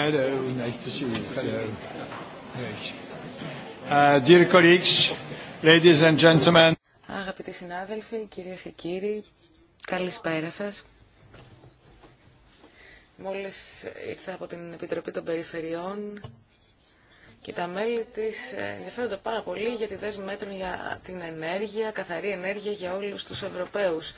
Hello, nice to see you. Hello. Uh, dear colleagues, ladies and gentlemen. Αγαπητοί συνάδελφοι, κυρίες και κύριοι, καλησπέρα σας. Μόλις ήρθα από την Επιτροπή των Περιφερειών και τα μέλη της ε, ενδιαφέρονται πάρα πολύ για τη δέσμη μέτρων για την ενέργεια, καθαρή ενέργεια για όλους τους Ευρωπαίους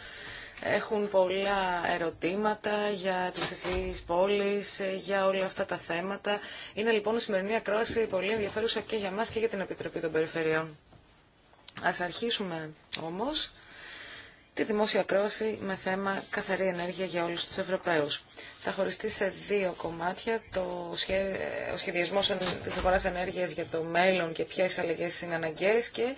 έχουν πολλά ερωτήματα για τις ευθύνες πόλεις, για όλα αυτά τα θέματα. Είναι λοιπόν η σημερινή ακρόαση πολύ ενδιαφέρουσα και για μας και για την Επιτροπή των Περιφερειών. Ας αρχίσουμε όμως τη δημόσια ακρόαση με θέμα καθαρή ενέργεια για όλους τους Ευρωπαίους. Θα χωριστεί σε δύο κομμάτια το ο σχεδιασμός της αγοράς ενέργειας για το μέλλον και ποιες αλλαγές είναι αναγκαίες και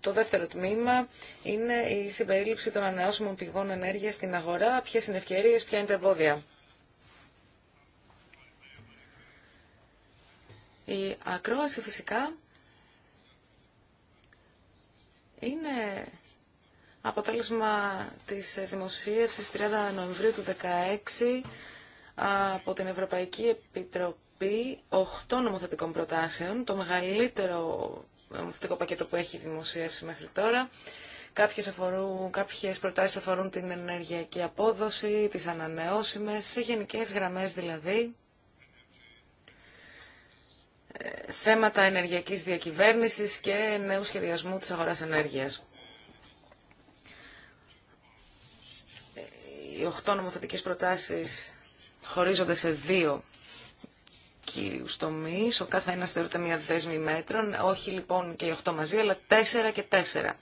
το δεύτερο τμήμα είναι η συμπερίληψη των ανανεώσιμων πηγών ενέργειας στην αγορά, ποιες είναι ευκαιρίες, ποια είναι τα εμπόδια. Η ακρόαση φυσικά είναι Αποτέλεσμα της δημοσίευσης 30 Νοεμβρίου του 2016 από την Ευρωπαϊκή Επιτροπή 8 νομοθετικών προτάσεων, το μεγαλύτερο νομοθετικό πακέτο που έχει δημοσιεύσει μέχρι τώρα. Κάποιες, αφορούν, κάποιες προτάσεις αφορούν την ενεργειακή απόδοση, τις ανανεώσιμες, σε γενικές γραμμές δηλαδή. Ε, θέματα ενεργειακής διακυβέρνησης και νέου σχεδιασμού της αγοράς ενέργειας. οι οχτώ νομοθετικές προτάσεις χωρίζονται σε δύο κύριους τομείς. Ο κάθε ένας θεωρείται μια δέσμη μέτρων, όχι λοιπόν και οι οχτώ μαζί, αλλά τέσσερα και τέσσερα.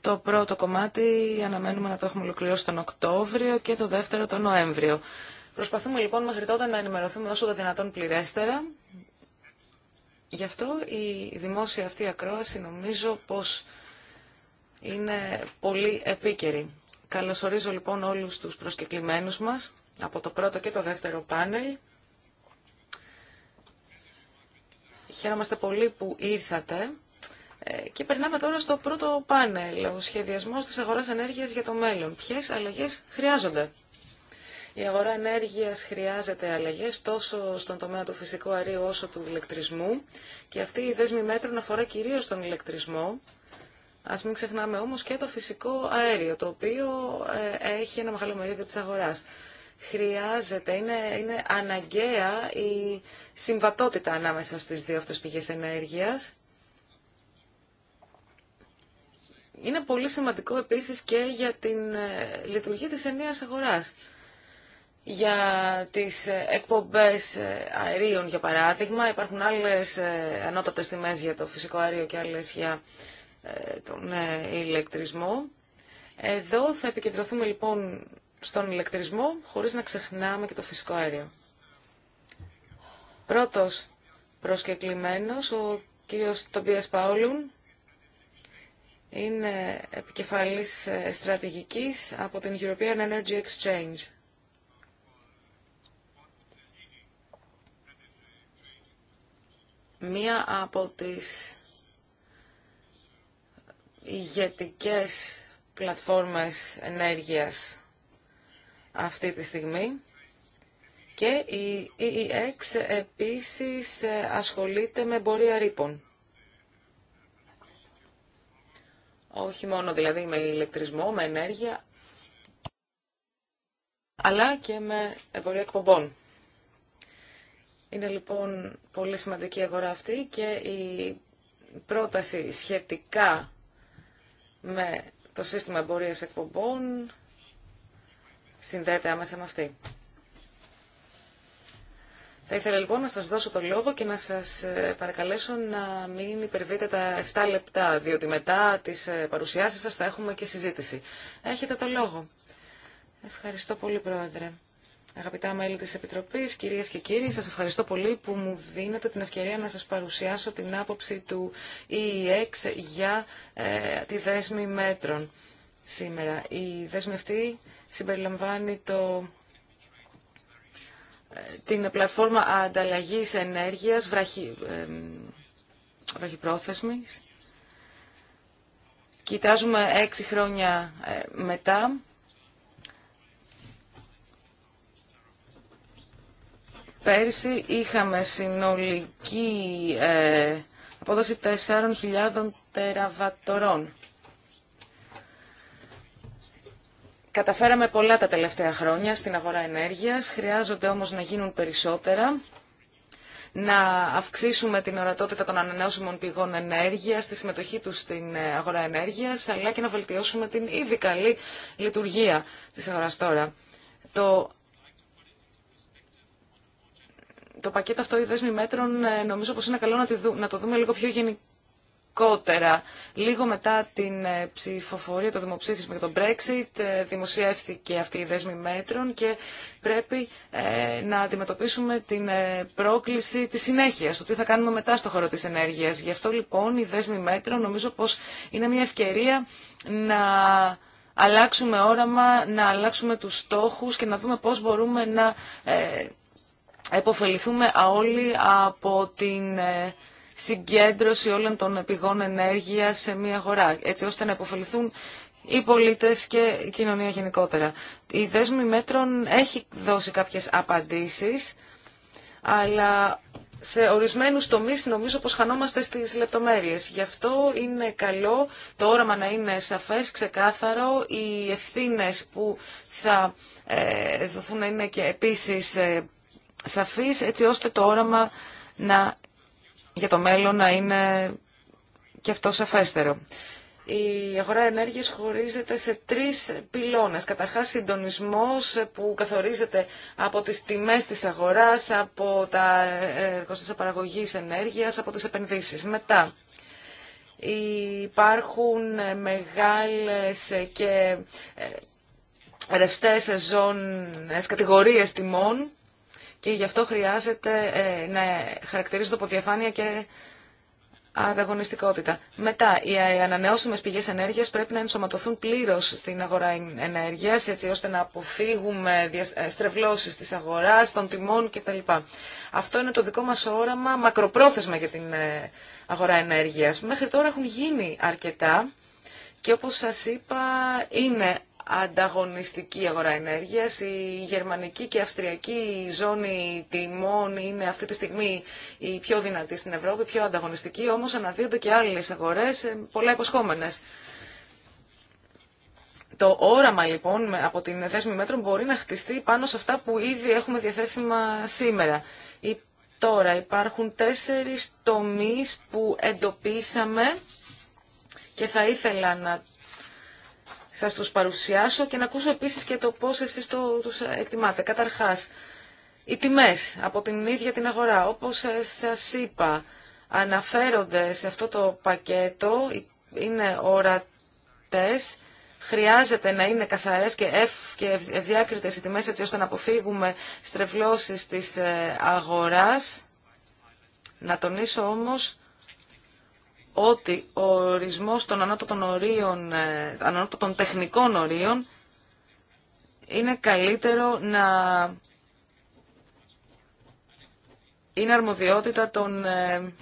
Το πρώτο κομμάτι αναμένουμε να το έχουμε ολοκληρώσει τον Οκτώβριο και το δεύτερο τον Νοέμβριο. Προσπαθούμε λοιπόν μέχρι τότε να ενημερωθούμε όσο το δυνατόν πληρέστερα Γι' αυτό η δημόσια αυτή ακρόαση νομίζω πως είναι πολύ επίκαιρη. Καλωσορίζω λοιπόν όλους τους προσκεκλημένους μας από το πρώτο και το δεύτερο πάνελ. Χαίρομαστε πολύ που ήρθατε. Ε, και περνάμε τώρα στο πρώτο πάνελ, ο σχεδιασμός της αγοράς ενέργειας για το μέλλον. Ποιες αλλαγές χρειάζονται. Η αγορά ενέργειας χρειάζεται αλλαγές τόσο στον τομέα του φυσικού αερίου όσο του ηλεκτρισμού και αυτή η δέσμη μέτρων αφορά κυρίως τον ηλεκτρισμό. Ας μην ξεχνάμε όμως και το φυσικό αέριο, το οποίο ε, έχει ένα μεγάλο μερίδιο της αγοράς. Χρειάζεται, είναι, είναι αναγκαία η συμβατότητα ανάμεσα στις δύο αυτές πηγές ενέργειας. Είναι πολύ σημαντικό επίσης και για την ε, λειτουργία της ενίας αγοράς για τις εκπομπές αερίων, για παράδειγμα. Υπάρχουν άλλες ε, ανώτατες τιμές για το φυσικό αέριο και άλλες για ε, τον ε, ηλεκτρισμό. Εδώ θα επικεντρωθούμε λοιπόν στον ηλεκτρισμό, χωρίς να ξεχνάμε και το φυσικό αέριο. Πρώτος προσκεκλημένος, ο κύριος Τομπίας Παόλουν, είναι επικεφαλής στρατηγικής από την European Energy Exchange. Μία από τις ηγετικές πλατφόρμες ενέργειας αυτή τη στιγμή και η EEX επίσης ασχολείται με εμπορία ρήπων. Όχι μόνο δηλαδή με ηλεκτρισμό, με ενέργεια, αλλά και με εμπορία εκπομπών. Είναι λοιπόν πολύ σημαντική η αγορά αυτή και η πρόταση σχετικά με το σύστημα εμπορία εκπομπών συνδέεται άμεσα με αυτή. Θα ήθελα λοιπόν να σας δώσω το λόγο και να σας ε, παρακαλέσω να μην υπερβείτε τα 7 λεπτά, διότι μετά τις ε, παρουσιάσεις σας θα έχουμε και συζήτηση. Έχετε το λόγο. Ευχαριστώ πολύ, Πρόεδρε. Αγαπητά μέλη της Επιτροπής, κυρίες και κύριοι, σας ευχαριστώ πολύ που μου δίνετε την ευκαιρία να σας παρουσιάσω την άποψη του EEX για ε, τη δέσμη μέτρων σήμερα. Η δέσμη αυτή συμπεριλαμβάνει το ε, την πλατφόρμα ανταλλαγής ενέργειας βραχυ, ε, βραχυπρόθεσμης. Κοιτάζουμε έξι χρόνια μετά Πέρσι είχαμε συνολική ε, απόδοση 4.000 τεραβατορών. Καταφέραμε πολλά τα τελευταία χρόνια στην αγορά ενέργειας, χρειάζονται όμως να γίνουν περισσότερα, να αυξήσουμε την ορατότητα των ανανεώσιμων πηγών ενέργειας, τη συμμετοχή τους στην ε, αγορά ενέργειας, αλλά και να βελτιώσουμε την ήδη καλή λειτουργία της αγοράς τώρα. Το το πακέτο αυτό, η δέσμη μέτρων, ε, νομίζω πως είναι καλό να, να το δούμε λίγο πιο γενικότερα. Λίγο μετά την ε, ψηφοφορία, το δημοψήφισμα για τον Brexit, ε, δημοσιεύθηκε αυτή η δέσμη μέτρων και πρέπει να αντιμετωπίσουμε την πρόκληση της συνέχειας, το τι θα κάνουμε μετά στο χώρο της ενέργειας. Γι' αυτό λοιπόν η δέσμη μέτρων νομίζω πως είναι μια ευκαιρία να αλλάξουμε όραμα, να αλλάξουμε τους στόχους και να δούμε πώς μπορούμε να εποφεληθούμε όλοι από την ε, συγκέντρωση όλων των πηγών ενέργειας σε μία αγορά, έτσι ώστε να επωφεληθούν οι πολίτες και η κοινωνία γενικότερα. Η δέσμη μέτρων έχει δώσει κάποιες απαντήσεις, αλλά σε ορισμένους τομείς νομίζω πως χανόμαστε στις λεπτομέρειες. Γι' αυτό είναι καλό το όραμα να είναι σαφές, ξεκάθαρο, οι ευθύνες που θα ε, δοθούν να είναι και επίσης ε, σαφής έτσι ώστε το όραμα να, για το μέλλον να είναι και αυτό σαφέστερο. Η αγορά ενέργειας χωρίζεται σε τρεις πυλώνες. Καταρχάς συντονισμός που καθορίζεται από τις τιμές της αγοράς, από τα εργοστάσια παραγωγής ενέργειας, από τις επενδύσεις. Μετά υπάρχουν μεγάλες και ρευστές ζώνες, κατηγορίες τιμών και γι' αυτό χρειάζεται ε, να χαρακτηρίζεται από διαφάνεια και ανταγωνιστικότητα. Μετά, οι ανανεώσιμε πηγέ ενέργεια πρέπει να ενσωματωθούν πλήρω στην αγορά ενέργεια, έτσι ώστε να αποφύγουμε ε, στρεβλώσει τη αγορά, των τιμών κτλ. Αυτό είναι το δικό μα όραμα μακροπρόθεσμα για την ε, αγορά ενέργεια. Μέχρι τώρα έχουν γίνει αρκετά και όπως σας είπα είναι ανταγωνιστική αγορά ενέργειας. Η γερμανική και αυστριακή ζώνη τιμών είναι αυτή τη στιγμή η πιο δυνατή στην Ευρώπη, πιο ανταγωνιστική, όμως αναδύονται και άλλες αγορές, ε, πολλά υποσχόμενες. Το όραμα λοιπόν από την δέσμη μέτρων μπορεί να χτιστεί πάνω σε αυτά που ήδη έχουμε διαθέσιμα σήμερα. Τώρα υπάρχουν τέσσερις τομείς που εντοπίσαμε και θα ήθελα να σας τους παρουσιάσω και να ακούσω επίσης και το πώς εσείς το, τους εκτιμάτε. Καταρχάς, οι τιμές από την ίδια την αγορά, όπως ε, σας είπα, αναφέρονται σε αυτό το πακέτο, είναι ορατές, χρειάζεται να είναι καθαρές και, ευ, και ευδιάκριτες οι τιμές έτσι ώστε να αποφύγουμε στρεβλώσεις της ε, αγοράς. Να τονίσω όμως ότι ο ορισμός των ανώτατων, ορίων, ε, ανώτατων τεχνικών ορίων είναι καλύτερο να είναι αρμοδιότητα των ε,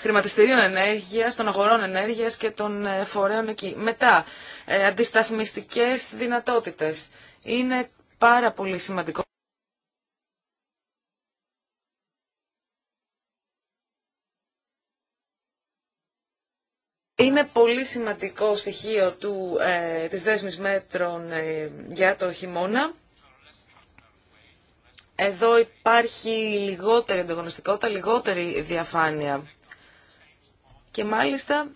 χρηματιστηρίων ενέργειας, των αγορών ενέργειας και των ε, φορέων εκεί. Μετά, αντισταθμιστικές δυνατότητες. Είναι πάρα πολύ σημαντικό είναι πολύ σημαντικό στοιχείο του, ε, της δέσμης μέτρων ε, για το χειμώνα. Εδώ υπάρχει λιγότερη ανταγωνιστικότητα, λιγότερη διαφάνεια. Και μάλιστα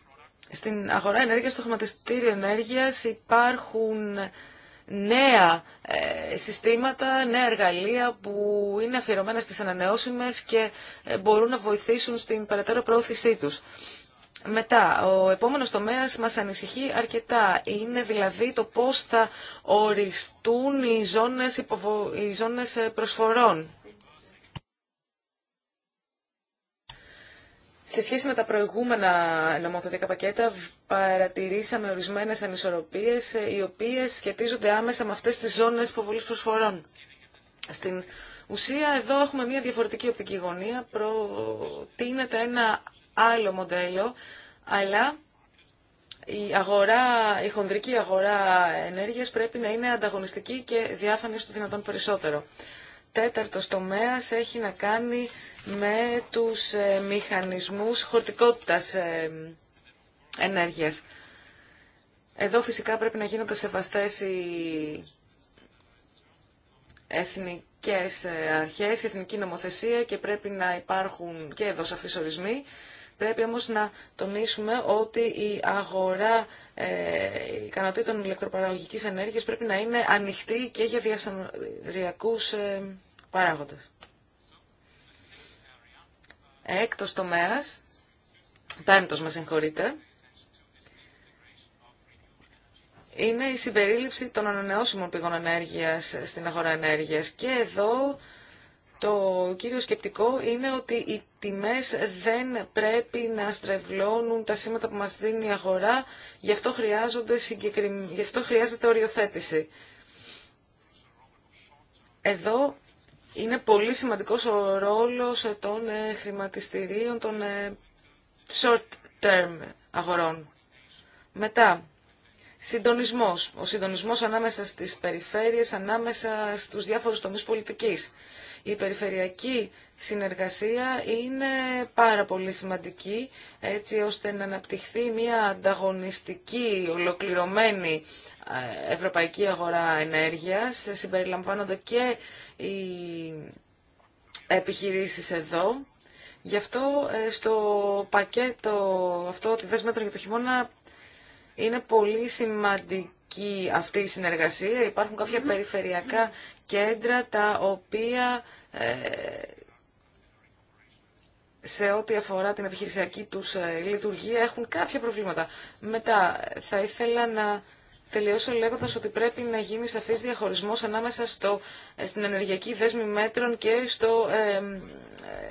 στην αγορά ενέργειας, στο χρηματιστήριο ενέργειας υπάρχουν νέα ε, συστήματα, νέα εργαλεία που είναι αφιερωμένα στις ανανεώσιμες και μπορούν να βοηθήσουν στην περαιτέρω προώθησή τους. Μετά, ο επόμενος τομέας μας ανησυχεί αρκετά. Είναι δηλαδή το πώς θα οριστούν οι ζώνες, ε, προσφορών. Σε σχέση με τα προηγούμενα νομοθετικά πακέτα, παρατηρήσαμε ορισμένες ανισορροπίες, ε, οι οποίες σχετίζονται άμεσα με αυτές τις ζώνες υποβολής προσφορών. Στην ουσία, εδώ έχουμε μια διαφορετική οπτική γωνία. Προτείνεται ένα άλλο μοντέλο, αλλά η, αγορά, η χονδρική αγορά ενέργειας πρέπει να είναι ανταγωνιστική και διάφανη στο δυνατόν περισσότερο. Τέταρτος τομέας έχει να κάνει με τους ε, μηχανισμούς χορτικότητας ε, ενέργειας. Εδώ φυσικά πρέπει να γίνονται σεβαστές οι εθνικές ε, αρχές, η εθνική νομοθεσία και πρέπει να υπάρχουν και εδώ σαφείς ορισμοί Πρέπει όμως να τονίσουμε ότι η αγορά ε, ικανοτήτων ηλεκτροπαραγωγικής ενέργειας πρέπει να είναι ανοιχτή και για διασυνοριακούς ε, παράγοντες. Έκτος τομέας, πέμπτος με συγχωρείτε, είναι η συμπερίληψη των ανανεώσιμων πηγών ενέργειας στην αγορά ενέργειας. Και εδώ το κύριο σκεπτικό είναι ότι οι τιμές δεν πρέπει να στρεβλώνουν τα σήματα που μας δίνει η αγορά, γι' αυτό, χρειάζονται γι αυτό χρειάζεται οριοθέτηση. Εδώ είναι πολύ σημαντικός ο ρόλος των ε, χρηματιστηρίων, των ε, short-term αγορών. Μετά, συντονισμός. Ο συντονισμός ανάμεσα στις περιφέρειες, ανάμεσα στους διάφορους τομείς πολιτικής. Η περιφερειακή συνεργασία είναι πάρα πολύ σημαντική έτσι ώστε να αναπτυχθεί μια ανταγωνιστική, ολοκληρωμένη ε, ευρωπαϊκή αγορά ενέργειας, συμπεριλαμβάνονται και οι επιχειρήσεις εδώ. Γι' αυτό ε, στο πακέτο αυτό τη δέσμετρο για το χειμώνα είναι πολύ σημαντική αυτή η συνεργασία. Υπάρχουν κάποια περιφερειακά κέντρα τα οποία ε, σε ό,τι αφορά την επιχειρησιακή τους ε, λειτουργία έχουν κάποια προβλήματα. Μετά θα ήθελα να τελειώσω λέγοντας ότι πρέπει να γίνει σαφής διαχωρισμός ανάμεσα στο, ε, στην ενεργειακή δέσμη μέτρων και στο,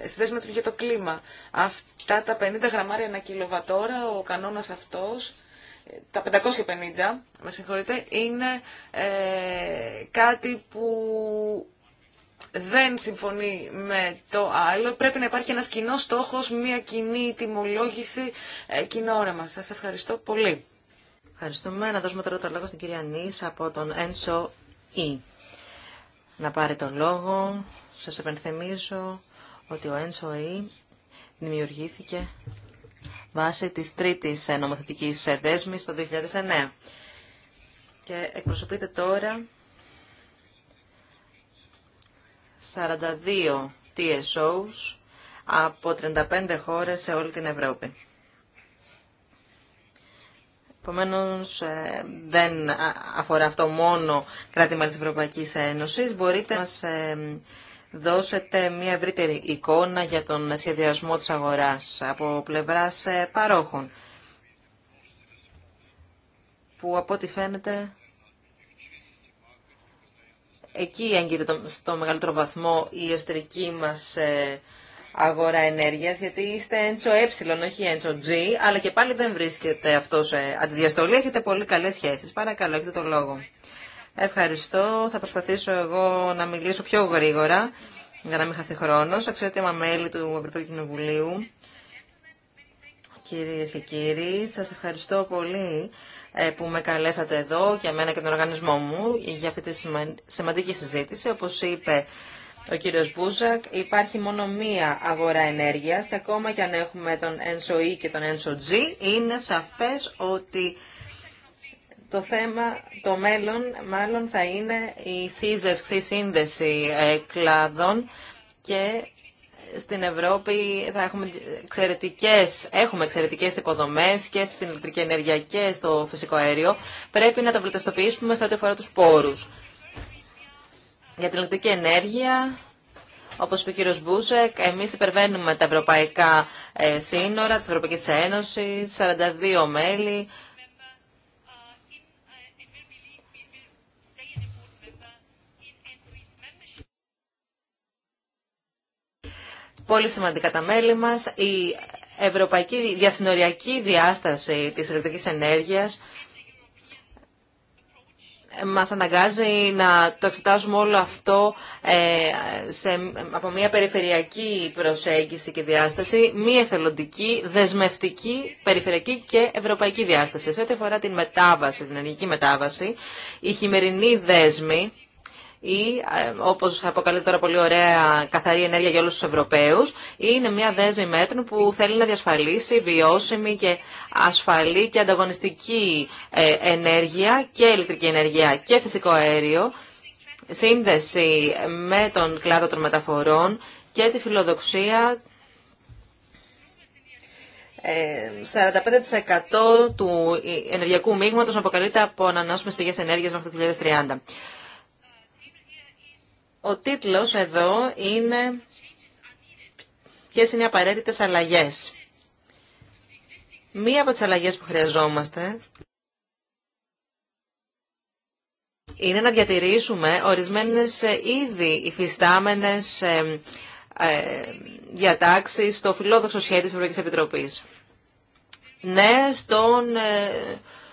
στη δέσμη του για το κλίμα. Αυτά τα 50 γραμμάρια ανά κιλοβατόρα, ο κανόνας αυτός τα 550, με συγχωρείτε, είναι ε, κάτι που δεν συμφωνεί με το άλλο. Πρέπει να υπάρχει ένας κοινό στόχος, μια κοινή τιμολόγηση, ε, κοινό όρεμα. Σας ευχαριστώ πολύ. Ευχαριστούμε. Να δώσουμε τώρα το λόγο στην κυρία Νίσ από τον Ένσο Ι. Να πάρει το λόγο. Σας επενθυμίζω ότι ο Ένσο Ι δημιουργήθηκε βάσει της τρίτης ε, νομοθετικής ε, δέσμης το 2009. Και εκπροσωπείται τώρα 42 TSOs από 35 χώρες σε όλη την Ευρώπη. Επομένω, ε, δεν αφορά αυτό μόνο της Ευρωπαϊκής Ένωσης. Μπορείτε να δώσετε μια ευρύτερη εικόνα για τον σχεδιασμό της αγοράς από πλευράς ε, παρόχων που από ό,τι φαίνεται εκεί έγκυται στο μεγαλύτερο βαθμό η εστρική μας ε, αγορά ενέργειας, γιατί είστε έντσο ε, όχι έντσο G, αλλά και πάλι δεν βρίσκεται αυτό σε αντιδιαστολή. Έχετε πολύ καλές σχέσεις. Παρακαλώ, έχετε το λόγο. Ευχαριστώ. Θα προσπαθήσω εγώ να μιλήσω πιο γρήγορα για να μην χαθεί χρόνο. Αξιότιμα μέλη του Ευρωπαϊκού Κοινοβουλίου, κυρίε και κύριοι, σα ευχαριστώ πολύ ε, που με καλέσατε εδώ και εμένα και τον οργανισμό μου για αυτή τη σημαντική συζήτηση. Όπω είπε ο κύριος Μπούζακ, υπάρχει μόνο μία αγορά ενέργειας και ακόμα και αν έχουμε τον ENSO E και τον ENSO G, είναι σαφές ότι το θέμα, το μέλλον μάλλον θα είναι η σύζευξη, σύνδεση κλάδων και στην Ευρώπη θα έχουμε εξαιρετικές, έχουμε εξαιρετικές υποδομές και στην ηλεκτρική ενέργεια και στο φυσικό αέριο. Πρέπει να τα πλουταστοποιήσουμε σε ό,τι αφορά τους πόρους. Για την ηλεκτρική ενέργεια, όπως είπε ο κ. Μπούσεκ, εμείς υπερβαίνουμε τα ευρωπαϊκά ε, σύνορα της Ευρωπαϊκής Ένωσης, 42 μέλη, πολύ σημαντικά τα μέλη μας. Η ευρωπαϊκή διασυνοριακή διάσταση της ηλεκτρικής ενέργειας μας αναγκάζει να το εξετάζουμε όλο αυτό ε, σε, από μια περιφερειακή προσέγγιση και διάσταση, μη εθελοντική, δεσμευτική, περιφερειακή και ευρωπαϊκή διάσταση. Σε ό,τι αφορά την μετάβαση, την ενεργική μετάβαση, η χειμερινή δέσμη ή, ε, όπως αποκαλείται τώρα πολύ ωραία, καθαρή ενέργεια για όλους τους Ευρωπαίους, είναι μια δέσμη μέτρων που θέλει να διασφαλίσει βιώσιμη και ασφαλή και ανταγωνιστική ε, ενέργεια και ηλεκτρική ενέργεια και φυσικό αέριο, σύνδεση με τον κλάδο των μεταφορών και τη φιλοδοξία 45% ε, του ενεργειακού μείγματος αποκαλείται από ανανεώσιμες πηγές ενέργειας μέχρι το 2030. Ο τίτλος εδώ είναι ποιες είναι οι απαραίτητες αλλαγές. Μία από τις αλλαγές που χρειαζόμαστε είναι να διατηρήσουμε ορισμένες ε, ήδη υφιστάμενες ε, ε, διατάξεις στο φιλόδοξο σχέδιο της Ευρωπαϊκής Επιτροπής. Ναι, στον,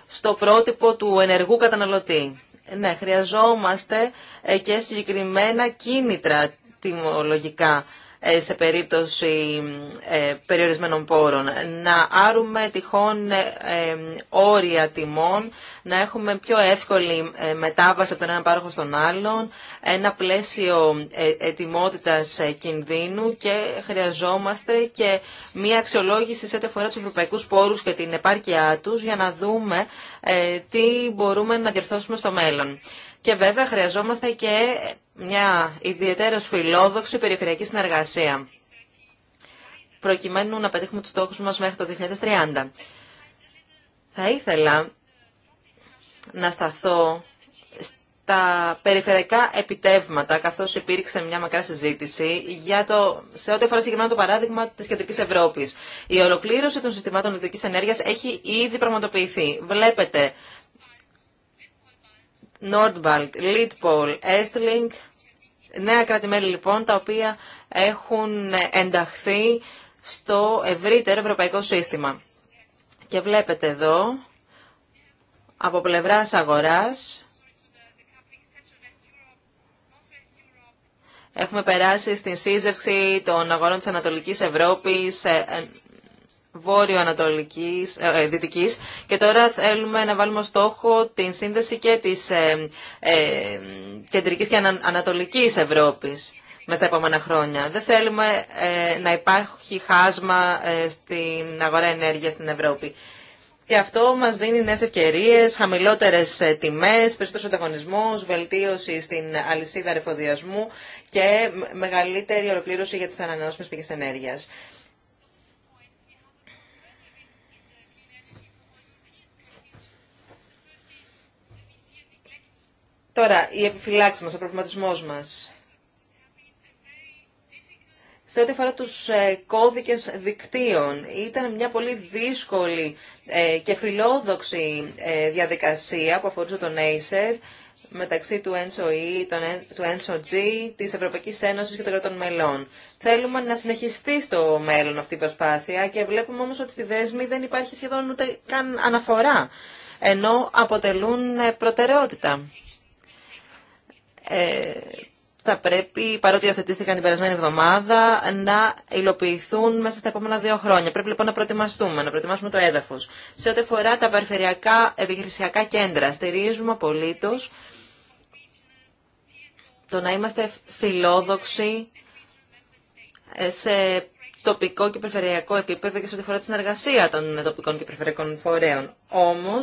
στο πρότυπο του ενεργού καταναλωτή. Ναι, χρειαζόμαστε ε, και συγκεκριμένα κίνητρα τιμολογικά ε, σε περίπτωση ε, περιορισμένων πόρων. Να άρουμε τυχόν ε, όρια τιμών, να έχουμε πιο εύκολη μετάβαση από τον ένα πάροχο στον άλλον, ένα πλαίσιο ετοιμότητας κινδύνου και χρειαζόμαστε και μία αξιολόγηση σε ό,τι αφορά τους ευρωπαϊκούς πόρους και την επάρκειά τους για να δούμε τι μπορούμε να διορθώσουμε στο μέλλον. Και βέβαια χρειαζόμαστε και μια ιδιαίτερα φιλόδοξη περιφερειακή συνεργασία, προκειμένου να πετύχουμε τους στόχους μας μέχρι το 2030. Θα ήθελα να σταθώ στα περιφερειακά επιτεύγματα, καθώς υπήρξε μια μακρά συζήτηση για το, σε ό,τι αφορά συγκεκριμένα το παράδειγμα της κεντρικής Ευρώπης. Η ολοκλήρωση των συστημάτων ειδικής ενέργειας έχει ήδη πραγματοποιηθεί. Βλέπετε Nordbalk, Litpol, Estlink, Νέα κράτη-μέλη λοιπόν, τα οποία έχουν ενταχθεί στο ευρύτερο ευρωπαϊκό σύστημα. Και βλέπετε εδώ, από πλευράς αγοράς, έχουμε περάσει στην σύζευξη των αγορών της Ανατολικής Ευρώπης, ε, ε, βόρειο-ανατολικής, ε, ε, δυτικής και τώρα θέλουμε να βάλουμε στόχο την σύνδεση και της ε, ε κεντρικής και ανα, ανατολικής Ευρώπης μέσα στα επόμενα χρόνια. Δεν θέλουμε ε, να υπάρχει χάσμα στην αγορά ενέργειας στην Ευρώπη. Και αυτό μας δίνει νέες ευκαιρίες, χαμηλότερες τιμές, περισσότερος ανταγωνισμός, βελτίωση στην αλυσίδα ρεφοδιασμού και μεγαλύτερη ολοκλήρωση για τις ανανεώσιμες πηγές ενέργειας. Τώρα, η επιφυλάξη μας, ο προβληματισμός μας. Σε ό,τι αφορά τους ε, κώδικες δικτύων, ήταν μια πολύ δύσκολη ε, και φιλόδοξη ε, διαδικασία που αφορούσε τον Acer μεταξύ του e, τον, του ENSO-G, της Ευρωπαϊκής Ένωσης και των κρατών μελών. Θέλουμε να συνεχιστεί στο μέλλον αυτή η προσπάθεια και βλέπουμε όμως ότι στη δέσμη δεν υπάρχει σχεδόν ούτε καν αναφορά, ενώ αποτελούν προτεραιότητα. Ε, θα πρέπει, παρότι υιοθετήθηκαν την περασμένη εβδομάδα, να υλοποιηθούν μέσα στα επόμενα δύο χρόνια. Πρέπει λοιπόν να προετοιμαστούμε, να προετοιμάσουμε το έδαφο. Σε ό,τι αφορά τα περιφερειακά επιχειρησιακά κέντρα, στηρίζουμε απολύτω το να είμαστε φιλόδοξοι σε τοπικό και περιφερειακό επίπεδο και σε ό,τι αφορά τη συνεργασία των τοπικών και περιφερειακών φορέων. Όμω,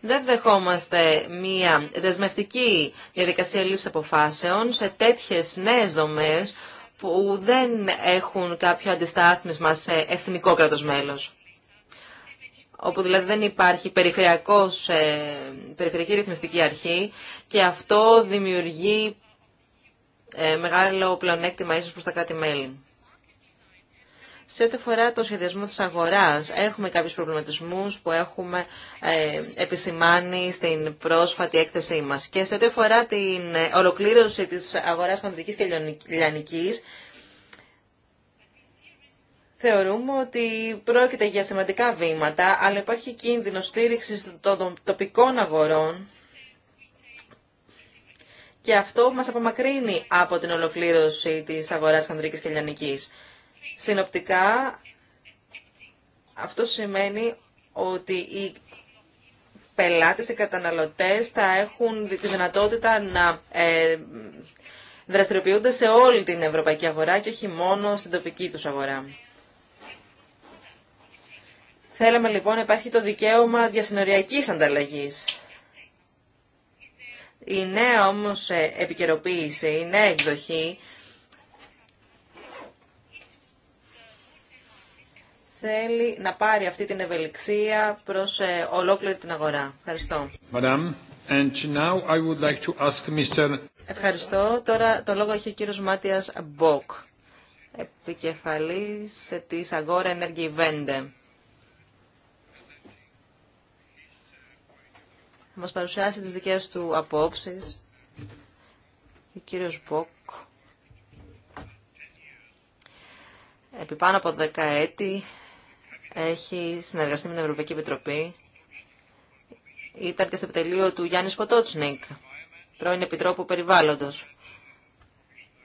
δεν δεχόμαστε μια δεσμευτική διαδικασία λήψη αποφάσεων σε τέτοιε νέε δομέ που δεν έχουν κάποιο αντιστάθμισμα σε εθνικό κράτος μέλος. Όπου δηλαδή δεν υπάρχει περιφερειακός, ε, περιφερειακή ρυθμιστική αρχή και αυτό δημιουργεί ε, μεγάλο πλεονέκτημα ίσως προς τα κράτη-μέλη. Σε ό,τι αφορά το σχεδιασμό της αγοράς, έχουμε κάποιους προβληματισμούς που έχουμε ε, επισημάνει στην πρόσφατη έκθεσή μας. Και σε ό,τι αφορά την ολοκλήρωση της αγοράς χοντρικής και λιανικής, θεωρούμε ότι πρόκειται για σημαντικά βήματα, αλλά υπάρχει κίνδυνο στήριξη των τοπικών αγορών και αυτό μας απομακρύνει από την ολοκλήρωση της αγοράς χανδρικής και λιανικής. Συνοπτικά, αυτό σημαίνει ότι οι πελάτες, οι καταναλωτές θα έχουν τη δυνατότητα να ε, δραστηριοποιούνται σε όλη την ευρωπαϊκή αγορά και όχι μόνο στην τοπική τους αγορά. Θέλαμε λοιπόν να υπάρχει το δικαίωμα διασυνοριακής ανταλλαγής. Η νέα όμως ε, επικαιροποίηση, η νέα εκδοχή θέλει να πάρει αυτή την ευελιξία προς ε, ολόκληρη την αγορά. Ευχαριστώ. Madam, and now I would like to ask Mr. Ευχαριστώ. Τώρα το λόγο έχει ο κύριος Μάτιας Μποκ, επικεφαλής της Αγόρα Energy Βέντε. Θα μας παρουσιάσει τις δικές του απόψεις. Ο κύριος Μποκ. Επί πάνω από δεκαέτη έχει συνεργαστεί με την Ευρωπαϊκή Επιτροπή. Ήταν και στο επιτελείο του Γιάννη Ποτότσνικ, πρώην Επιτρόπου Περιβάλλοντος.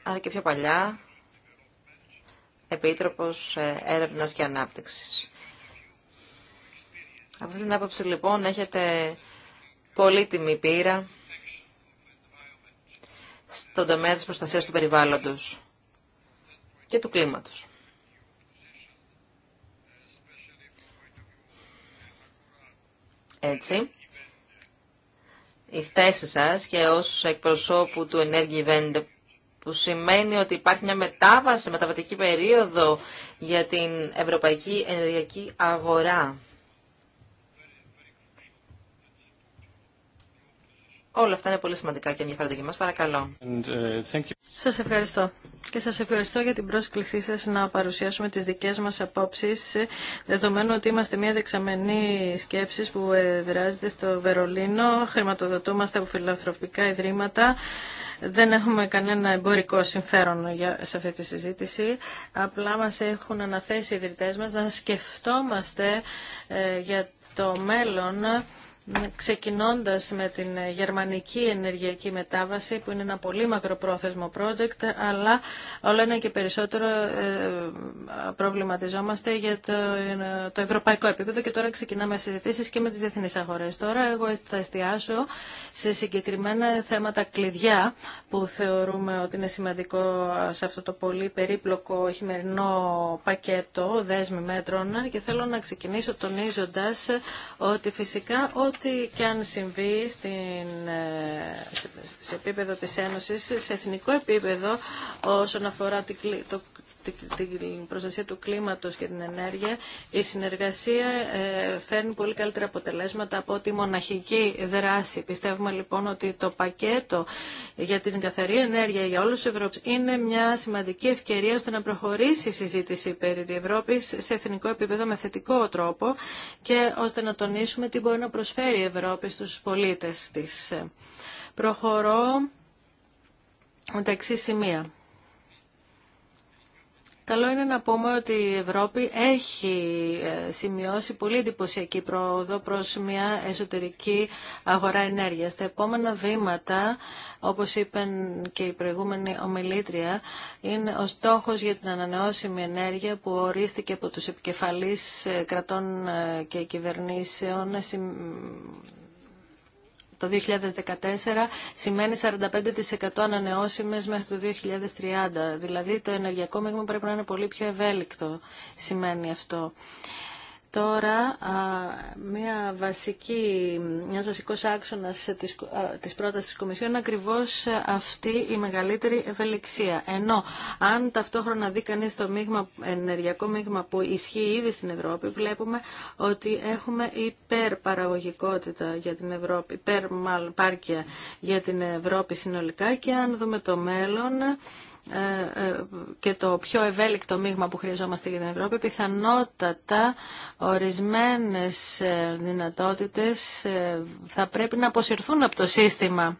αλλά και πιο παλιά, Επίτροπος ε, έρευνα και ανάπτυξη. Από αυτή την άποψη λοιπόν έχετε πολύτιμη πείρα στον τομέα της προστασίας του περιβάλλοντος και του κλίματος. Έτσι, η θέση σας και ως εκπροσώπου του Energy Event που σημαίνει ότι υπάρχει μια μετάβαση, μεταβατική περίοδο για την ευρωπαϊκή ενεργειακή αγορά. Όλα αυτά είναι πολύ σημαντικά και ενδιαφέροντα για μα. Παρακαλώ. Ε, σας ευχαριστώ. Και σα ευχαριστώ για την πρόσκλησή σα να παρουσιάσουμε τι δικέ μα απόψει. δεδομένου ότι είμαστε μια δεξαμενή σκέψη που ε, δράζεται στο Βερολίνο, χρηματοδοτούμαστε από φιλανθρωπικά ιδρύματα, δεν έχουμε κανένα εμπορικό συμφέρον σε αυτή τη συζήτηση. Απλά μα έχουν αναθέσει οι ιδρυτέ μας να σκεφτόμαστε ε, για το μέλλον ξεκινώντας με την ε, γερμανική ενεργειακή μετάβαση που είναι ένα πολύ μακροπρόθεσμο project αλλά όλο ένα και περισσότερο ε, προβληματιζόμαστε για το, ε, το ευρωπαϊκό επίπεδο και τώρα ξεκινάμε συζητήσεις και με τις διεθνείς αγορές. Τώρα εγώ θα εστιάσω σε συγκεκριμένα θέματα κλειδιά που θεωρούμε ότι είναι σημαντικό σε αυτό το πολύ περίπλοκο χειμερινό πακέτο δέσμη μέτρων και θέλω να ξεκινήσω τονίζοντας ότι φυσικά ό,τι και αν συμβεί στην, ε, σε επίπεδο της Ένωσης, σε εθνικό επίπεδο όσον αφορά το την προστασία του κλίματος και την ενέργεια, η συνεργασία ε, φέρνει πολύ καλύτερα αποτελέσματα από τη μοναχική δράση. Πιστεύουμε λοιπόν ότι το πακέτο για την καθαρή ενέργεια για όλους τους Ευρώπους είναι μια σημαντική ευκαιρία ώστε να προχωρήσει η συζήτηση περί της Ευρώπης σε εθνικό επίπεδο με θετικό τρόπο και ώστε να τονίσουμε τι μπορεί να προσφέρει η Ευρώπη στους πολίτες της. Προχωρώ με τα εξή σημεία. Καλό είναι να πούμε ότι η Ευρώπη έχει ε, σημειώσει πολύ εντυπωσιακή πρόοδο προς μια εσωτερική αγορά ενέργειας. Τα επόμενα βήματα, όπως είπε και η προηγούμενη ομιλήτρια, είναι ο στόχος για την ανανεώσιμη ενέργεια που ορίστηκε από τους επικεφαλείς ε, κρατών ε, και κυβερνήσεων το 2014 σημαίνει 45% ανανεώσιμες μέχρι το 2030. Δηλαδή το ενεργειακό μείγμα πρέπει να είναι πολύ πιο ευέλικτο, σημαίνει αυτό τώρα μια βασική, μια βασικός άξονας της, της πρότασης της Κομισιόν είναι ακριβώς αυτή η μεγαλύτερη ευελιξία. Ενώ αν ταυτόχρονα δει κανείς το μείγμα, ενεργειακό μείγμα που ισχύει ήδη στην Ευρώπη, βλέπουμε ότι έχουμε υπερπαραγωγικότητα για την Ευρώπη, υπερπάρκεια για την Ευρώπη συνολικά και αν δούμε το μέλλον, ε, ε, και το πιο ευέλικτο μείγμα που χρειαζόμαστε για την Ευρώπη, πιθανότατα ορισμένες ε, δυνατότητες θα πρέπει να αποσυρθούν από το σύστημα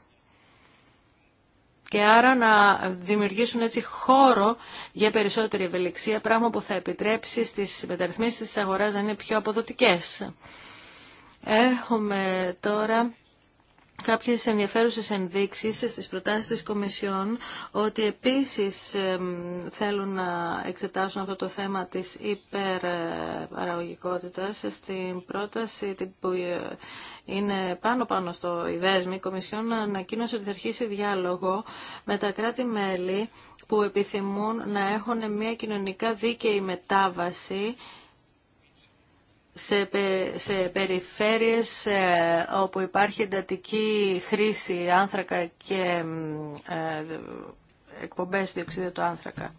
και άρα να δημιουργήσουν έτσι χώρο για περισσότερη ευελιξία, πράγμα που θα επιτρέψει στις μεταρρυθμίσεις της αγοράς να είναι πιο αποδοτικές. Έχουμε τώρα κάποιες ενδιαφέρουσες ενδείξεις στις προτάσεις της Κομισιόν ότι επίσης θέλουν να εξετάσουν αυτό το θέμα της υπερπαραγωγικότητα στην πρόταση που ε, είναι πάνω-πάνω στο ιδέσμι. Η Κομισιόν ανακοίνωσε ότι θα αρχίσει διάλογο με τα κράτη-μέλη που επιθυμούν να έχουν μια κοινωνικά δίκαιη μετάβαση σε, σε περιφέρειες ε, όπου υπάρχει εντατική χρήση άνθρακα και ε, εκπομπές διοξειδίου του άνθρακα.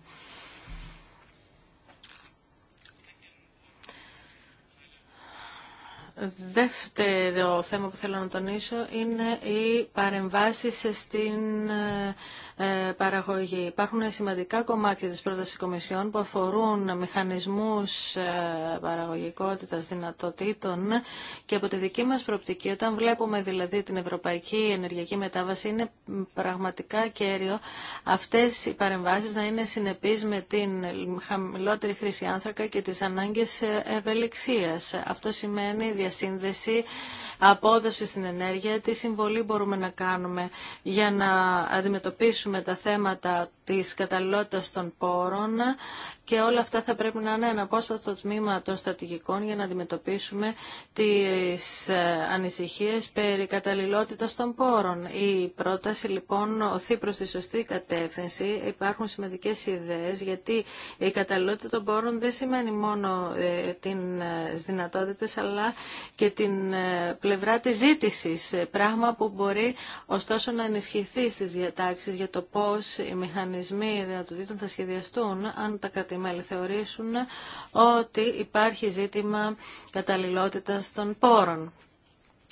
Δεύτερο θέμα που θέλω να τονίσω είναι οι παρεμβάσεις στην ε, παραγωγή. Υπάρχουν σημαντικά κομμάτια της πρότασης Κομισιόν που αφορούν μηχανισμούς ε, παραγωγικότητας δυνατοτήτων και από τη δική μας προοπτική, όταν βλέπουμε δηλαδή την ευρωπαϊκή ενεργειακή μετάβαση, είναι πραγματικά κέριο αυτές οι παρεμβάσεις να είναι συνεπείς με την χαμηλότερη χρήση άνθρακα και τις ανάγκες ευελιξίας. Αυτό σημαίνει σύνδεση, απόδοση στην ενέργεια, τι συμβολή μπορούμε να κάνουμε για να αντιμετωπίσουμε τα θέματα της καταλληλότητας των πόρων και όλα αυτά θα πρέπει να είναι ένα απόσπαστο τμήμα των στρατηγικών για να αντιμετωπίσουμε τις ε, ανησυχίες περί καταλληλότητας των πόρων. Η πρόταση λοιπόν οθεί προς τη σωστή κατεύθυνση. Υπάρχουν σημαντικές ιδέες γιατί η καταλληλότητα των πόρων δεν σημαίνει μόνο ε, την ε, δυνατότητες αλλά και την πλευρά της ζήτησης. Πράγμα που μπορεί ωστόσο να ενισχυθεί στις διατάξεις για το πώς οι μηχανισμοί μηχανισμοί δυνατοτήτων θα σχεδιαστούν αν τα κρατημέλη θεωρήσουν ότι υπάρχει ζήτημα καταλληλότητας των πόρων.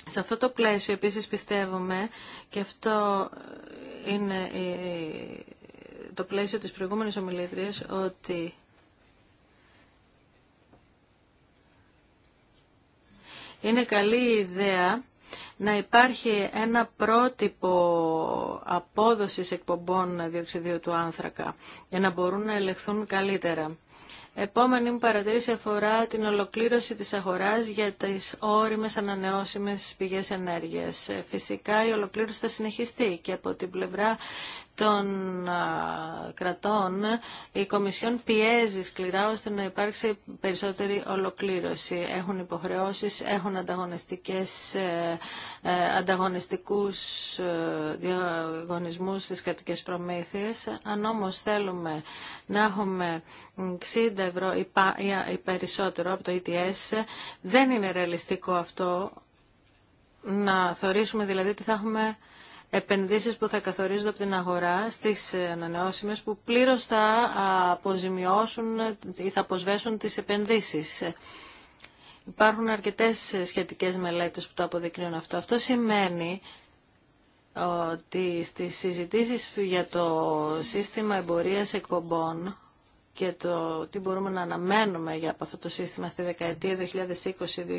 Σε αυτό το πλαίσιο επίσης πιστεύουμε, και αυτό είναι το πλαίσιο της προηγούμενης ομιλήτριας, ότι είναι καλή ιδέα να υπάρχει ένα πρότυπο απόδοσης εκπομπών διοξιδίου του άνθρακα για να μπορούν να ελεγχθούν καλύτερα. Επόμενη μου παρατήρηση αφορά την ολοκλήρωση της αγοράς για τις όριμες ανανεώσιμες πηγές ενέργειας. Ε, φυσικά η ολοκλήρωση θα συνεχιστεί και από την πλευρά των κρατών η Κομισιόν πιέζει σκληρά ώστε να υπάρξει περισσότερη ολοκλήρωση. Έχουν υποχρεώσεις, έχουν ανταγωνιστικές, ε, ε, ανταγωνιστικούς ε, διαγωνισμούς στις κρατικές προμήθειες. Αν όμως θέλουμε να έχουμε 60 ευρώ ή περισσότερο από το ETS, δεν είναι ρεαλιστικό αυτό να θεωρήσουμε δηλαδή ότι θα έχουμε επενδύσεις που θα καθορίζονται από την αγορά στις ανανεώσιμες που πλήρως θα αποζημιώσουν ή θα αποσβέσουν τις επενδύσεις. Υπάρχουν αρκετές σχετικές μελέτες που το αποδεικνύουν αυτό. Αυτό σημαίνει ότι στις συζητήσεις για το σύστημα εμπορίας εκπομπών και το τι μπορούμε να αναμένουμε για από αυτό το σύστημα στη δεκαετία 2020-2030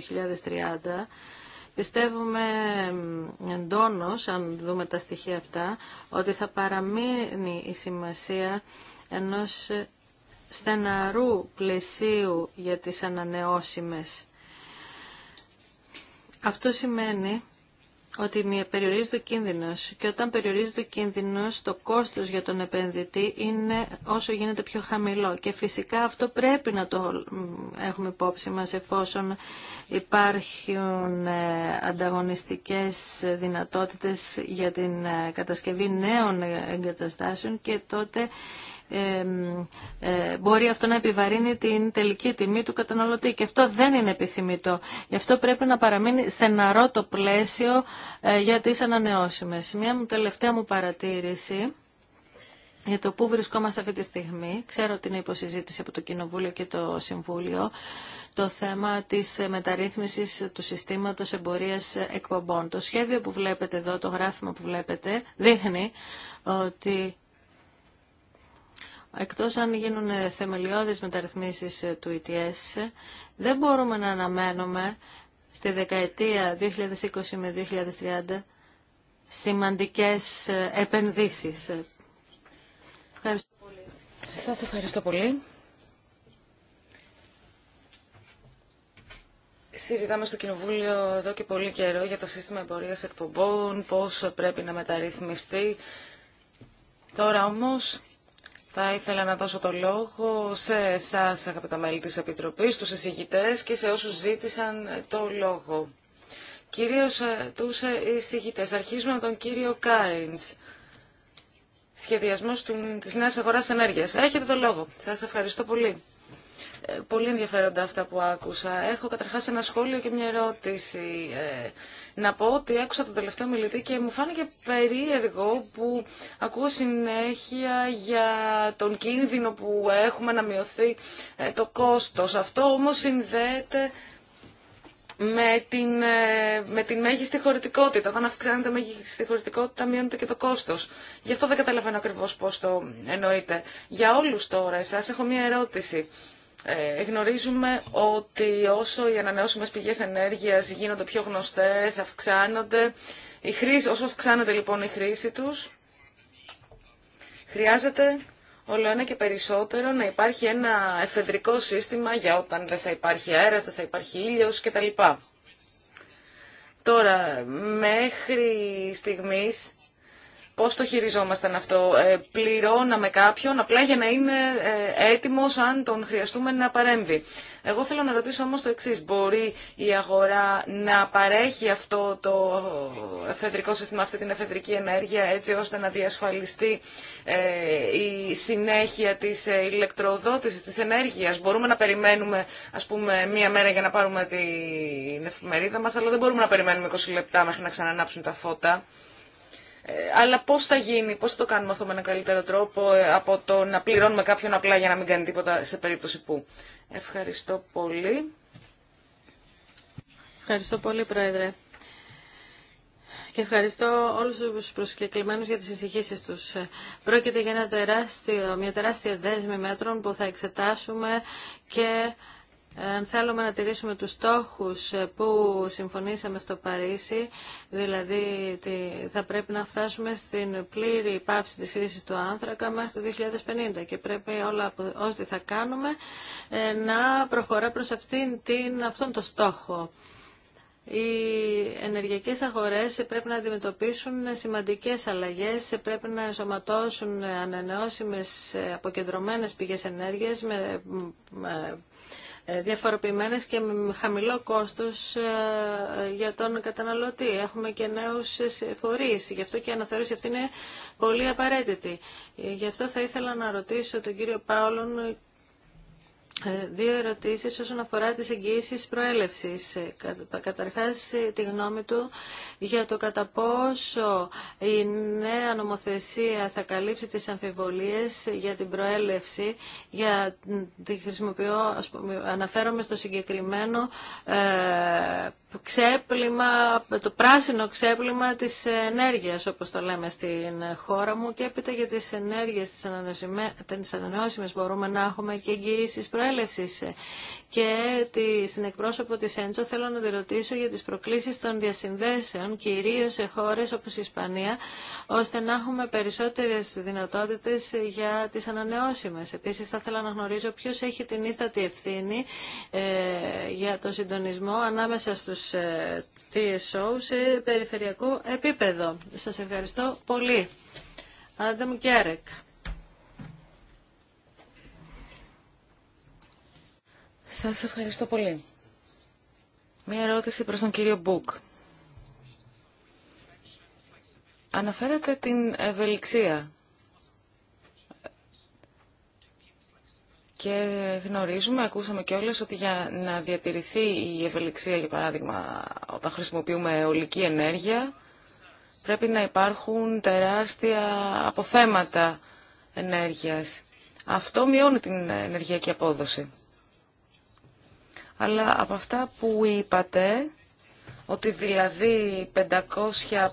Πιστεύουμε εντόνως, αν δούμε τα στοιχεία αυτά, ότι θα παραμείνει η σημασία ενός στεναρού πλαισίου για τις ανανεώσιμες. Αυτό σημαίνει ότι περιορίζεται ο κίνδυνο. και όταν περιορίζεται ο κίνδυνο, το κόστος για τον επενδυτή είναι όσο γίνεται πιο χαμηλό και φυσικά αυτό πρέπει να το έχουμε υπόψη μας εφόσον υπάρχουν ε, ανταγωνιστικές δυνατότητες για την ε, κατασκευή νέων ε, εγκαταστάσεων και τότε ε, μπορεί αυτό να επιβαρύνει την τελική τιμή του καταναλωτή και αυτό δεν είναι επιθυμητό. Γι' αυτό πρέπει να παραμείνει στεναρό το πλαίσιο ε, για τις ανανεώσιμες. Μια μου τελευταία μου παρατήρηση για το πού βρισκόμαστε αυτή τη στιγμή. Ξέρω ότι είναι υποσυζήτηση από το Κοινοβούλιο και το Συμβούλιο το θέμα της μεταρρύθμισης του συστήματος εμπορίας εκπομπών. Το σχέδιο που βλέπετε εδώ, το γράφημα που βλέπετε, δείχνει ότι εκτός αν γίνουν ε, θεμελιώδεις μεταρρυθμίσεις ε, του ETS, ε, δεν μπορούμε να αναμένουμε στη δεκαετία 2020 με 2030 σημαντικές επενδύσεις. Ευχαριστώ πολύ. Σας ευχαριστώ πολύ. Συζητάμε στο Κοινοβούλιο εδώ και πολύ καιρό για το σύστημα εμπορίας εκπομπών, πώς πρέπει να μεταρρυθμιστεί. Τώρα όμως θα ήθελα να δώσω το λόγο σε εσά, αγαπητά μέλη τη Επιτροπής, τους εισηγητές και σε όσους ζήτησαν το λόγο. Κυρίω ε, τους ε, εισηγητές. Αρχίζουμε με τον κύριο Κάριν, Σχεδιασμός της νέας αγοράς ενέργεια. Έχετε το λόγο. Σας ευχαριστώ πολύ. Ε, πολύ ενδιαφέροντα αυτά που άκουσα. Έχω καταρχάς ένα σχόλιο και μια ερώτηση. Ε, να πω ότι άκουσα τον τελευταίο μιλητή και μου φάνηκε περίεργο που ακούω συνέχεια για τον κίνδυνο που έχουμε να μειωθεί ε, το κόστος. Αυτό όμως συνδέεται με την, με την μέγιστη χωρητικότητα. Όταν αυξάνεται η μέγιστη χωρητικότητα, μειώνεται και το κόστο. Γι' αυτό δεν καταλαβαίνω ακριβώ πώ το εννοείτε. Για όλου τώρα, εσά έχω μία ερώτηση. Ε, γνωρίζουμε ότι όσο οι ανανεώσιμες πηγές ενέργειας γίνονται πιο γνωστές, αυξάνονται, η χρήση, όσο αυξάνεται λοιπόν η χρήση τους, χρειάζεται όλο ένα και περισσότερο να υπάρχει ένα εφεδρικό σύστημα για όταν δεν θα υπάρχει αέρας, δεν θα υπάρχει ήλιος κτλ. Τώρα, μέχρι στιγμής Πώ το χειριζόμασταν αυτό. Ε, πληρώναμε κάποιον απλά για να είναι ε, έτοιμο αν τον χρειαστούμε να παρέμβει. Εγώ θέλω να ρωτήσω όμω το εξή Μπορεί η αγορά να παρέχει αυτό το εφεδρικό σύστημα, αυτή την εφεδρική ενέργεια έτσι ώστε να διασφαλιστεί ε, η συνέχεια της ηλεκτροδότηση, τη ενέργεια. Μπορούμε να περιμένουμε ας πούμε μία μέρα για να πάρουμε την εφημερίδα μα, αλλά δεν μπορούμε να περιμένουμε 20 λεπτά μέχρι να ξανανάψουν τα φώτα. Ε, αλλά πώ θα γίνει, πώ θα το κάνουμε αυτό με έναν καλύτερο τρόπο ε, από το να πληρώνουμε κάποιον απλά για να μην κάνει τίποτα σε περίπτωση που. Ευχαριστώ πολύ. Ευχαριστώ πολύ, Πρόεδρε. Και ευχαριστώ όλου του προσκεκλημένους για τι εισηγήσεις του. Πρόκειται για ένα τεράστιο, μια τεράστια δέσμη μέτρων που θα εξετάσουμε και αν θέλουμε να τηρήσουμε τους στόχους που συμφωνήσαμε στο Παρίσι, δηλαδή θα πρέπει να φτάσουμε στην πλήρη πάυση της χρήσης του άνθρακα μέχρι το 2050 και πρέπει όλα ό,τι θα κάνουμε ε, να προχωρά προς αυτήν, την, αυτόν τον στόχο. Οι ενεργειακές αγορές πρέπει να αντιμετωπίσουν σημαντικές αλλαγές, πρέπει να ενσωματώσουν ανανεώσιμες ε, αποκεντρωμένες πηγές ενέργειας με διαφοροποιημένες και με χαμηλό κόστος ε, για τον καταναλωτή. Έχουμε και νέους φορείς, γι' αυτό και η αναθεώρηση αυτή είναι πολύ απαραίτητη. Γι' αυτό θα ήθελα να ρωτήσω τον κύριο Πάολον ε, δύο ερωτήσεις όσον αφορά τις εγγύησεις προέλευσης. Ε, καταρχάς, ε, τη γνώμη του για το κατά πόσο η νέα νομοθεσία θα καλύψει τις αμφιβολίες για την προέλευση, για τη χρησιμοποιώ, αναφέρομαι στο συγκεκριμένο ε, ξέπλυμα, το πράσινο ξέπλυμα της ενέργειας, όπως το λέμε στην χώρα μου, και έπειτα για τις ενέργειες, τις ανανεώσιμες μπορούμε να έχουμε και εγγύησεις προέλευσης και τη, στην εκπρόσωπο τη ΕΝΤΣΟ θέλω να τη ρωτήσω για τις προκλήσεις των διασυνδέσεων, κυρίως σε χώρε όπω η Ισπανία, ώστε να έχουμε περισσότερες δυνατότητες για τι ανανεώσιμε. Επίσης θα ήθελα να γνωρίζω ποιο έχει την ίστατη ευθύνη ε, για το συντονισμό ανάμεσα στους ε, TSO σε περιφερειακό επίπεδο. Σα ευχαριστώ πολύ. Adam Σας ευχαριστώ πολύ. Μία ερώτηση προς τον κύριο Μπουκ. Αναφέρετε την ευελιξία Και γνωρίζουμε, ακούσαμε και όλες, ότι για να διατηρηθεί η ευελιξία, για παράδειγμα, όταν χρησιμοποιούμε ολική ενέργεια, πρέπει να υπάρχουν τεράστια αποθέματα ενέργειας. Αυτό μειώνει την ενεργειακή απόδοση αλλά από αυτά που είπατε, ότι δηλαδή 550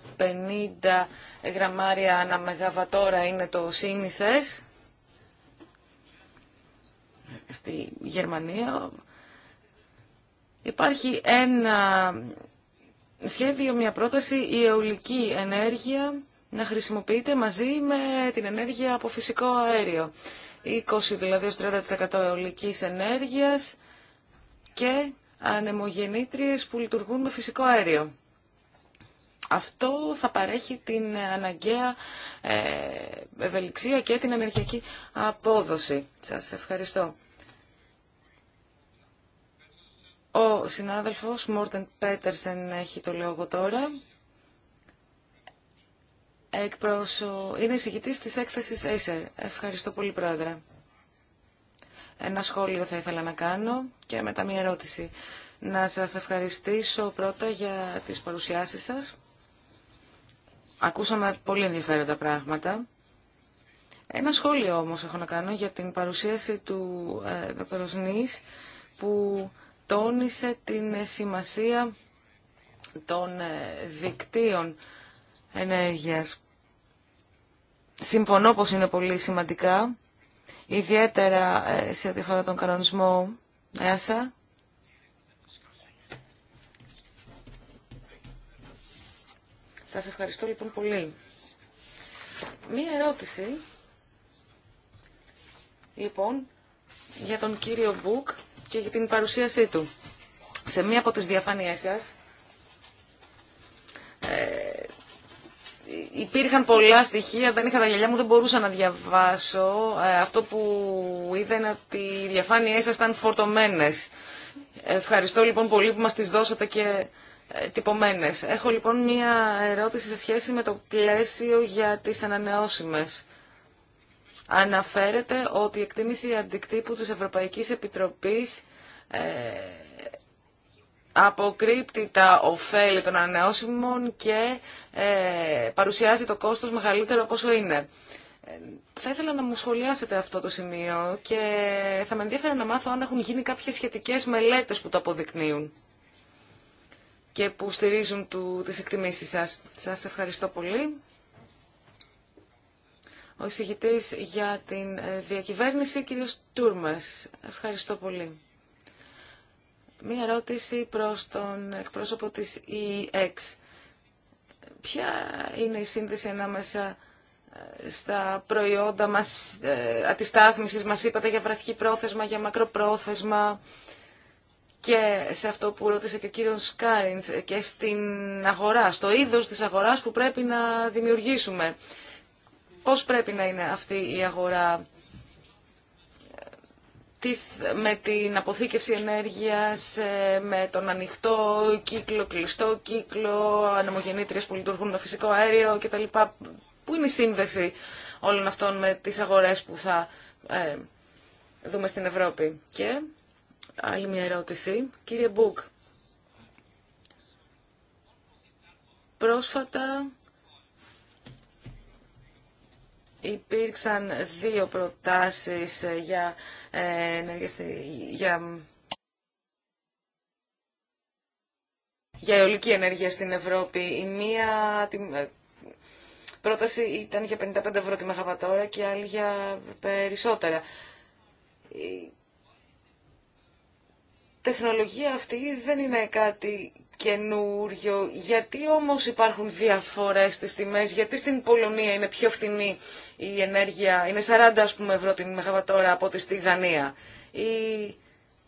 γραμμάρια ανά είναι το σύνηθες στη Γερμανία, υπάρχει ένα σχέδιο, μια πρόταση, η αιωλική ενέργεια να χρησιμοποιείται μαζί με την ενέργεια από φυσικό αέριο. 20 δηλαδή 30% αιωλικής ενέργειας και ανεμογεννήτριες που λειτουργούν με φυσικό αέριο. Αυτό θα παρέχει την αναγκαία ε, ευελιξία και την ενεργειακή απόδοση. Σας ευχαριστώ. Ο συνάδελφος Μόρτεν Πέτερσεν έχει το λόγο τώρα. Εκπρόσω... Είναι εισηγητής της έκθεσης Acer. Ευχαριστώ πολύ, Πρόεδρε. Ένα σχόλιο θα ήθελα να κάνω και μετά μια ερώτηση. Να σας ευχαριστήσω πρώτα για τις παρουσιάσεις σας. Ακούσαμε πολύ ενδιαφέροντα πράγματα. Ένα σχόλιο όμως έχω να κάνω για την παρουσίαση του ε, Δ. που τόνισε την σημασία των ε, δικτύων ενέργειας. Συμφωνώ πως είναι πολύ σημαντικά ιδιαίτερα ε, σε ό,τι αφορά τον κανονισμό ΕΑΣΑ. Σας ευχαριστώ λοιπόν πολύ. Μία ερώτηση, λοιπόν, για τον κύριο Μπουκ και για την παρουσίασή του. Σε μία από τις διαφάνειές σας, ε, υπήρχαν πολλά στοιχεία, δεν είχα τα γυαλιά μου, δεν μπορούσα να διαβάσω. Ε, αυτό που είδα είναι ότι οι διαφάνειές ήταν φορτωμένες. Ευχαριστώ λοιπόν πολύ που μας τις δώσατε και ε, τυπωμένες. Έχω λοιπόν μία ερώτηση σε σχέση με το πλαίσιο για τις ανανεώσιμες. Αναφέρεται ότι η εκτίμηση αντικτύπου της Ευρωπαϊκής Επιτροπής ε, αποκρύπτει τα ωφέλη των ανανεώσιμων και ε, παρουσιάζει το κόστος μεγαλύτερο από όσο είναι. Ε, θα ήθελα να μου σχολιάσετε αυτό το σημείο και θα με ενδιαφέρει να μάθω αν έχουν γίνει κάποιες σχετικές μελέτες που το αποδεικνύουν και που στηρίζουν του, τις εκτιμήσεις σας. Σας ευχαριστώ πολύ. Ο εισηγητής για την ε, διακυβέρνηση, κύριος Τούρμας. Ευχαριστώ πολύ. Μία ερώτηση προς τον εκπρόσωπο της EX. Ποια είναι η σύνδεση ανάμεσα ε, στα προϊόντα μας, ε, μα μας είπατε για βραχή πρόθεσμα, για μακροπρόθεσμα και σε αυτό που ρώτησε και ο κύριος Σκάριντς ε, και στην αγορά, στο είδος της αγοράς που πρέπει να δημιουργήσουμε. Πώς πρέπει να είναι αυτή η αγορά με την αποθήκευση ενέργειας, ε, με τον ανοιχτό κύκλο, κλειστό κύκλο, ανεμογεννήτριες που λειτουργούν με φυσικό αέριο κτλ. Πού είναι η σύνδεση όλων αυτών με τις αγορές που θα ε, δούμε στην Ευρώπη. Και άλλη μια ερώτηση. Κύριε Μπουκ, πρόσφατα υπήρξαν δύο προτάσεις ε, για για... για αιωλική ενέργεια στην Ευρώπη. Η μία πρόταση ήταν για 55 ευρώ τη μεγαβατόρα και άλλη για περισσότερα. Η τεχνολογία αυτή δεν είναι κάτι καινούριο. Γιατί όμως υπάρχουν διαφορές στις τιμές, γιατί στην Πολωνία είναι πιο φθηνή η ενέργεια, είναι 40 ας πούμε, ευρώ την μεγαβατόρα από ό,τι στη Δανία. Οι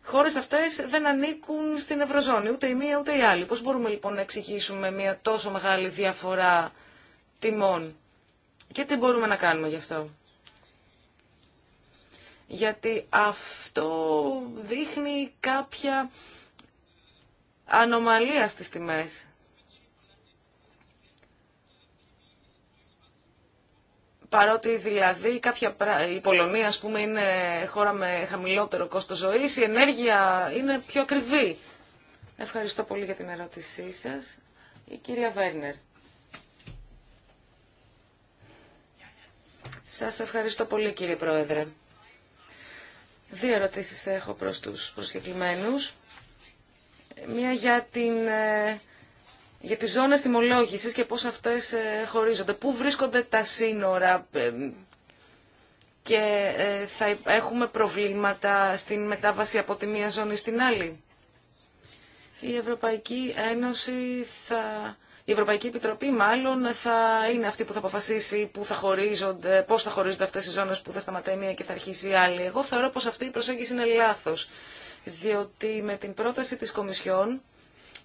χώρες αυτές δεν ανήκουν στην Ευρωζώνη, ούτε η μία ούτε η άλλη. Πώς μπορούμε λοιπόν να εξηγήσουμε μια τόσο μεγάλη διαφορά τιμών και τι μπορούμε να κάνουμε γι' αυτό. Γιατί αυτό δείχνει κάποια ανομαλία στις τιμές. Παρότι δηλαδή κάποια, η Πολωνία ας πούμε είναι χώρα με χαμηλότερο κόστος ζωής, η ενέργεια είναι πιο ακριβή. Ευχαριστώ πολύ για την ερώτησή σας. Η κυρία Βέρνερ. Σας ευχαριστώ πολύ κύριε Πρόεδρε. Δύο ερωτήσεις έχω προς τους προσκεκλημένους μία για, την, ε, για τις ζώνες τιμολόγησης και πώς αυτές ε, χωρίζονται. Πού βρίσκονται τα σύνορα ε, και θα έχουμε προβλήματα στην μετάβαση από τη μία ζώνη στην άλλη. Η Ευρωπαϊκή Ένωση θα... Η Ευρωπαϊκή Επιτροπή μάλλον θα είναι αυτή που θα αποφασίσει που θα χωρίζονται, πώς θα χωρίζονται αυτές οι ζώνες που θα σταματάει μία και θα αρχίσει η άλλη. Εγώ θεωρώ πως αυτή η προσέγγιση είναι λάθος διότι με την πρόταση της Κομισιόν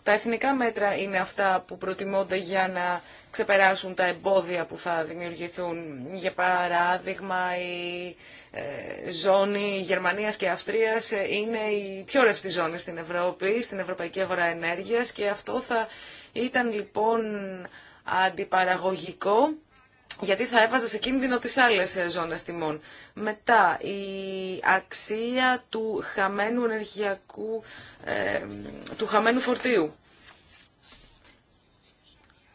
τα εθνικά μέτρα είναι αυτά που προτιμώνται για να ξεπεράσουν τα εμπόδια που θα δημιουργηθούν. Για παράδειγμα, η ε, ζώνη Γερμανίας και Αυστρίας ε, είναι η πιο ρευστή ζώνη στην Ευρώπη, στην Ευρωπαϊκή Αγορά Ενέργειας και αυτό θα ήταν λοιπόν αντιπαραγωγικό γιατί θα έβαζε σε κίνδυνο τις άλλες ε, ζώνες τιμών. Μετά, η αξία του χαμένου ενεργειακού, ε, του χαμένου φορτίου.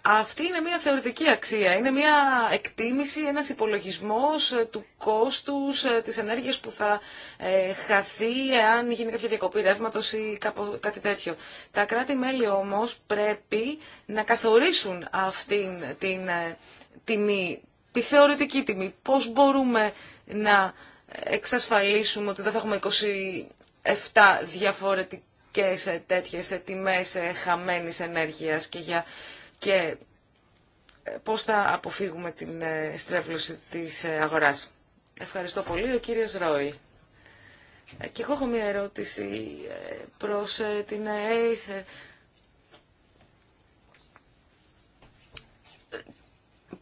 Αυτή είναι μια θεωρητική αξία, είναι μια εκτίμηση, ένας υπολογισμός ε, του κόστους της ενέργειας που θα χαθεί εάν γίνει κάποια διακοπή ρεύματο ή κάτι τέτοιο. Τα κράτη-μέλη όμως πρέπει να καθορίσουν αυτή την τιμή, τη θεωρητική τιμή, πώς μπορούμε να εξασφαλίσουμε ότι δεν θα έχουμε 27 διαφορετικές ε, τέτοιες ε, τιμές ε, χαμένης ενέργειας και, για, και πώς θα αποφύγουμε την στρέβλωση της αγοράς. Ευχαριστώ πολύ. Ο κύριος Ρόιλ. Και εγώ έχω μια ερώτηση προς την Acer.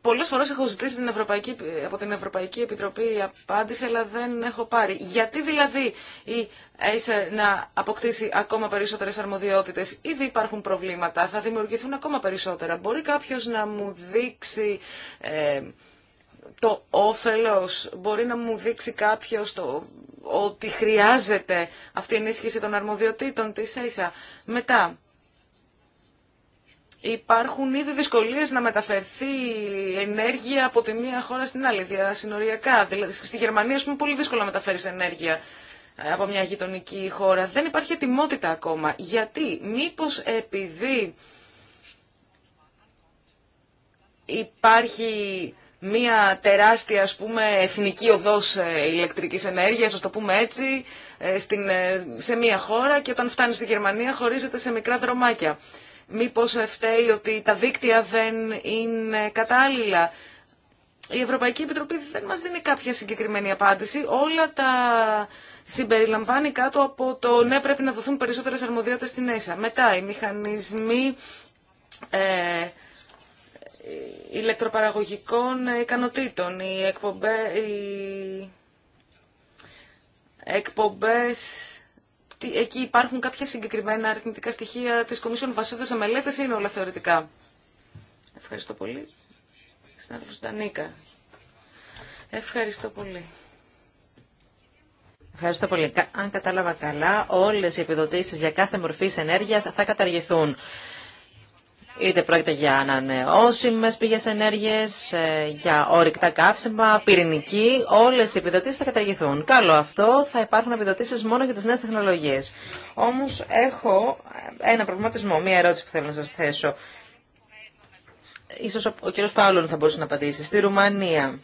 Πολλέ φορέ έχω ζητήσει την Ευρωπαϊκή, από την Ευρωπαϊκή Επιτροπή απάντηση, αλλά δεν έχω πάρει. Γιατί δηλαδή η Acer να αποκτήσει ακόμα περισσότερες αρμοδιότητες. Ήδη υπάρχουν προβλήματα, θα δημιουργηθούν ακόμα περισσότερα. Μπορεί κάποιο να μου δείξει... Ε, το όφελος, μπορεί να μου δείξει κάποιο το, ότι χρειάζεται αυτή η ενίσχυση των αρμοδιοτήτων της ΕΙΣΑ. Μετά, Υπάρχουν ήδη δυσκολίες να μεταφερθεί ενέργεια από τη μία χώρα στην άλλη, διασυνοριακά. Δηλαδή, στη Γερμανία, ας πούμε, πολύ δύσκολο να μεταφέρεις ενέργεια ε, από μια γειτονική χώρα. Δεν υπάρχει ετοιμότητα ακόμα. Γιατί, μήπως επειδή υπάρχει μια τεράστια ας πούμε εθνική οδός ε, ηλεκτρικής ενέργειας, ας το πούμε έτσι, ε, σε μια χώρα και όταν φτάνει στη Γερμανία χωρίζεται σε μικρά δρομάκια μήπως φταίει ότι τα δίκτυα δεν είναι κατάλληλα. Η Ευρωπαϊκή Επιτροπή δεν μας δίνει κάποια συγκεκριμένη απάντηση. Όλα τα συμπεριλαμβάνει κάτω από το ναι πρέπει να δοθούν περισσότερες αρμοδιότητες στην ΕΣΑ. Μετά οι μηχανισμοί ε, ηλεκτροπαραγωγικών ικανοτήτων, οι, οι εκπομπές εκεί υπάρχουν κάποια συγκεκριμένα αριθμητικά στοιχεία της Κομισιόν βασίζονται σε μελέτες ή είναι όλα θεωρητικά. Ευχαριστώ πολύ. Συνάδελφος Ντανίκα. Ευχαριστώ πολύ. Ευχαριστώ πολύ. Αν κατάλαβα καλά, όλες οι επιδοτήσεις για κάθε μορφή ενέργειας θα καταργηθούν. Είτε πρόκειται για ανανεώσιμε πηγέ ενέργεια, ε, για ορυκτά καύσιμα, πυρηνική, όλε οι επιδοτήσει θα καταργηθούν. Καλό αυτό, θα υπάρχουν επιδοτήσει μόνο για τι νέε τεχνολογίε. Όμω έχω ένα προβληματισμό, μία ερώτηση που θέλω να σα θέσω. Ίσως ο κύριος Παύλων θα μπορούσε να απαντήσει. Στη Ρουμανία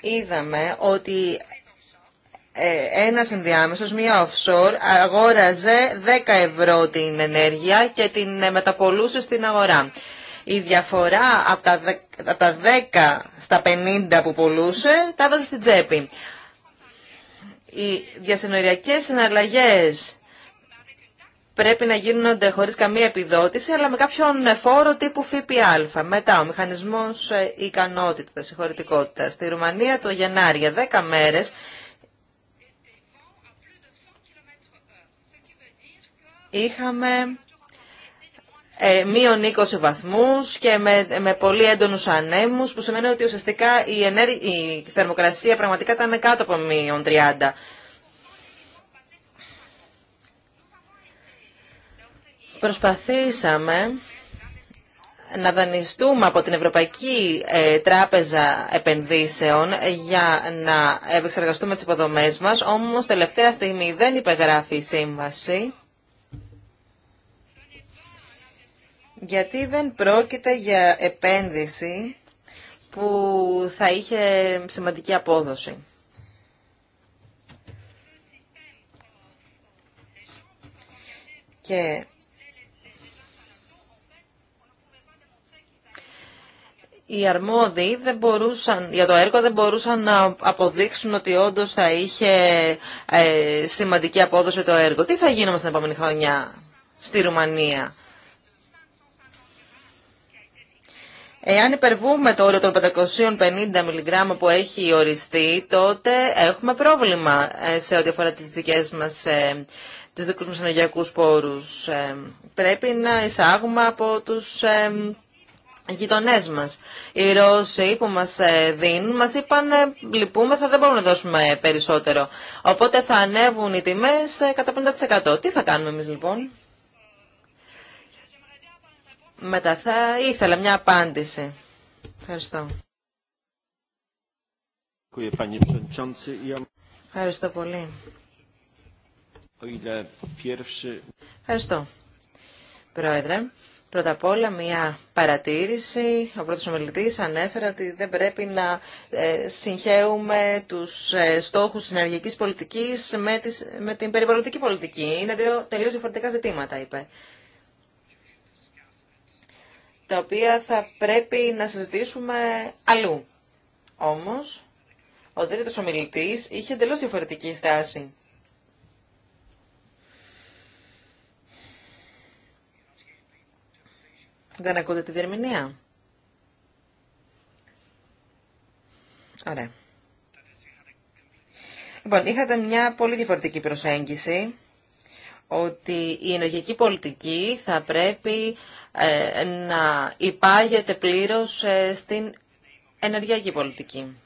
είδαμε ότι ε, ένας ενδιάμεσος, μία offshore, αγόραζε 10 ευρώ την ενέργεια και την ε, μεταπολούσε στην αγορά. Η διαφορά από τα 10 στα 50 που πολλούσε, τα έβαζε στην τσέπη. Οι διασυνοριακές συναλλαγές πρέπει να γίνονται χωρίς καμία επιδότηση, αλλά με κάποιον φόρο τύπου ΦΠΑ. Μετά, ο μηχανισμός ε, ικανότητας, συγχωρητικότητας. Στη Ρουμανία το Γενάρη, για 10 μέρες, είχαμε ε, μείον 20 βαθμούς και με, με πολύ έντονους ανέμους, που σημαίνει ότι ουσιαστικά η, η θερμοκρασία πραγματικά ήταν κάτω από μείον 30. Προσπαθήσαμε να δανειστούμε από την Ευρωπαϊκή ε, Τράπεζα Επενδύσεων για να επεξεργαστούμε τις υποδομές μας, όμως τελευταία στιγμή δεν υπεγράφει η σύμβαση γιατί δεν πρόκειται για επένδυση που θα είχε σημαντική απόδοση. Και οι αρμόδιοι δεν μπορούσαν, για το έργο δεν μπορούσαν να αποδείξουν ότι όντω θα είχε ε, σημαντική απόδοση το έργο. Τι θα γίνει στην επόμενη χρονιά στη Ρουμανία. Εάν υπερβούμε το όριο των 550 μιλιγκράμμων που έχει οριστεί, τότε έχουμε πρόβλημα ε, σε ό,τι αφορά τις δικές μας, ε, τις δικούς μας ενεργειακούς πόρους. Ε, πρέπει να εισάγουμε από τους γειτονέ μας. Οι Ρώσοι που μας δίνουν μας είπαν λυπούμε, θα δεν μπορούμε να δώσουμε περισσότερο. Οπότε θα ανέβουν οι τιμές κατά 50%. Τι θα κάνουμε εμείς λοιπόν. Μετά θα ήθελα μια απάντηση. Ευχαριστώ. Ευχαριστώ πολύ. Ευχαριστώ. Πρόεδρε, πρώτα απ' όλα μια παρατήρηση. Ο πρώτος ομιλητής ανέφερε ότι δεν πρέπει να ε, συγχέουμε τους ε, στόχους της ενεργειακής πολιτικής με την περιβαλλοντική πολιτική. Είναι δύο τελείως διαφορετικά ζητήματα, είπε τα οποία θα πρέπει να συζητήσουμε αλλού. Όμως, ο τρίτος ομιλητής είχε εντελώς διαφορετική στάση. Δεν ακούτε τη διερμηνία. Ωραία. Λοιπόν, είχατε μια πολύ διαφορετική προσέγγιση ότι η ενεργειακή πολιτική θα πρέπει ε, να υπάγεται πλήρως ε, στην ενεργειακή πολιτική.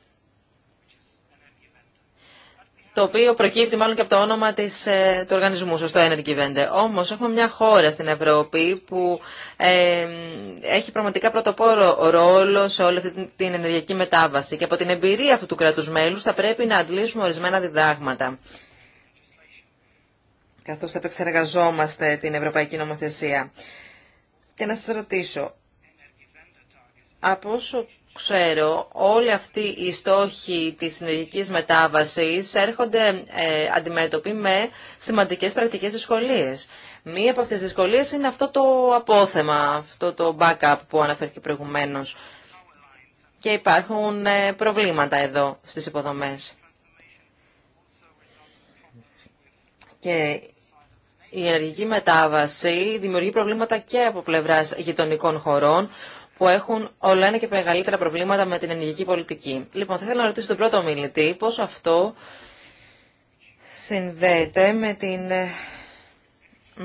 Το οποίο προκύπτει μάλλον και από το όνομα της, ε, του οργανισμού, το Energy Vende. Όμως έχουμε μια χώρα στην Ευρώπη που έχει πραγματικά πρωτοπόρο ρόλο σε όλη αυτή την ενεργειακή μετάβαση και από την εμπειρία αυτού του κράτους μέλους θα πρέπει να αντλήσουμε ορισμένα διδάγματα καθώς επεξεργαζόμαστε την Ευρωπαϊκή Νομοθεσία. Και να σας ρωτήσω, από όσο ξέρω, όλοι αυτοί οι στόχοι της συνεργικής μετάβασης έρχονται ε, αντιμέτωποι με σημαντικές πρακτικές δυσκολίες. Μία από αυτές τις δυσκολίες είναι αυτό το απόθεμα, αυτό το backup που αναφέρθηκε προηγουμένως. Και υπάρχουν ε, προβλήματα εδώ στις υποδομές. Και η ενεργική μετάβαση δημιουργεί προβλήματα και από πλευρά γειτονικών χωρών που έχουν όλα ένα και μεγαλύτερα προβλήματα με την ενεργική πολιτική. Λοιπόν, θα ήθελα να ρωτήσω τον πρώτο μιλητή πώς αυτό συνδέεται με, την,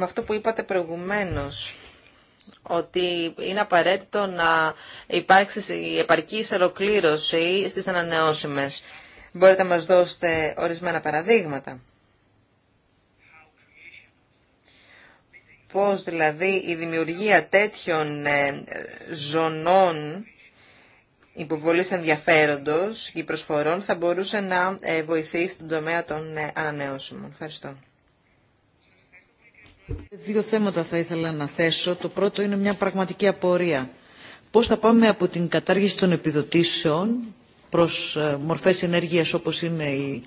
αυτό που είπατε προηγουμένως ότι είναι απαραίτητο να υπάρξει η επαρκή ολοκλήρωση στις ανανεώσιμες. Μπορείτε να μας δώσετε ορισμένα παραδείγματα. Πώς δηλαδή η δημιουργία τέτοιων ε, ζωνών υποβολής ενδιαφέροντος και προσφορών θα μπορούσε να ε, βοηθήσει στην τομέα των ε, ανανεώσιμων. Ευχαριστώ. Δύο θέματα θα ήθελα να θέσω. Το πρώτο είναι μια πραγματική απορία. Πώς θα πάμε από την κατάργηση των επιδοτήσεων προς μορφές ενέργειας όπως είναι οι,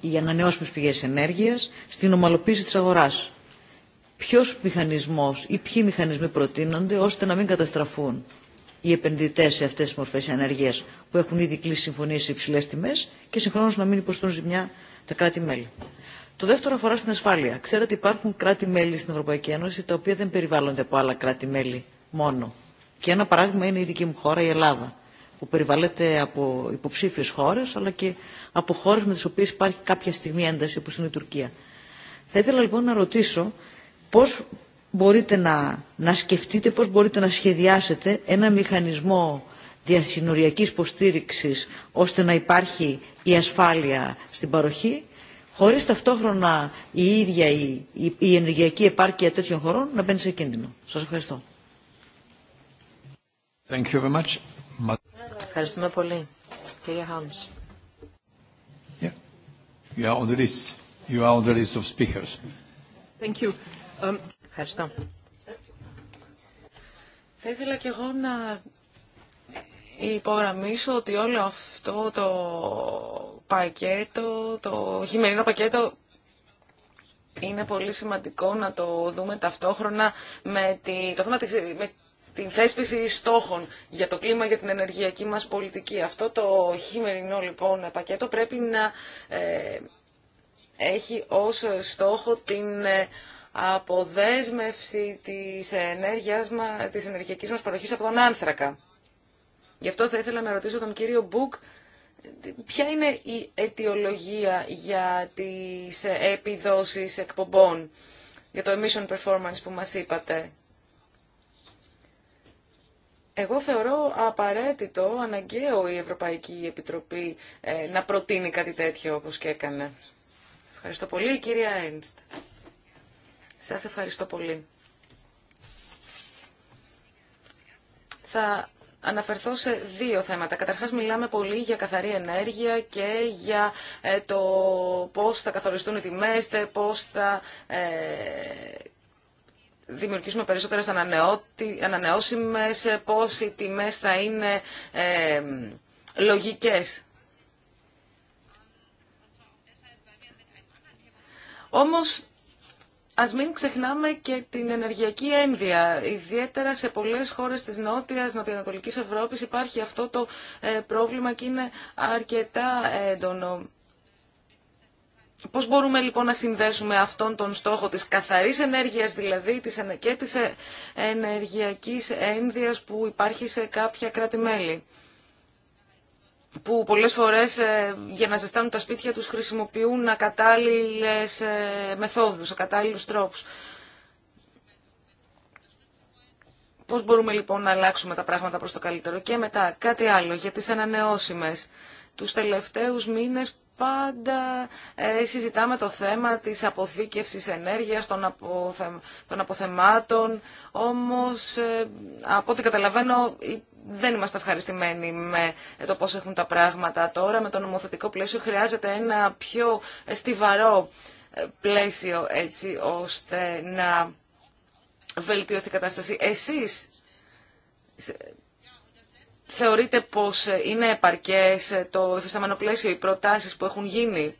οι ανανεώσιμες πηγές ενέργειας στην ομαλοποίηση της αγοράς. Ποιο μηχανισμό ή ποιοι μηχανισμοί προτείνονται ώστε να μην καταστραφούν οι επενδυτέ σε αυτέ τι μορφέ ενέργεια που έχουν ήδη κλείσει συμφωνίε σε υψηλέ τιμέ και συγχρόνω να μην υποστούν ζημιά τα κράτη-μέλη. Το δεύτερο αφορά στην ασφάλεια. Ξέρετε υπάρχουν κράτη-μέλη στην Ευρωπαϊκή Ένωση τα οποία δεν περιβάλλονται από άλλα κράτη-μέλη μόνο. Και ένα παράδειγμα είναι η δική μου χώρα, η Ελλάδα, που περιβαλλέται από υποψήφιου χώρε, αλλά και από χώρε με τι οποίε υπάρχει κάποια στιγμή ένταση, όπω είναι η Τουρκία. Θα ήθελα λοιπόν να ρωτήσω πώς μπορείτε να, να σκεφτείτε, πώς μπορείτε να σχεδιάσετε ένα μηχανισμό διασυνοριακής υποστήριξης ώστε να υπάρχει η ασφάλεια στην παροχή χωρίς ταυτόχρονα η ίδια η, η, ενεργειακή επάρκεια τέτοιων χωρών να μπαίνει σε κίνδυνο. Σας ευχαριστώ. Thank you very much. Ευχαριστούμε πολύ. Κύριε Χάμς. Yeah. You are on the list. You are on the list of speakers. Thank you. Ευχαριστώ. Θα ήθελα και εγώ να υπογραμμίσω ότι όλο αυτό το πακέτο, το χειμερινό πακέτο είναι πολύ σημαντικό να το δούμε ταυτόχρονα με, τη, το θέμα με την θέσπιση στόχων για το κλίμα, για την ενεργειακή μας πολιτική. Αυτό το χειμερινό λοιπόν πακέτο πρέπει να ε, έχει ως στόχο την ε, αποδέσμευση της, ενέργειας, της ενεργειακής μας παροχής από τον άνθρακα. Γι' αυτό θα ήθελα να ρωτήσω τον κύριο Μπουκ ποια είναι η αιτιολογία για τις επιδόσεις εκπομπών, για το emission performance που μας είπατε. Εγώ θεωρώ απαραίτητο, αναγκαίο η Ευρωπαϊκή Επιτροπή ε, να προτείνει κάτι τέτοιο όπως και έκανε. Ευχαριστώ πολύ κυρία Ένστ. Σας ευχαριστώ πολύ. Θα αναφερθώ σε δύο θέματα. Καταρχάς μιλάμε πολύ για καθαρή ενέργεια και για ε, το πώς θα καθοριστούν οι τιμές, πώς θα ε, δημιουργήσουμε περισσότερες ανανεώσιμες, ε, πώς οι τιμές θα είναι λογικές. Όμως Ας μην ξεχνάμε και την ενεργειακή ένδυα. Ιδιαίτερα σε πολλές χώρες της Νότιας, Νοτιοανατολικής Ευρώπης υπάρχει αυτό το ε, πρόβλημα και είναι αρκετά έντονο. Πώς μπορούμε λοιπόν να συνδέσουμε αυτόν τον στόχο της καθαρής ενέργειας δηλαδή και της ε, ενεργειακής ένδυας που υπάρχει σε κάποια κράτη-μέλη που πολλές φορές ε, για να ζεστάνουν τα σπίτια τους χρησιμοποιούν ακατάλληλες ε, μεθόδους, ακατάλληλους τρόπους. Πώς μπορούμε λοιπόν να αλλάξουμε τα πράγματα προς το καλύτερο. Και μετά κάτι άλλο για τις ανανεώσιμες. Τους τελευταίους μήνες πάντα ε, συζητάμε το θέμα της αποθήκευσης ενέργειας, των, των αποθεμάτων, όμως από ό,τι καταλαβαίνω δεν είμαστε ευχαριστημένοι με το πώς έχουν τα πράγματα τώρα. Με το νομοθετικό πλαίσιο χρειάζεται ένα πιο στιβαρό ε, πλαίσιο έτσι ώστε να βελτιωθεί η κατάσταση. Εσείς θεωρείτε πως είναι επαρκές το εφισταμένο πλαίσιο, οι προτάσεις που έχουν γίνει.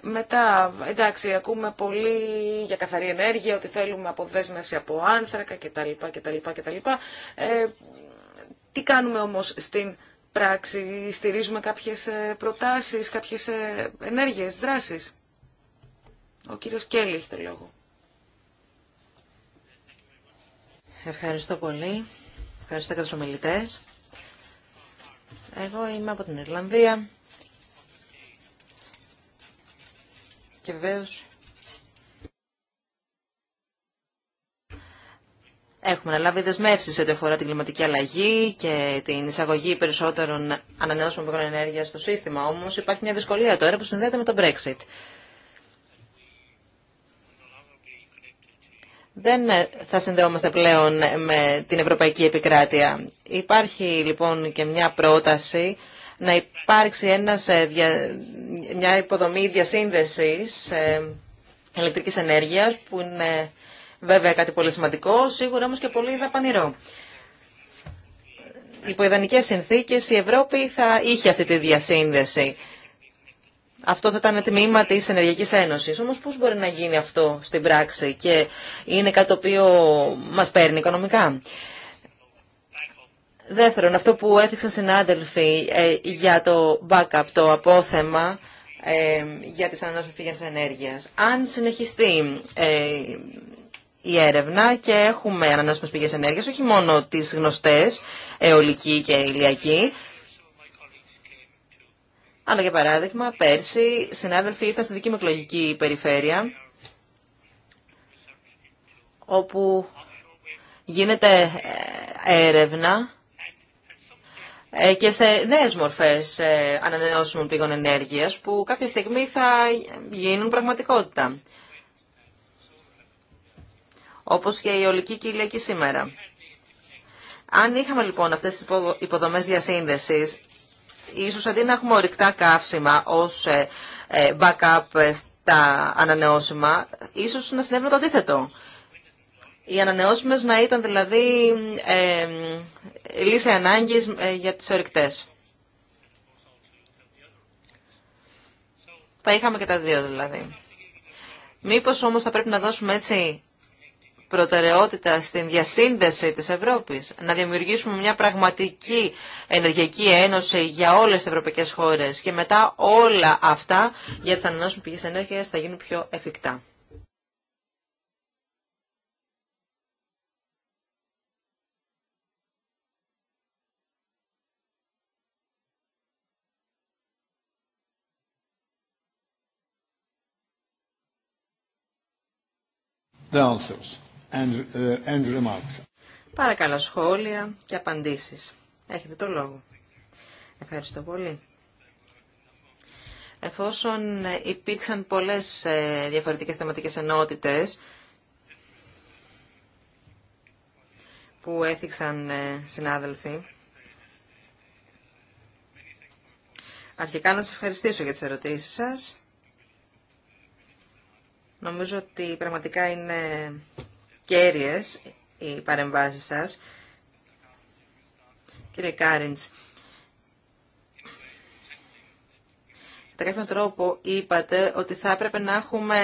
Μετά, εντάξει, ακούμε πολύ για καθαρή ενέργεια, ότι θέλουμε αποδέσμευση από άνθρακα κτλ. κτλ, κτλ. Ε, τι κάνουμε όμως στην πράξη, στηρίζουμε κάποιες ε, προτάσεις, κάποιες ε, ενέργειες, δράσεις. Ο κύριος Κέλλη έχει το λόγο. Ευχαριστώ πολύ. Ευχαριστώ και τους ομιλητές. Εγώ είμαι από την Ιρλανδία και βεβαίως Έχουμε αναλάβει δεσμεύσει σε ό,τι αφορά την κλιματική αλλαγή και την εισαγωγή περισσότερων ανανεώσιμων πηγών ενέργεια στο σύστημα. Όμω υπάρχει μια δυσκολία τώρα που συνδέεται με το Brexit. Δεν θα συνδεόμαστε πλέον με την ευρωπαϊκή επικράτεια. Υπάρχει λοιπόν και μια πρόταση να υπάρξει ένας, ε, μια υποδομή διασύνδεσης ε, ηλεκτρικής ενέργειας που είναι Βέβαια κάτι πολύ σημαντικό, σίγουρα όμως και πολύ δαπανηρό. Υπό ιδανικές συνθήκες η Ευρώπη θα είχε αυτή τη διασύνδεση. Αυτό θα ήταν τμήμα της Ενεργειακής Ένωσης. Όμως, πώς μπορεί να γίνει αυτό στην πράξη και είναι κάτι το οποίο μα παίρνει οικονομικά. Δεύτερον, αυτό που έθιξαν συνάδελφοι ε, για το backup, το απόθεμα ε, για τις ανανεώσιμες πηγές ενέργειας. Αν συνεχιστεί ε, η έρευνα και έχουμε ανανεώσιμες πηγές ενέργειας, όχι μόνο τις γνωστές, αιωλική και ηλιακή, αλλά για παράδειγμα, πέρσι, συνάδελφοι ήταν στη δική μου εκλογική περιφέρεια, όπου γίνεται ε, έρευνα ε, και σε νέες μορφές ε, ανανεώσιμων πηγών ενέργειας, που κάποια στιγμή θα γίνουν πραγματικότητα όπως και η ολική Κυριακή σήμερα. Αν είχαμε λοιπόν αυτές τις υποδομές διασύνδεσης, ίσως αντί να έχουμε ορυκτά καύσιμα ως ε, ε, backup στα ανανεώσιμα, ίσως να συνέβαινε το αντίθετο. Οι ανανεώσιμες να ήταν δηλαδή ε, λύση ανάγκης ε, για τις ορυκτές. Θα είχαμε και τα δύο δηλαδή. Μήπως όμως θα πρέπει να δώσουμε έτσι προτεραιότητα στην διασύνδεση της Ευρώπης, να δημιουργήσουμε μια πραγματική ενεργειακή ένωση για όλες τις ευρωπαϊκές χώρες και μετά όλα αυτά για τις ανανεώσιμες πηγές ενέργειας θα γίνουν πιο εφικτά and, uh, Παρακαλώ σχόλια και απαντήσεις. Έχετε το λόγο. Ευχαριστώ πολύ. Εφόσον υπήρξαν πολλές ε, διαφορετικές θεματικές ενότητες που έθιξαν ε, συνάδελφοι, αρχικά να σας ευχαριστήσω για τις ερωτήσεις σας. Νομίζω ότι πραγματικά είναι κέρυες οι παρεμβάσεις σας. Κύριε Κάριντς, κατά κάποιον τρόπο είπατε ότι θα έπρεπε να έχουμε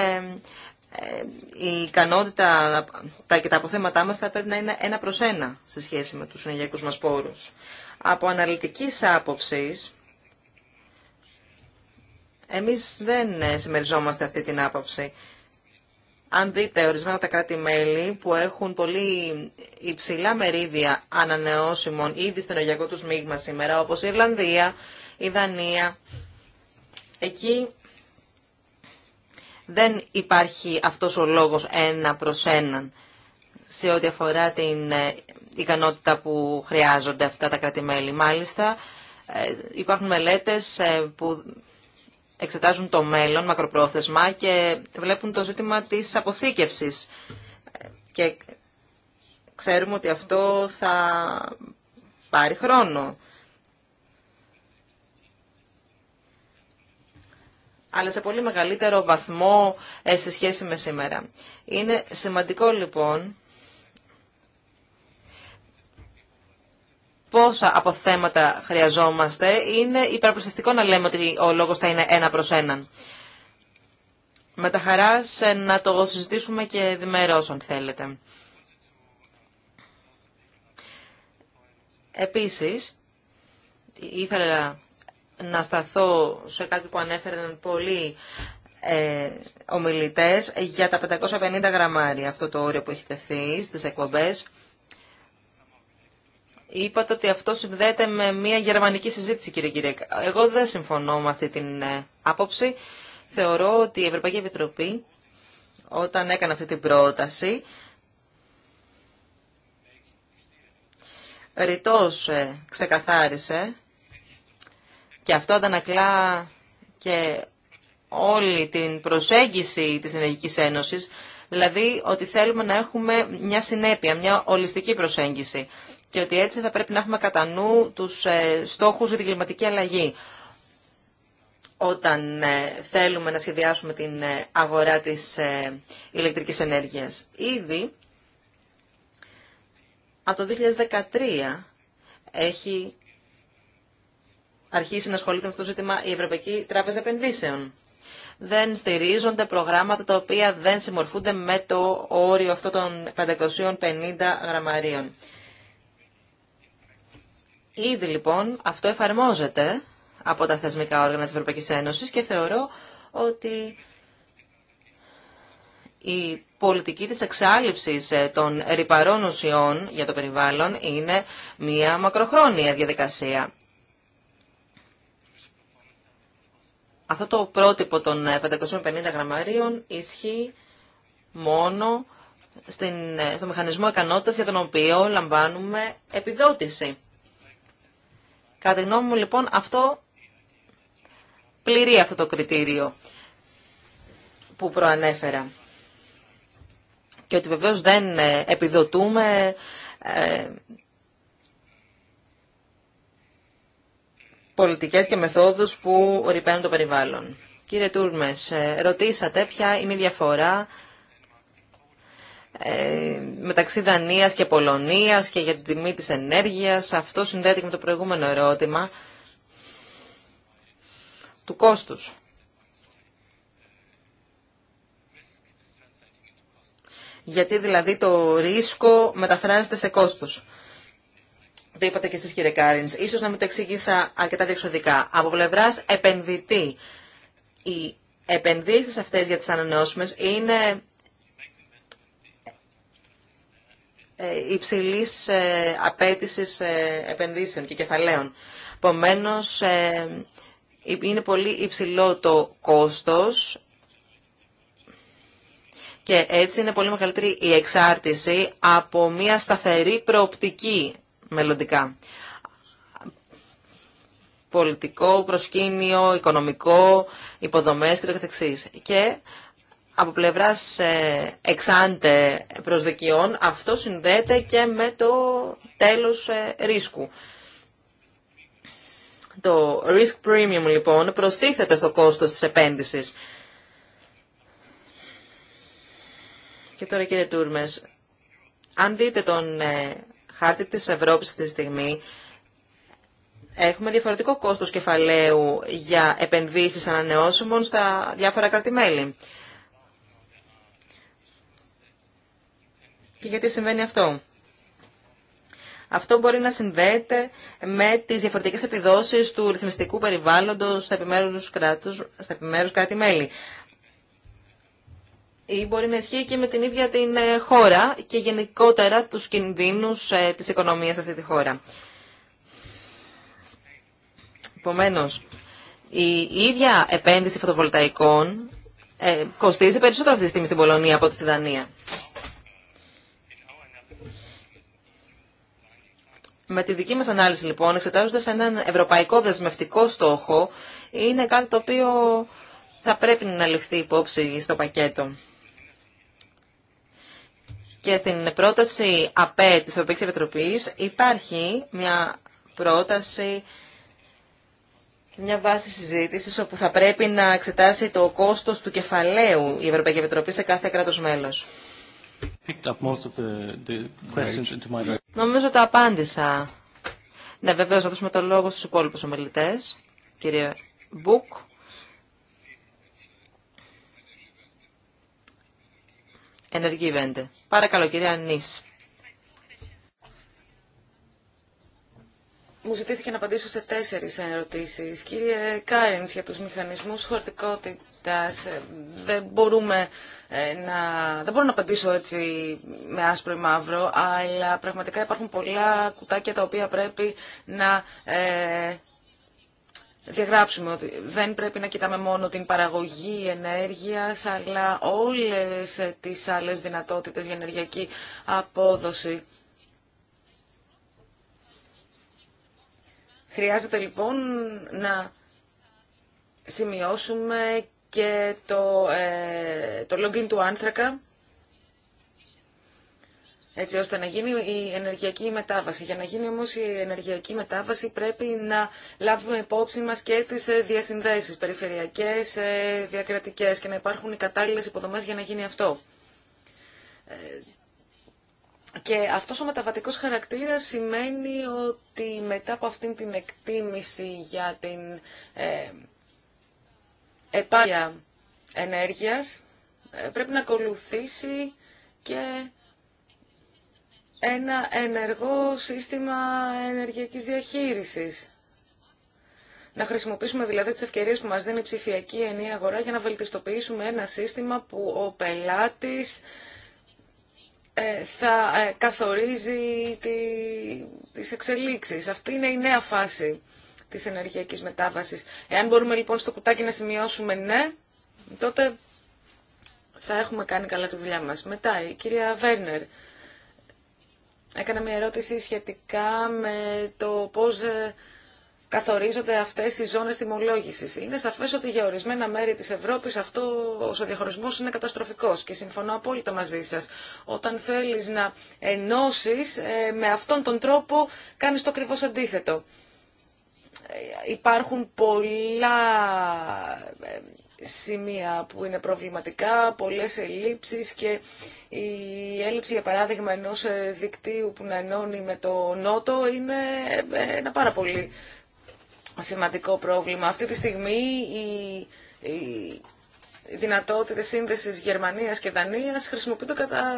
ε, η ικανότητα τα, και τα αποθέματά μας θα πρέπει να είναι ένα προς ένα σε σχέση με τους ενεργειακούς μας πόρους. Από αναλυτικής άποψης, εμείς δεν ε, συμμεριζόμαστε αυτή την άποψη αν δείτε ορισμένα τα κράτη-μέλη που έχουν πολύ υψηλά μερίδια ανανεώσιμων ήδη στον ενεργειακό τους μείγμα σήμερα, όπως η Ιρλανδία, η Δανία, εκεί δεν υπάρχει αυτός ο λόγος ένα προς έναν σε ό,τι αφορά την ε, ικανότητα που χρειάζονται αυτά τα κράτη-μέλη. Μάλιστα, ε, υπάρχουν μελέτες ε, που εξετάζουν το μέλλον μακροπρόθεσμα και βλέπουν το ζήτημα της αποθήκευσης. Και ξέρουμε ότι αυτό θα πάρει χρόνο. αλλά σε πολύ μεγαλύτερο βαθμό ε, σε σχέση με σήμερα. Είναι σημαντικό λοιπόν πόσα από θέματα χρειαζόμαστε, είναι υπεραπλησιαστικό να λέμε ότι ο λόγος θα είναι ένα προς έναν. Με τα χαράς ε, να το συζητήσουμε και διμερώς, αν θέλετε. Επίσης, ήθελα να σταθώ σε κάτι που ανέφεραν πολλοί ε, ομιλητές για τα 550 γραμμάρια, αυτό το όριο που έχει τεθεί στις εκπομπές. Είπατε ότι αυτό συνδέεται με μια γερμανική συζήτηση, κύριε Κυριακ. Εγώ δεν συμφωνώ με αυτή την ε, άποψη. Θεωρώ ότι η Ευρωπαϊκή Επιτροπή, όταν έκανε αυτή την πρόταση, ρητός ε, ξεκαθάρισε και αυτό αντανακλά και όλη την προσέγγιση της Ενεργικής Ένωσης, δηλαδή ότι θέλουμε να έχουμε μια συνέπεια, μια ολιστική προσέγγιση και ότι έτσι θα πρέπει να έχουμε κατά νου τους ε, στόχους για την κλιματική αλλαγή όταν ε, θέλουμε να σχεδιάσουμε την ε, αγορά της ηλεκτρικής ενέργειας. Ήδη από το 2013 έχει αρχίσει να ασχολείται με αυτό το ζήτημα η Ευρωπαϊκή Τράπεζα Επενδύσεων. Δεν στηρίζονται προγράμματα τα οποία δεν συμμορφούνται με το όριο αυτό των 550 γραμμαρίων. Ήδη λοιπόν αυτό εφαρμόζεται από τα θεσμικά όργανα της Ευρωπαϊκής Ένωσης και θεωρώ ότι η πολιτική της εξάλληψης ε, των ρηπαρών ουσιών για το περιβάλλον είναι μια μακροχρόνια διαδικασία. Αυτό το πρότυπο των 550 ε, γραμμαρίων ισχύει μόνο ε, στο μηχανισμό ικανότητας για τον οποίο λαμβάνουμε επιδότηση. Κατά τη γνώμη μου λοιπόν αυτό πληρεί αυτό το κριτήριο που προανέφερα. Και ότι βεβαίως δεν ε, επιδοτούμε ε, πολιτικές και μεθόδους που ρηπαίνουν το περιβάλλον. Κύριε Τούρμες, ε, ρωτήσατε ποια είναι η διαφορά ε, μεταξύ Δανίας και Πολωνίας και για την τιμή της ενέργειας. Αυτό συνδέεται και με το προηγούμενο ερώτημα του κόστους. Γιατί δηλαδή το ρίσκο μεταφράζεται σε κόστος. Το είπατε και εσείς κύριε Κάρινς. Ίσως να μην το εξήγησα αρκετά διεξοδικά. Από πλευρά επενδυτή, οι επενδύσεις αυτές για τις ανανεώσιμες είναι Ε, υψηλής ε, απέτησης ε, επενδύσεων και κεφαλαίων. Επομένω, είναι πολύ υψηλό το κόστος και έτσι είναι πολύ μεγαλύτερη η εξάρτηση από μια σταθερή προοπτική μελλοντικά. Πολιτικό, προσκήνιο, οικονομικό, υποδομές και το Και από πλευράς ε, εξάντε προσδοκιών, αυτό συνδέεται και με το τέλος ε, ρίσκου. Το risk premium λοιπόν προστίθεται στο κόστος της επένδυσης. Και τώρα κύριε Τούρμες, αν δείτε τον ε, χάρτη της Ευρώπης αυτή τη στιγμή, έχουμε διαφορετικό κόστος κεφαλαίου για επενδύσεις ανανεώσιμων στα διάφορα και γιατί συμβαίνει αυτό. Αυτό μπορεί να συνδέεται με τις διαφορετικές επιδόσεις του ρυθμιστικού περιβάλλοντος στα επιμέρους, κράτους, στα επιμέρους κράτη-μέλη. Ή μπορεί να ισχύει και με την ίδια την ε, χώρα και γενικότερα τους κινδύνους ε, της οικονομίας σε αυτή τη χώρα. Επομένω, η ίδια επένδυση φωτοβολταϊκών ε, κοστίζει περισσότερο αυτή τη στιγμή στην Πολωνία από ό,τι στη Δανία. Με τη δική μας ανάλυση λοιπόν, εξετάζοντας έναν ευρωπαϊκό δεσμευτικό στόχο, είναι κάτι το οποίο θα πρέπει να ληφθεί υπόψη στο πακέτο. Και στην πρόταση ΑΠΕ της Ευρωπαϊκής Επιτροπής υπάρχει μια πρόταση, και μια βάση συζήτησης όπου θα πρέπει να εξετάσει το κόστος του κεφαλαίου η Ευρωπαϊκή Επιτροπή σε κάθε κράτος μέλος. Νομίζω τα απάντησα. Ναι, βεβαίω, θα δώσουμε το λόγο στου υπόλοιπου ομιλητέ, Κύριε Μπουκ. Ενεργή Βέντε. Παρακαλώ, κυρία Νή. Μου ζητήθηκε να απαντήσω σε τέσσερις ερωτήσεις. Κύριε Κάρινς, για τους μηχανισμούς χωρτικότητας. Ε, δεν μπορούμε ε, να... Δεν μπορώ να απαντήσω έτσι με άσπρο ή μαύρο, αλλά πραγματικά υπάρχουν πολλά κουτάκια τα οποία πρέπει να ε, διαγράψουμε ότι δεν πρέπει να κοιτάμε μόνο την παραγωγή ενέργειας, αλλά όλες τις άλλες δυνατότητες για ενεργειακή απόδοση. Χρειάζεται λοιπόν να σημειώσουμε και το, ε, το login του άνθρακα, έτσι ώστε να γίνει η ενεργειακή μετάβαση. Για να γίνει όμως η ενεργειακή μετάβαση πρέπει να λάβουμε υπόψη μας και τις ε, διασυνδέσεις περιφερειακές, ε, διακρατικές και να υπάρχουν οι κατάλληλες υποδομές για να γίνει αυτό. Ε, και αυτός ο μεταβατικός χαρακτήρας σημαίνει ότι μετά από αυτήν την εκτίμηση για την επάρκεια ενέργειας ε, πρέπει να ακολουθήσει και ένα ενεργό σύστημα ενεργειακής διαχείρισης. Να χρησιμοποιήσουμε δηλαδή τις ευκαιρίες που μας δίνει η ψηφιακή ενία αγορά για να βελτιστοποιήσουμε ένα σύστημα που ο πελάτης ε, θα ε, καθορίζει τις εξελίξεις. Αυτή είναι η νέα φάση της ενεργειακής μετάβασης. Εάν μπορούμε λοιπόν στο κουτάκι να σημειώσουμε ναι, τότε θα έχουμε κάνει καλά τη δουλειά μας. Μετά η κυρία Βέρνερ έκανα μια ερώτηση σχετικά με το πώς ε, καθορίζονται αυτές οι ζώνες τιμολόγησης. Είναι σαφές ότι για ορισμένα μέρη της Ευρώπης αυτό ο διαχωρισμός είναι καταστροφικός και συμφωνώ απόλυτα μαζί σας. Όταν θέλεις να ενώσεις ε, με αυτόν τον τρόπο κάνεις το ακριβώς αντίθετο υπάρχουν πολλά ε, σημεία που είναι προβληματικά, πολλές ελλείψεις και η έλλειψη για παράδειγμα ενός ε, δικτύου που να ενώνει με το Νότο είναι ε, ένα πάρα πολύ σημαντικό πρόβλημα. Αυτή τη στιγμή η, η δυνατότητες σύνδεσης Γερμανίας και Δανίας χρησιμοποιούνται κατά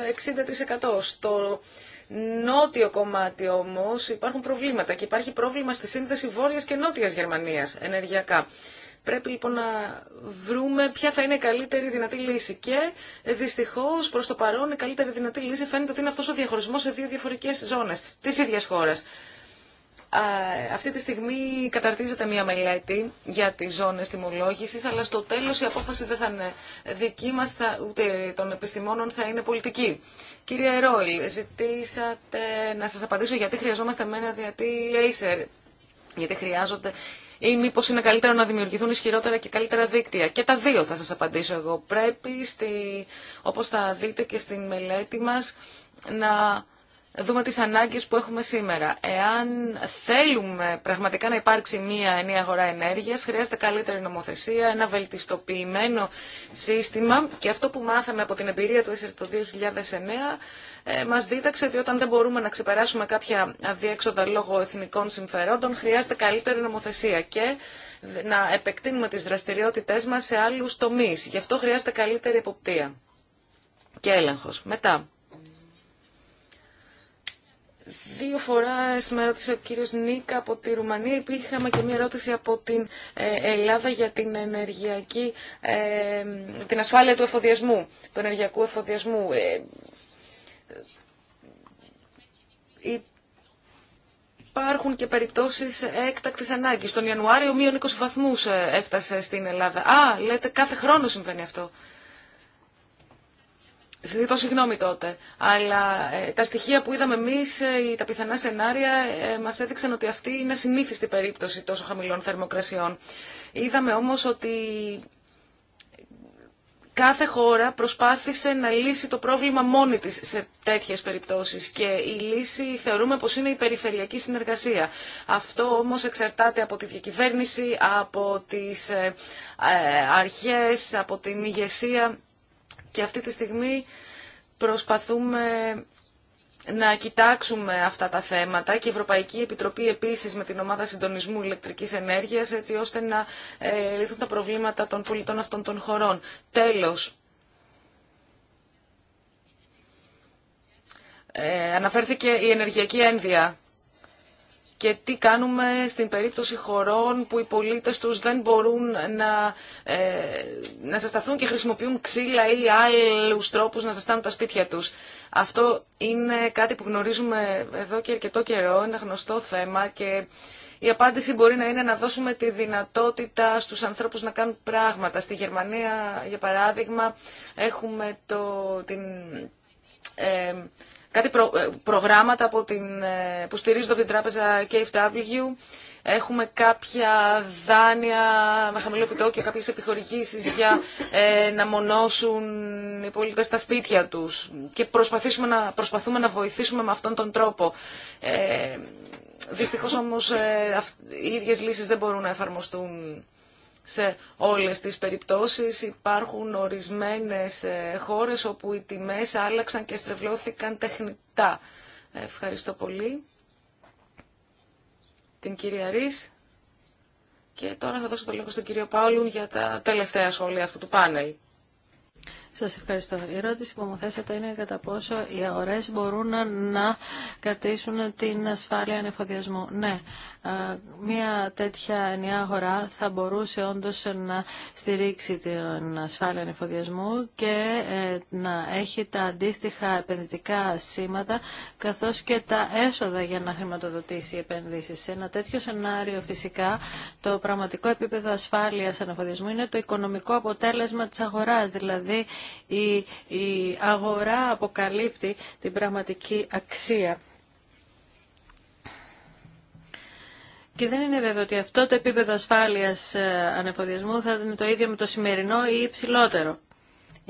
60%. Στο νότιο κομμάτι όμω, υπάρχουν προβλήματα και υπάρχει πρόβλημα στη σύνδεση βόρειας και νότιας Γερμανίας ενεργειακά. Πρέπει λοιπόν να βρούμε ποια θα είναι η καλύτερη δυνατή λύση. Και ε, δυστυχώ προ το παρόν η καλύτερη δυνατή λύση φαίνεται ότι είναι αυτό ο διαχωρισμό σε δύο διαφορετικέ ζώνε τη ίδια χώρα αυτή τη στιγμή καταρτίζεται μία μελέτη για τις ζώνες τιμολόγησης, αλλά στο τέλος η απόφαση δεν θα είναι δική μας, ούτε των επιστημόνων θα είναι πολιτική. Κύριε Ρόιλ, ζητήσατε να σας απαντήσω γιατί χρειαζόμαστε μένα γιατί διατή Acer, γιατί χρειάζονται ή μήπως είναι καλύτερο να δημιουργηθούν ισχυρότερα και καλύτερα δίκτυα. Και τα δύο θα σας απαντήσω εγώ. Πρέπει, στη, όπως θα δείτε και στην μελέτη μας, να δούμε τις ανάγκες που έχουμε σήμερα. Εάν θέλουμε πραγματικά να υπάρξει μία ενιαία αγορά ενέργειας, χρειάζεται καλύτερη νομοθεσία, ένα βελτιστοποιημένο σύστημα και αυτό που μάθαμε από την εμπειρία του ΕΣΕΡ 2009 ε, μας δίδαξε ότι όταν δεν μπορούμε να ξεπεράσουμε κάποια αδιέξοδα λόγω εθνικών συμφερόντων, χρειάζεται καλύτερη νομοθεσία και να επεκτείνουμε τις δραστηριότητές μας σε άλλους τομείς. Γι' αυτό χρειάζεται καλύτερη εποπτεία και έλεγχος. Μετά, Δύο φορές με ρώτησε ο κύριος Νίκα από τη Ρουμανία. Υπήρχαμε και μια ερώτηση από την ε, Ελλάδα για την ενεργειακή, ε, την ασφάλεια του εφοδιασμού, του ενεργειακού εφοδιασμού. Ε, υπάρχουν και περιπτώσεις έκτακτης ανάγκης. Τον Ιανουάριο μείον 20 βαθμούς έφτασε στην Ελλάδα. Α, λέτε κάθε χρόνο συμβαίνει αυτό. Ζητώ συγγνώμη τότε, αλλά ε, τα στοιχεία που είδαμε εμεί, ε, τα πιθανά σενάρια, ε, μας έδειξαν ότι αυτή είναι συνήθιστη περίπτωση τόσο χαμηλών θερμοκρασιών. Είδαμε όμως ότι κάθε χώρα προσπάθησε να λύσει το πρόβλημα μόνη της σε τέτοιες περιπτώσεις και η λύση θεωρούμε πως είναι η περιφερειακή συνεργασία. Αυτό όμως εξαρτάται από τη διακυβέρνηση, από τις ε, αρχές, από την ηγεσία και αυτή τη στιγμή προσπαθούμε να κοιτάξουμε αυτά τα θέματα και η Ευρωπαϊκή Επιτροπή επίσης με την Ομάδα Συντονισμού Ηλεκτρικής Ενέργειας έτσι ώστε να ε, λυθούν τα προβλήματα των πολιτών αυτών των χωρών. Τέλος, ε, αναφέρθηκε η ενεργειακή ένδυα και τι κάνουμε στην περίπτωση χωρών που οι πολίτες τους δεν μπορούν να, ε, να και χρησιμοποιούν ξύλα ή άλλους τρόπους να ζεστάνουν τα σπίτια τους. Αυτό είναι κάτι που γνωρίζουμε εδώ και αρκετό καιρό, ένα γνωστό θέμα και η απάντηση μπορεί να είναι να δώσουμε τη δυνατότητα στους ανθρώπους να κάνουν πράγματα. Στη Γερμανία, για παράδειγμα, έχουμε το, την... Ε, κάτι ε, προγράμματα την, ε, που στηρίζονται από την τράπεζα KFW. Έχουμε κάποια δάνεια με χαμηλό επιτόκιο, κάποιες επιχορηγήσεις για ε, να μονώσουν οι πολίτες στα σπίτια τους και προσπαθήσουμε να, προσπαθούμε να βοηθήσουμε με αυτόν τον τρόπο. Ε, δυστυχώς όμως οι ίδιες λύσεις δεν μπορούν να εφαρμοστούν σε όλες τις περιπτώσεις υπάρχουν ορισμένες ε, χώρες όπου οι τιμές άλλαξαν και στρεβλώθηκαν τεχνητά. Ευχαριστώ πολύ. Την κυρία Ρης. Και τώρα θα δώσω το λόγο στον κύριο Πάολουν για τα τελευταία σχόλια αυτού του πάνελ. Σα ευχαριστώ. Η ερώτηση που μου θέσατε είναι κατά πόσο οι αγορέ μπορούν να κρατήσουν την ασφάλεια ανεφοδιασμού. Ναι, μια τέτοια ενιαία αγορά θα μπορούσε όντω να στηρίξει την ασφάλεια ανεφοδιασμού και ε, να έχει τα αντίστοιχα επενδυτικά σήματα καθώς και τα έσοδα για να χρηματοδοτήσει οι επενδύσει. Σε ένα τέτοιο σενάριο φυσικά το πραγματικό επίπεδο ασφάλεια ανεφοδιασμού είναι το οικονομικό αποτέλεσμα τη αγορά, δηλαδή η, η αγορά αποκαλύπτει την πραγματική αξία. Και δεν είναι βέβαιο ότι αυτό το επίπεδο ασφάλειας ε, ανεφοδιασμού θα είναι το ίδιο με το σημερινό ή υψηλότερο.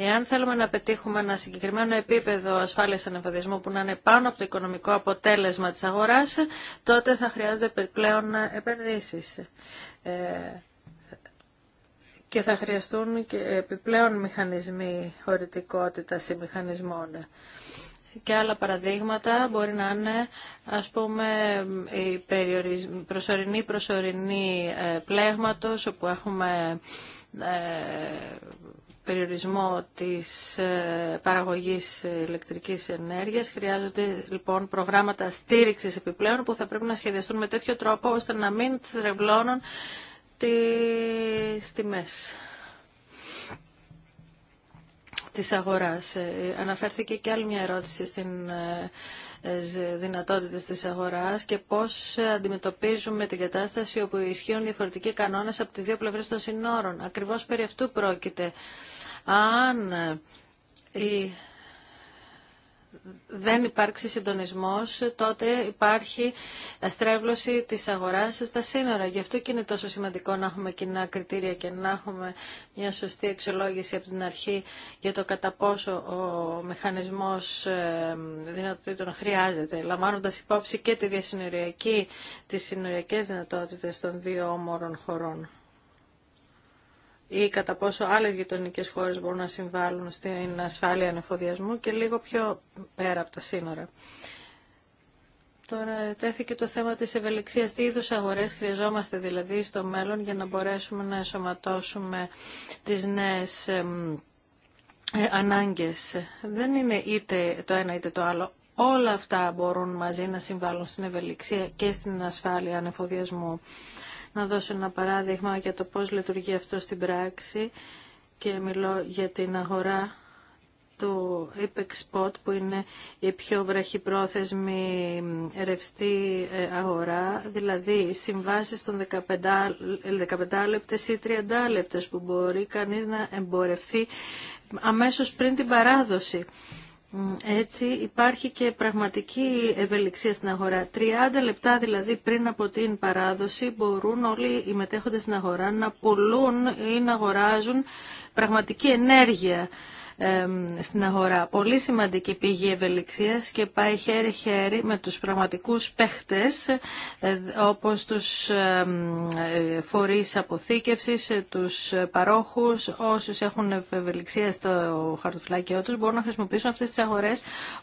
Εάν θέλουμε να πετύχουμε ένα συγκεκριμένο επίπεδο ασφάλειας ανεφοδιασμού που να είναι πάνω από το οικονομικό αποτέλεσμα της αγοράς, τότε θα χρειάζονται πλέον επενδύσεις. Ε, και θα χρειαστούν και επιπλέον μηχανισμοί χωρητικότητας ή μηχανισμών. Και άλλα παραδείγματα μπορεί να είναι, ας πούμε, η προσωρινή προσωρινή ε, πλέγματος, όπου έχουμε ε, περιορισμό της ε, παραγωγής ηλεκτρικής ενέργειας. Χρειάζονται λοιπόν προγράμματα στήριξης επιπλέον που θα πρέπει να σχεδιαστούν με τέτοιο τρόπο ώστε να μην τρευλώνουν τις τιμές της αγοράς. Ε, αναφέρθηκε και άλλη μια ερώτηση στην ε, δυνατότητες της αγοράς και πώς αντιμετωπίζουμε την κατάσταση όπου ισχύουν διαφορετικοί κανόνες από τις δύο πλευρές των συνόρων. Ακριβώς περί αυτού πρόκειται. Αν η δεν υπάρξει συντονισμός, τότε υπάρχει αστρέβλωση της αγοράς στα σύνορα. Γι' αυτό και είναι τόσο σημαντικό να έχουμε κοινά κριτήρια και να έχουμε μια σωστή εξολόγηση από την αρχή για το κατά πόσο ο μηχανισμός ε, δυνατοτήτων χρειάζεται, λαμβάνοντας υπόψη και τη διασυνοριακή, τις συνοριακές δυνατότητες των δύο όμορων χωρών ή κατά πόσο άλλες γειτονικέ χώρες μπορούν να συμβάλλουν στην ασφάλεια ανεφοδιασμού και λίγο πιο πέρα από τα σύνορα. Τώρα τέθηκε το θέμα της ευελιξίας. Τι είδους αγορές χρειαζόμαστε δηλαδή στο μέλλον για να μπορέσουμε να εσωματώσουμε τις νέες ε, ανάγκες. Δεν είναι είτε το ένα είτε το άλλο. Όλα αυτά μπορούν μαζί να συμβάλλουν στην ευελιξία και στην ασφάλεια ανεφοδιασμού να δώσω ένα παράδειγμα για το πώς λειτουργεί αυτό στην πράξη και μιλώ για την αγορά του IPEX Spot που είναι η πιο βραχυπρόθεσμη ρευστή ε, αγορά, δηλαδή οι συμβάσεις των 15, 15 λεπτες ή 30 λεπτες που μπορεί κανείς να εμπορευθεί αμέσως πριν την παράδοση. Έτσι υπάρχει και πραγματική ευελιξία στην αγορά. 30 λεπτά δηλαδή πριν από την παράδοση μπορούν όλοι οι μετέχοντες στην αγορά να πουλούν ή να αγοράζουν πραγματική ενέργεια στην αγορά. Πολύ σημαντική πηγή ευελιξία και πάει χέρι-χέρι με τους πραγματικούς παίχτες ε, όπως τους ε, φορείς αποθήκευσης, ε, τους παρόχου όσου έχουν ευελιξία στο χαρτοφυλάκιό του, μπορούν να χρησιμοποιήσουν αυτέ τι αγορέ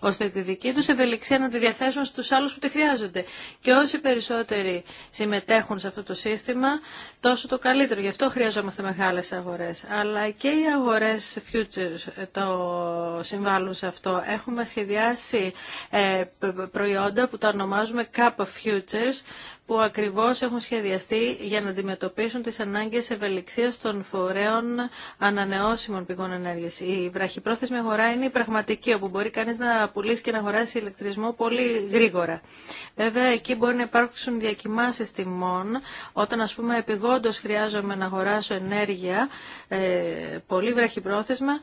ώστε τη δική του ευελιξία να τη διαθέσουν στου άλλου που τη χρειάζονται. Και όσοι περισσότεροι συμμετέχουν σε αυτό το σύστημα τόσο το καλύτερο. Γι' αυτό χρειαζόμαστε μεγάλε αγορέ, Αλλά και οι αγορέ. futures το συμβάλλουν σε αυτό. Έχουμε σχεδιάσει ε, προϊόντα που τα ονομάζουμε Cup of Futures, που ακριβώς έχουν σχεδιαστεί για να αντιμετωπίσουν τις ανάγκες ευελιξίας των φορέων ανανεώσιμων πηγών ενέργειας. Η βραχυπρόθεσμη αγορά είναι η πραγματική, όπου μπορεί κανείς να πουλήσει και να αγοράσει ηλεκτρισμό πολύ γρήγορα. Βέβαια, εκεί μπορεί να υπάρξουν διακοιμάσεις τιμών, όταν ας πούμε επιγόντως χρειάζομαι να αγοράσω ενέργεια, ε, πολύ βραχυπρόθεσμα,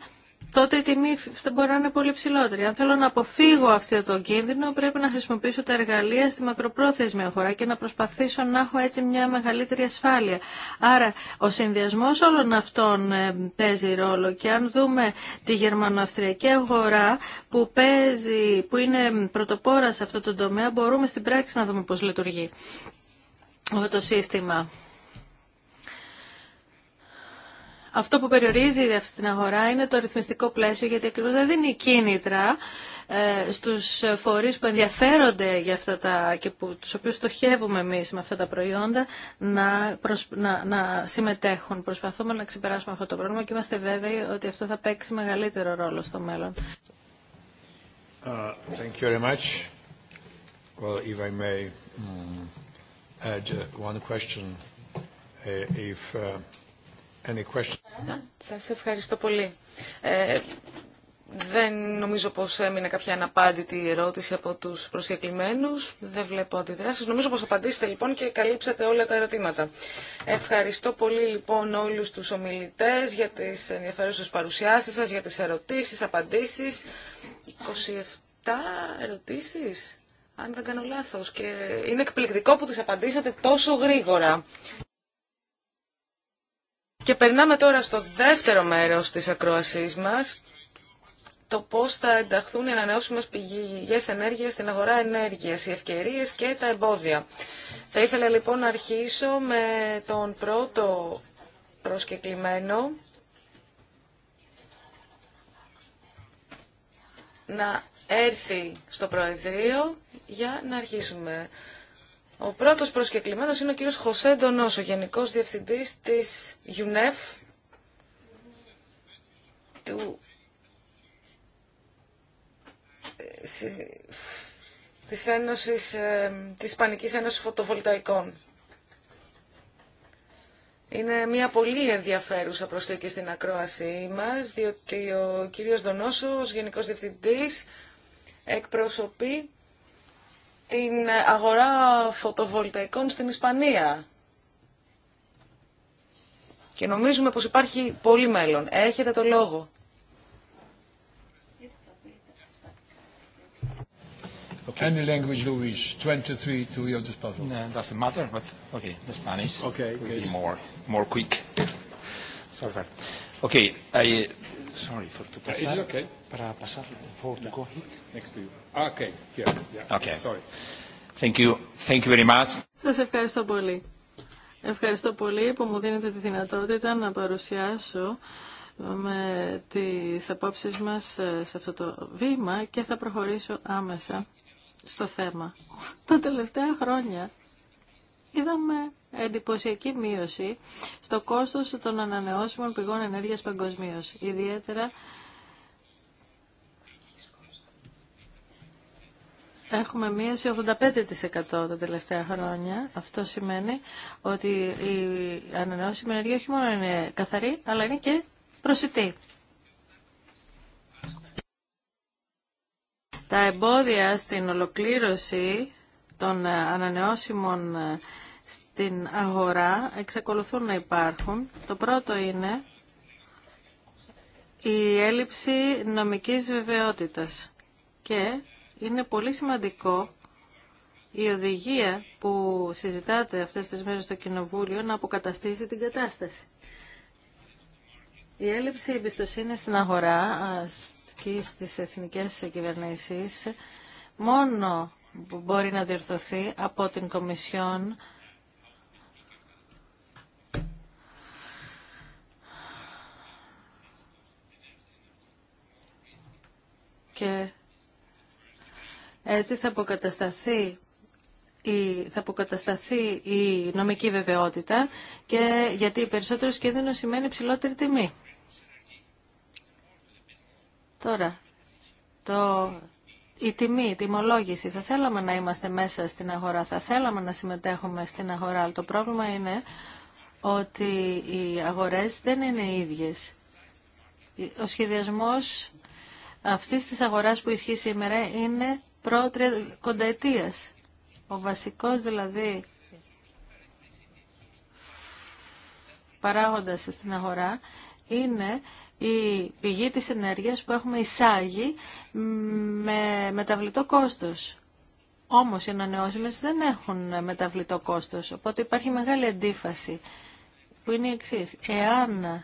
τότε η τιμή θα μπορεί να είναι πολύ ψηλότερη. Αν θέλω να αποφύγω αυτό το κίνδυνο, πρέπει να χρησιμοποιήσω τα εργαλεία στη μακροπρόθεσμη αγορά και να προσπαθήσω να έχω έτσι μια μεγαλύτερη ασφάλεια. Άρα, ο συνδυασμό όλων αυτών ε, παίζει ρόλο. Και αν δούμε τη γερμανοαυστριακή αγορά που, παίζει, που είναι πρωτοπόρα σε αυτό το τομέα, μπορούμε στην πράξη να δούμε πώ λειτουργεί το σύστημα. Αυτό που περιορίζει αυτή την αγορά είναι το ρυθμιστικό πλαίσιο, γιατί ακριβώ δεν δίνει κίνητρα ε, στους φορείς που ενδιαφέρονται για αυτά τα και του οποίου οποίους στοχεύουμε εμεί με αυτά τα προϊόντα να, να, να συμμετέχουν. Προσπαθούμε να ξεπεράσουμε αυτό το πρόβλημα και είμαστε βέβαιοι ότι αυτό θα παίξει μεγαλύτερο ρόλο στο μέλλον. Uh, Well, if I may mm, uh, question, uh, if... Uh, Any Σας ευχαριστώ πολύ. Ε, δεν νομίζω πως έμεινε κάποια αναπάντητη ερώτηση από τους προσκεκλημένους. Δεν βλέπω αντιδράσεις. Νομίζω πως απαντήσετε λοιπόν και καλύψατε όλα τα ερωτήματα. Ευχαριστώ πολύ λοιπόν όλους τους ομιλητές για τις ενδιαφέρουσες παρουσιάσεις σας, για τις ερωτήσεις, απαντήσεις. 27 ερωτήσεις, αν δεν κάνω λάθος. Και είναι εκπληκτικό που τις απαντήσατε τόσο γρήγορα. Και περνάμε τώρα στο δεύτερο μέρος της ακρόασής μας, το πώς θα ενταχθούν οι ανανεώσιμες πηγές ενέργειας στην αγορά ενέργειας, οι ευκαιρίες και τα εμπόδια. Θα ήθελα λοιπόν να αρχίσω με τον πρώτο προσκεκλημένο, να έρθει στο Προεδρείο για να αρχίσουμε ο πρώτος προσκεκλημένος είναι ο κύριος Χωσέ Ντονός, ο Γενικός Διευθυντής της UNEF, του... Ε, της, Ένωσης, ε, της Ισπανικής Ένωσης Φωτοβολταϊκών. Είναι μια πολύ ενδιαφέρουσα προσθήκη στην ακρόασή μας, διότι ο κύριος Ντονόσο, Γενικός Διευθυντής, εκπροσωπεί την αγορά φωτοβολταϊκών στην Ισπανία. Και νομίζουμε πως υπάρχει πολύ μέλλον. Έχετε το λόγο. Okay. Any language you wish, 23 to your disposal. No, doesn't matter, but okay, the Spanish okay, will be more, more quick. Sorry. Okay, I, sorry for to pasar. Is it okay? Para pasar, for to go hit. Next to you. Okay. Σας ευχαριστώ πολύ. Ευχαριστώ πολύ που μου δίνετε τη δυνατότητα να παρουσιάσω ε, με τις απόψεις μας ε, σε αυτό το βήμα και θα προχωρήσω άμεσα στο θέμα. Τα τελευταία χρόνια είδαμε εντυπωσιακή μείωση στο κόστος των ανανεώσιμων πηγών ενέργειας παγκοσμίως, ιδιαίτερα Έχουμε μείωση 85% τα τελευταία χρόνια. Αυτό σημαίνει ότι η ανανεώσιμη ενέργεια όχι μόνο είναι καθαρή, αλλά είναι και προσιτή. Τα εμπόδια στην ολοκλήρωση των ανανεώσιμων ε, στην αγορά εξακολουθούν να υπάρχουν. Το πρώτο είναι η έλλειψη νομικής βεβαιότητας και είναι πολύ σημαντικό η οδηγία που συζητάτε αυτές τις μέρες στο Κοινοβούλιο να αποκαταστήσει την κατάσταση. Η έλλειψη εμπιστοσύνη στην αγορά και στις εθνικές κυβερνήσεις μόνο μπορεί να διορθωθεί από την Κομισιόν και έτσι θα αποκατασταθεί η, θα αποκατασταθεί η νομική βεβαιότητα και γιατί περισσότερο κίνδυνο σημαίνει ψηλότερη τιμή. Τώρα, το, η τιμή, η τιμολόγηση. Θα θέλαμε να είμαστε μέσα στην αγορά, θα θέλαμε να συμμετέχουμε στην αγορά, αλλά το πρόβλημα είναι ότι οι αγορές δεν είναι οι ίδιες. Ο σχεδιασμός αυτής της αγοράς που ισχύει σήμερα είναι προ κονταετίας. Ο βασικός δηλαδή παράγοντας στην αγορά είναι η πηγή της ενέργειας που έχουμε εισάγει με μεταβλητό κόστος. Όμως οι ανανεώσιμες δεν έχουν μεταβλητό κόστος, οπότε υπάρχει μεγάλη αντίφαση που είναι η εξής. Εάν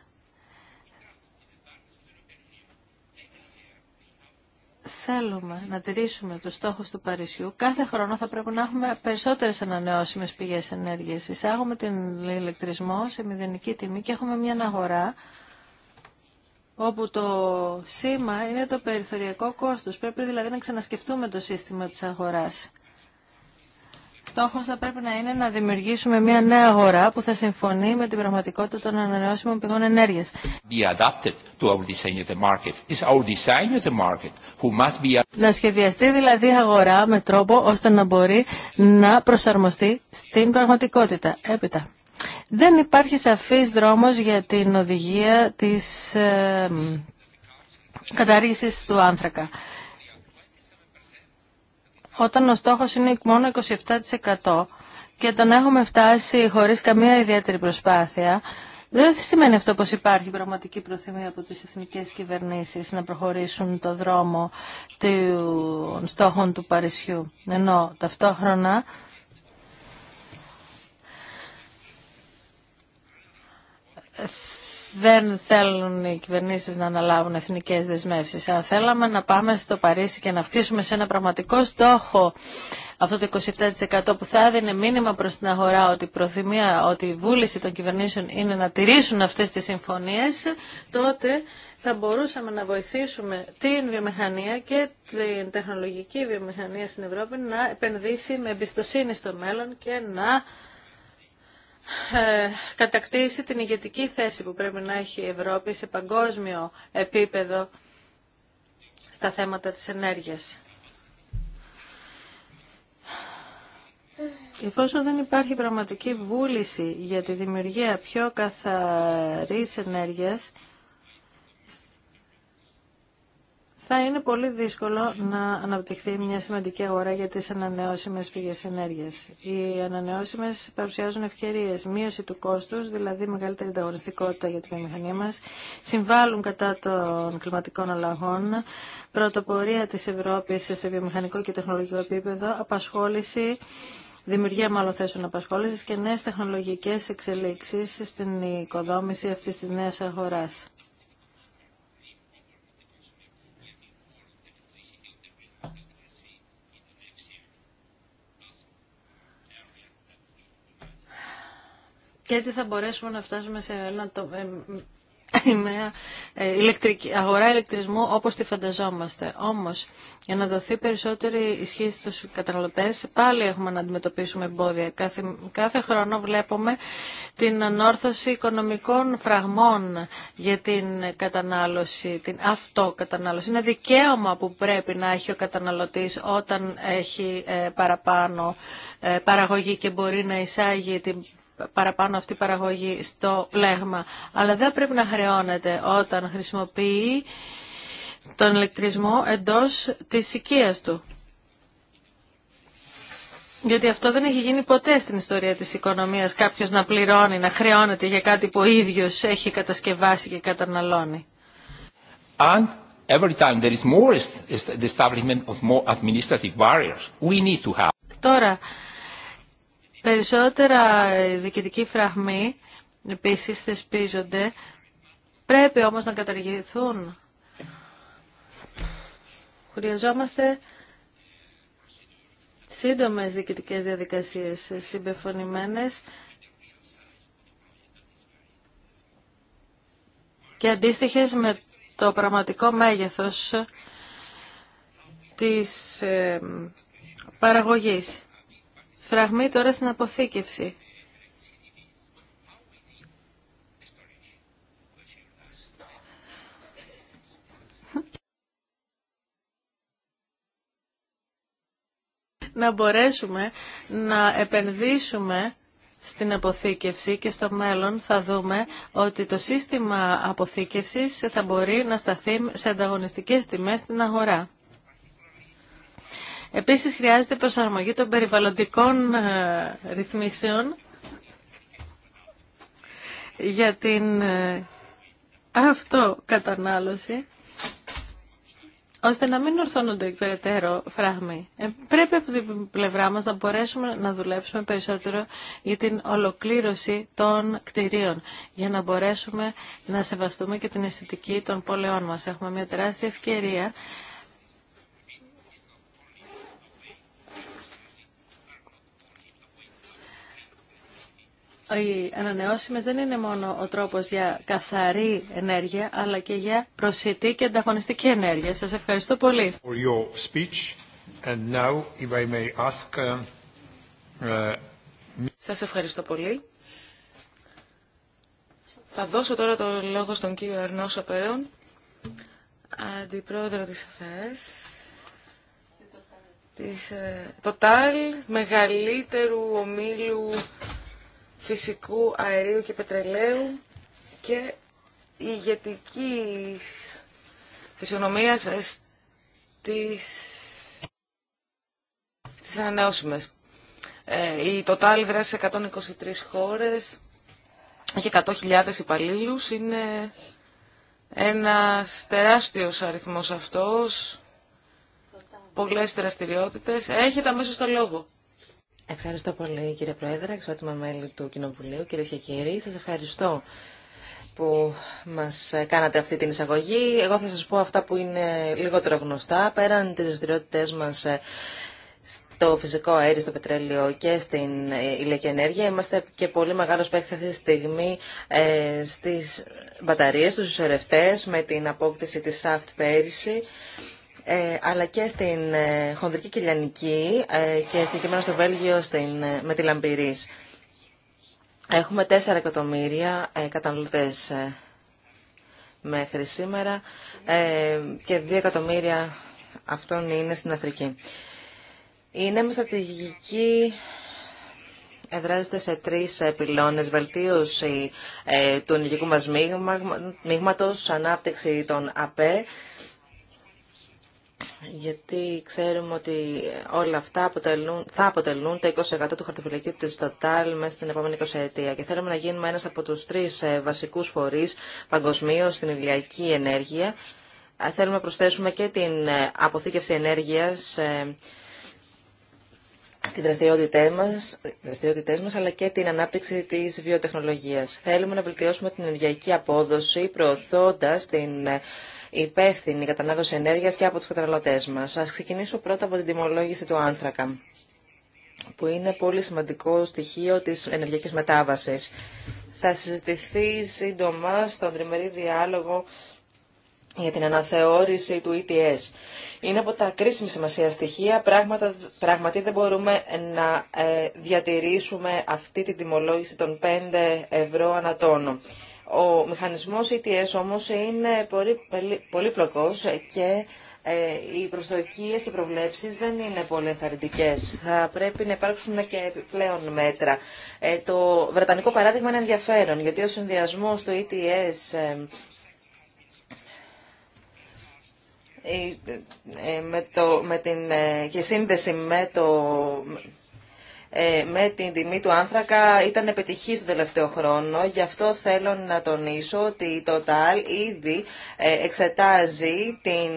θέλουμε να τηρήσουμε τους στόχους του Παρισιού, κάθε χρόνο θα πρέπει να έχουμε περισσότερες ανανεώσιμες πηγές ενέργειας. Εισάγουμε την ηλεκτρισμό σε μηδενική τιμή και έχουμε μια αγορά όπου το σήμα είναι το περιθωριακό κόστος. Πρέπει δηλαδή να ξανασκεφτούμε το σύστημα της αγοράς. Στόχος θα πρέπει να είναι να δημιουργήσουμε μια νέα αγορά που θα συμφωνεί με την πραγματικότητα των ανανεώσιμων πηγών ενέργειας. Να σχεδιαστεί δηλαδή η αγορά με τρόπο ώστε να μπορεί να προσαρμοστεί στην πραγματικότητα. Έπειτα. Δεν υπάρχει σαφής δρόμος για την οδηγία της ε, του άνθρακα όταν ο στόχος είναι μόνο 27% και τον έχουμε φτάσει χωρίς καμία ιδιαίτερη προσπάθεια, δεν σημαίνει αυτό πως υπάρχει πραγματική προθυμία από τις εθνικές κυβερνήσεις να προχωρήσουν το δρόμο των στόχων του Παρισιού. Ενώ ταυτόχρονα δεν θέλουν οι κυβερνήσεις να αναλάβουν εθνικές δεσμεύσεις. Αν θέλαμε να πάμε στο Παρίσι και να αυξήσουμε σε ένα πραγματικό στόχο αυτό το 27% που θα έδινε μήνυμα προς την αγορά ότι η προθυμία, ότι η βούληση των κυβερνήσεων είναι να τηρήσουν αυτές τις συμφωνίες, τότε θα μπορούσαμε να βοηθήσουμε την βιομηχανία και την τεχνολογική βιομηχανία στην Ευρώπη να επενδύσει με εμπιστοσύνη στο μέλλον και να ε, κατακτήσει την ηγετική θέση που πρέπει να έχει η Ευρώπη σε παγκόσμιο επίπεδο στα θέματα της ενέργειας. Εφόσον δεν υπάρχει πραγματική βούληση για τη δημιουργία πιο καθαρής ενέργειας, θα είναι πολύ δύσκολο να αναπτυχθεί μια σημαντική αγορά για τις ανανεώσιμες πηγές ενέργειας. Οι ανανεώσιμες παρουσιάζουν ευκαιρίες, μείωση του κόστους, δηλαδή μεγαλύτερη ανταγωνιστικότητα για τη βιομηχανία μας, συμβάλλουν κατά των κλιματικών αλλαγών, πρωτοπορία της Ευρώπης σε βιομηχανικό και τεχνολογικό επίπεδο, απασχόληση, δημιουργία μάλλον θέσεων απασχόλησης και νέες τεχνολογικές εξελίξεις στην οικοδόμηση αυτής της νέας αγοράς. και έτσι θα μπορέσουμε να φτάσουμε σε ένα το... Ε, ε, ε, αγορά ηλεκτρισμού όπως τη φανταζόμαστε. Όμως, για να δοθεί περισσότερη ισχύ στους καταναλωτές, πάλι έχουμε να αντιμετωπίσουμε εμπόδια. Κάθε, κάθε χρόνο βλέπουμε την ανόρθωση οικονομικών φραγμών για την κατανάλωση, την αυτοκατανάλωση. Είναι δικαίωμα που πρέπει να έχει ο καταναλωτής όταν έχει παραπάνω παραγωγή και μπορεί να εισάγει την παραπάνω αυτή η παραγωγή στο πλέγμα. Αλλά δεν πρέπει να χρεώνεται όταν χρησιμοποιεί τον ηλεκτρισμό εντός της οικία του. Γιατί αυτό δεν έχει γίνει ποτέ στην ιστορία της οικονομίας. Κάποιος να πληρώνει, να χρεώνεται για κάτι που ο ίδιος έχει κατασκευάσει και καταναλώνει. And every time there is more establishment of more administrative barriers Τώρα, Περισσότερα διοικητικοί φραγμοί επίση θεσπίζονται. Πρέπει όμως να καταργηθούν. Χρειαζόμαστε σύντομες διοικητικές διαδικασίες συμπεφωνημένες και αντίστοιχες με το πραγματικό μέγεθος της ε, παραγωγής. Φραγμή τώρα στην αποθήκευση. να μπορέσουμε να επενδύσουμε στην αποθήκευση και στο μέλλον θα δούμε ότι το σύστημα αποθήκευσης θα μπορεί να σταθεί σε ανταγωνιστικές τιμές στην αγορά. Επίσης χρειάζεται προσαρμογή των περιβαλλοντικών ε, ρυθμίσεων για την ε, αυτοκατανάλωση ώστε να μην ορθώνονται περαιτέρω φράγμοι. Ε, πρέπει από την πλευρά μας να μπορέσουμε να δουλέψουμε περισσότερο για την ολοκλήρωση των κτηρίων, για να μπορέσουμε να σεβαστούμε και την αισθητική των πόλεων μας. Έχουμε μια τεράστια ευκαιρία οι ανανεώσιμες δεν είναι μόνο ο τρόπος για καθαρή ενέργεια, αλλά και για προσιτή και ανταγωνιστική ενέργεια. Σας ευχαριστώ πολύ. For Σας ευχαριστώ πολύ. Θα δώσω τώρα το λόγο στον κύριο Αρνό Σαπερόν αντιπρόεδρο της ΕΦΕΣ της, το ε, ΤΑΛ, μεγαλύτερου ομίλου φυσικού αερίου και πετρελαίου και ηγετική φυσιονομία στις, στις ανανεώσιμες. Ε, η Total δράση 123 χώρες, έχει 100.000 υπαλλήλους, είναι ένας τεράστιος αριθμός αυτός, πολλές δραστηριότητες. Έχετε αμέσως το λόγο. Ευχαριστώ πολύ κύριε Πρόεδρε, εξότιμα μέλη του Κοινοβουλίου, κύριε και κύριοι. Σας ευχαριστώ που μας κάνατε αυτή την εισαγωγή. Εγώ θα σας πω αυτά που είναι λιγότερο γνωστά, πέραν τις δραστηριότητε μας ε, στο φυσικό αέριο, στο πετρέλαιο και στην ε, ηλιακή ενέργεια. Είμαστε και πολύ μεγάλος παίκτη αυτή τη στιγμή ε, στις μπαταρίες, στους ισορρευτές, με την απόκτηση της SAFT πέρυσι. Ε, αλλά και στην ε, Χονδρική Κυλιανική ε, και συγκεκριμένα στο Βέλγιο με τη Λαμπυρίς. Έχουμε 4 εκατομμύρια καταναλωτές μέχρι σήμερα και 2 εκατομμύρια αυτών είναι στην Αφρική. Είναι με στρατηγική εδράζεται σε τρεις πυλώνες. Βελτίωση του ενεργικού μας μείγματος, ανάπτυξη των ΑΠΕ γιατί ξέρουμε ότι όλα αυτά αποτελούν, θα αποτελούν τα 20% του χαρτοφυλακίου της Total μέσα στην επόμενη 20 ετία και θέλουμε να γίνουμε ένας από τους τρεις ε, βασικούς φορείς παγκοσμίω στην ηλιακή ενέργεια. Ε, θέλουμε να προσθέσουμε και την ε, αποθήκευση ενέργειας στις δραστηριότητές μας, δραστηριότητές μας, αλλά και την ανάπτυξη της βιοτεχνολογίας. Θέλουμε να βελτιώσουμε την ενεργειακή απόδοση, προωθώντας την υπεύθυνη κατανάλωση ενέργειας και από τους καταναλωτές μας. Ας ξεκινήσω πρώτα από την τιμολόγηση του άνθρακα, που είναι πολύ σημαντικό στοιχείο της ενεργειακής μετάβασης. Θα συζητηθεί σύντομα στον τριμερή διάλογο για την αναθεώρηση του ETS. Είναι από τα κρίσιμη σημασία στοιχεία. Πράγματα, πραγματί δεν μπορούμε να ε, διατηρήσουμε αυτή την τιμολόγηση των 5 ευρώ τόνο. Ο μηχανισμός ETS ε όμως είναι πολύ, πολύπλοκος και ε, οι προσδοκίες και προβλέψεις δεν είναι πολύ ενθαρρυντικές. Θα πρέπει να υπάρξουν και επιπλέον μέτρα. Ε, το βρετανικό παράδειγμα είναι ενδιαφέρον, γιατί ο συνδυασμός του ETS με, με την, και σύνδεση με το ε, με την τιμή του άνθρακα ήταν επιτυχή στον τελευταίο χρόνο. Γι' αυτό θέλω να τονίσω ότι η Total ήδη ε, εξετάζει την,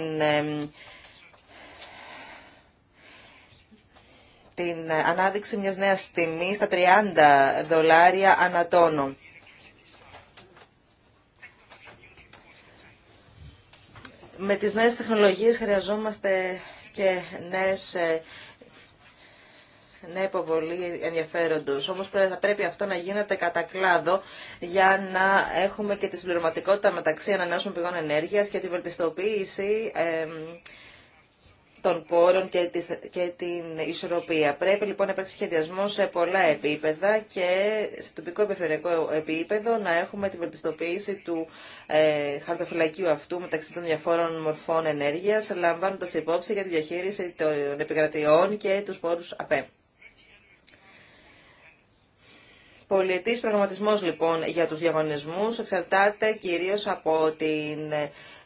την ανάδειξη μιας νέας τιμής στα 30 δολάρια ανατόνο. Με τις νέες τεχνολογίες χρειαζόμαστε και νέες ε, ναι, υποβολή ενδιαφέροντο. Όμω θα πρέπει αυτό να γίνεται κατά κλάδο για να έχουμε και τη συμπληρωματικότητα μεταξύ ανανεώσιμων πηγών ενέργειας και τη βελτιστοποίηση των πόρων και, και την ισορροπία. Πρέπει λοιπόν να υπάρξει σχεδιασμό σε πολλά επίπεδα και σε τοπικό επιφερειακό επίπεδο να έχουμε τη βελτιστοποίηση του ε, χαρτοφυλακίου αυτού μεταξύ των διαφόρων μορφών ενέργειας, λαμβάνοντας υπόψη για τη διαχείριση των επικρατιών και του πόρου ΑΠΕ. Πολιετής προγραμματισμός λοιπόν για τους διαγωνισμούς εξαρτάται κυρίως από την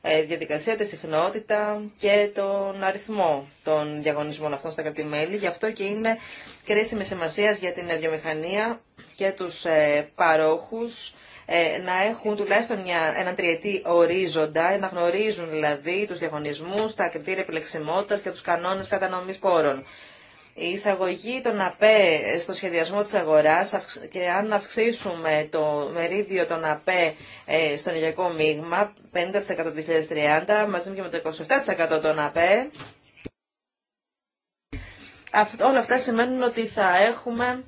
ε, διαδικασία, τη συχνότητα και τον αριθμό των διαγωνισμών αυτών στα κρατημέλη. Γι' αυτό και είναι κρίσιμη σημασία για την βιομηχανία και τους ε, παρόχους ε, να έχουν τουλάχιστον μια, έναν τριετή ορίζοντα, να γνωρίζουν δηλαδή τους διαγωνισμούς, τα κριτήρια επιλεξιμότητας και τους κανόνες κατανομής πόρων. Η εισαγωγή των ΑΠΕ στο σχεδιασμό της αγοράς και αν αυξήσουμε το μερίδιο των ΑΠΕ ε, στον ηλιακό μείγμα 50% το 2030 μαζί και με το 27% των ΑΠΕ όλα αυτά σημαίνουν ότι θα έχουμε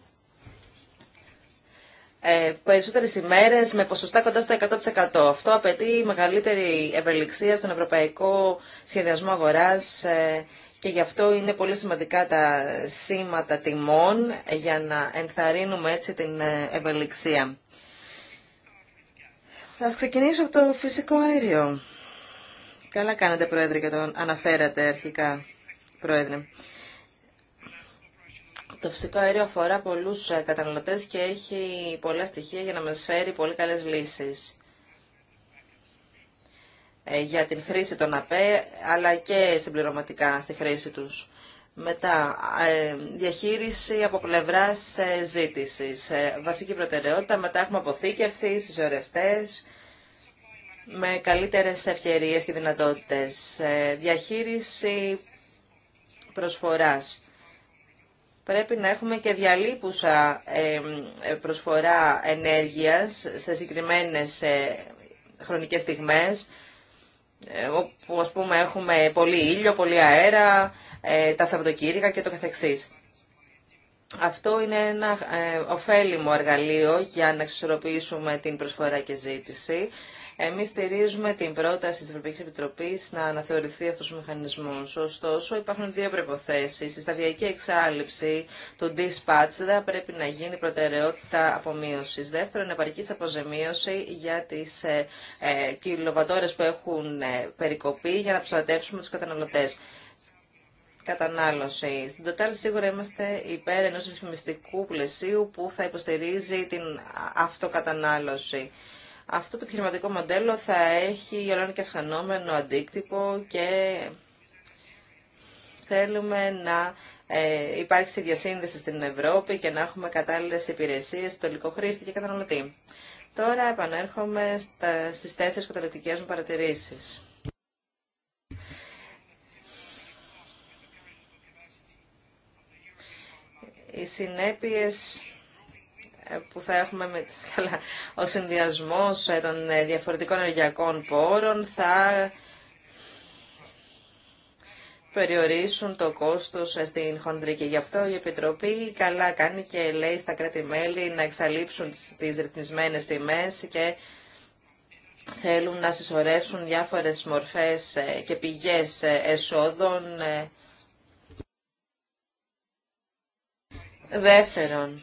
ε, περισσότερες ημέρες με ποσοστά κοντά στο 100%. Αυτό απαιτεί μεγαλύτερη ευελιξία στον ευρωπαϊκό σχεδιασμό αγοράς ε, και γι' αυτό είναι πολύ σημαντικά τα σήματα τιμών για να ενθαρρύνουμε έτσι την ε, ευελιξία. Θα ξεκινήσω από το φυσικό αέριο. Καλά κάνετε, Πρόεδρε, και τον αναφέρατε αρχικά, Πρόεδρε. Το φυσικό αέριο αφορά πολλούς ε, καταναλωτές και έχει πολλά στοιχεία για να μας φέρει πολύ καλές λύσεις. Ε, για την χρήση των ΑΠΕ, αλλά και συμπληρωματικά στη χρήση τους. Μετά, ε, διαχείριση από πλευρά ε, ζήτηση. Βασική προτεραιότητα, μετά έχουμε αποθήκευση, συσσωρευτέ, με καλύτερες ευκαιρίε και δυνατότητε. Διαχείριση προσφοράς. Πρέπει να έχουμε και διαλύπουσα προσφορά ενέργειας σε συγκεκριμένες χρονικές στιγμές ε, όπου ας πούμε έχουμε πολύ ήλιο, πολύ αέρα, ε, τα Σαββατοκύριακα και το καθεξής. Αυτό είναι ένα ε, ωφέλιμο εργαλείο για να εξισορροπήσουμε την προσφορά και ζήτηση. Εμεί στηρίζουμε την πρόταση τη Ευρωπαϊκή Επιτροπή να αναθεωρηθεί αυτό ο μηχανισμό. Ωστόσο, υπάρχουν δύο προποθέσει. Η σταδιακή εξάλληψη του dispatch θα πρέπει να γίνει προτεραιότητα απομείωση. Δεύτερον, επαρκή αποζημίωση για τι ε, ε που έχουν ε, περικοπεί για να προστατεύσουμε του καταναλωτέ. κατανάλωση. Στην Total σίγουρα είμαστε υπέρ ενός εφημιστικού πλαισίου που θα υποστηρίζει την αυτοκατανάλωση. Αυτό το επιχειρηματικό μοντέλο θα έχει όλο και αυξανόμενο αντίκτυπο και θέλουμε να ε, υπάρξει διασύνδεση στην Ευρώπη και να έχουμε κατάλληλες υπηρεσίες στο υλικό χρήστη και καταναλωτή. Τώρα επανέρχομαι στα, στις τέσσερις καταληκτικές μου παρατηρήσεις. Οι συνέπειες που θα έχουμε με καλά, ο συνδυασμός των ε, διαφορετικών ενεργειακών πόρων θα περιορίσουν το κόστος ε, στην χοντρική. Γι' αυτό η Επιτροπή καλά κάνει και λέει στα κράτη-μέλη να εξαλείψουν τις ρυθμισμένες τιμές και θέλουν να συσσωρεύσουν διάφορες μορφές ε, και πηγές εσόδων. Δεύτερον,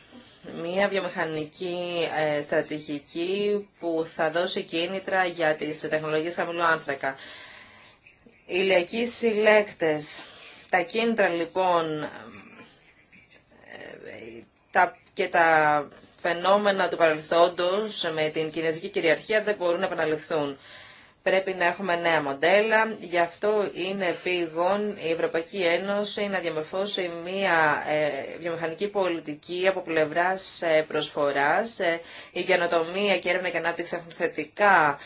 Μία βιομηχανική ε, στρατηγική που θα δώσει κίνητρα για τις τεχνολογίες χαμηλού άνθρακα. Ηλιακοί συλλέκτες. Τα κίνητρα λοιπόν ε, τα, και τα φαινόμενα του παρελθόντος με την κινέζικη κυριαρχία δεν μπορούν να επαναληφθούν πρέπει να έχουμε νέα μοντέλα. Γι' αυτό είναι πήγον η Ευρωπαϊκή Ένωση να διαμορφώσει μια ε, βιομηχανική πολιτική από πλευρά ε, προσφορά. Ε, η καινοτομία και έρευνα και ανάπτυξη έχουν θετικά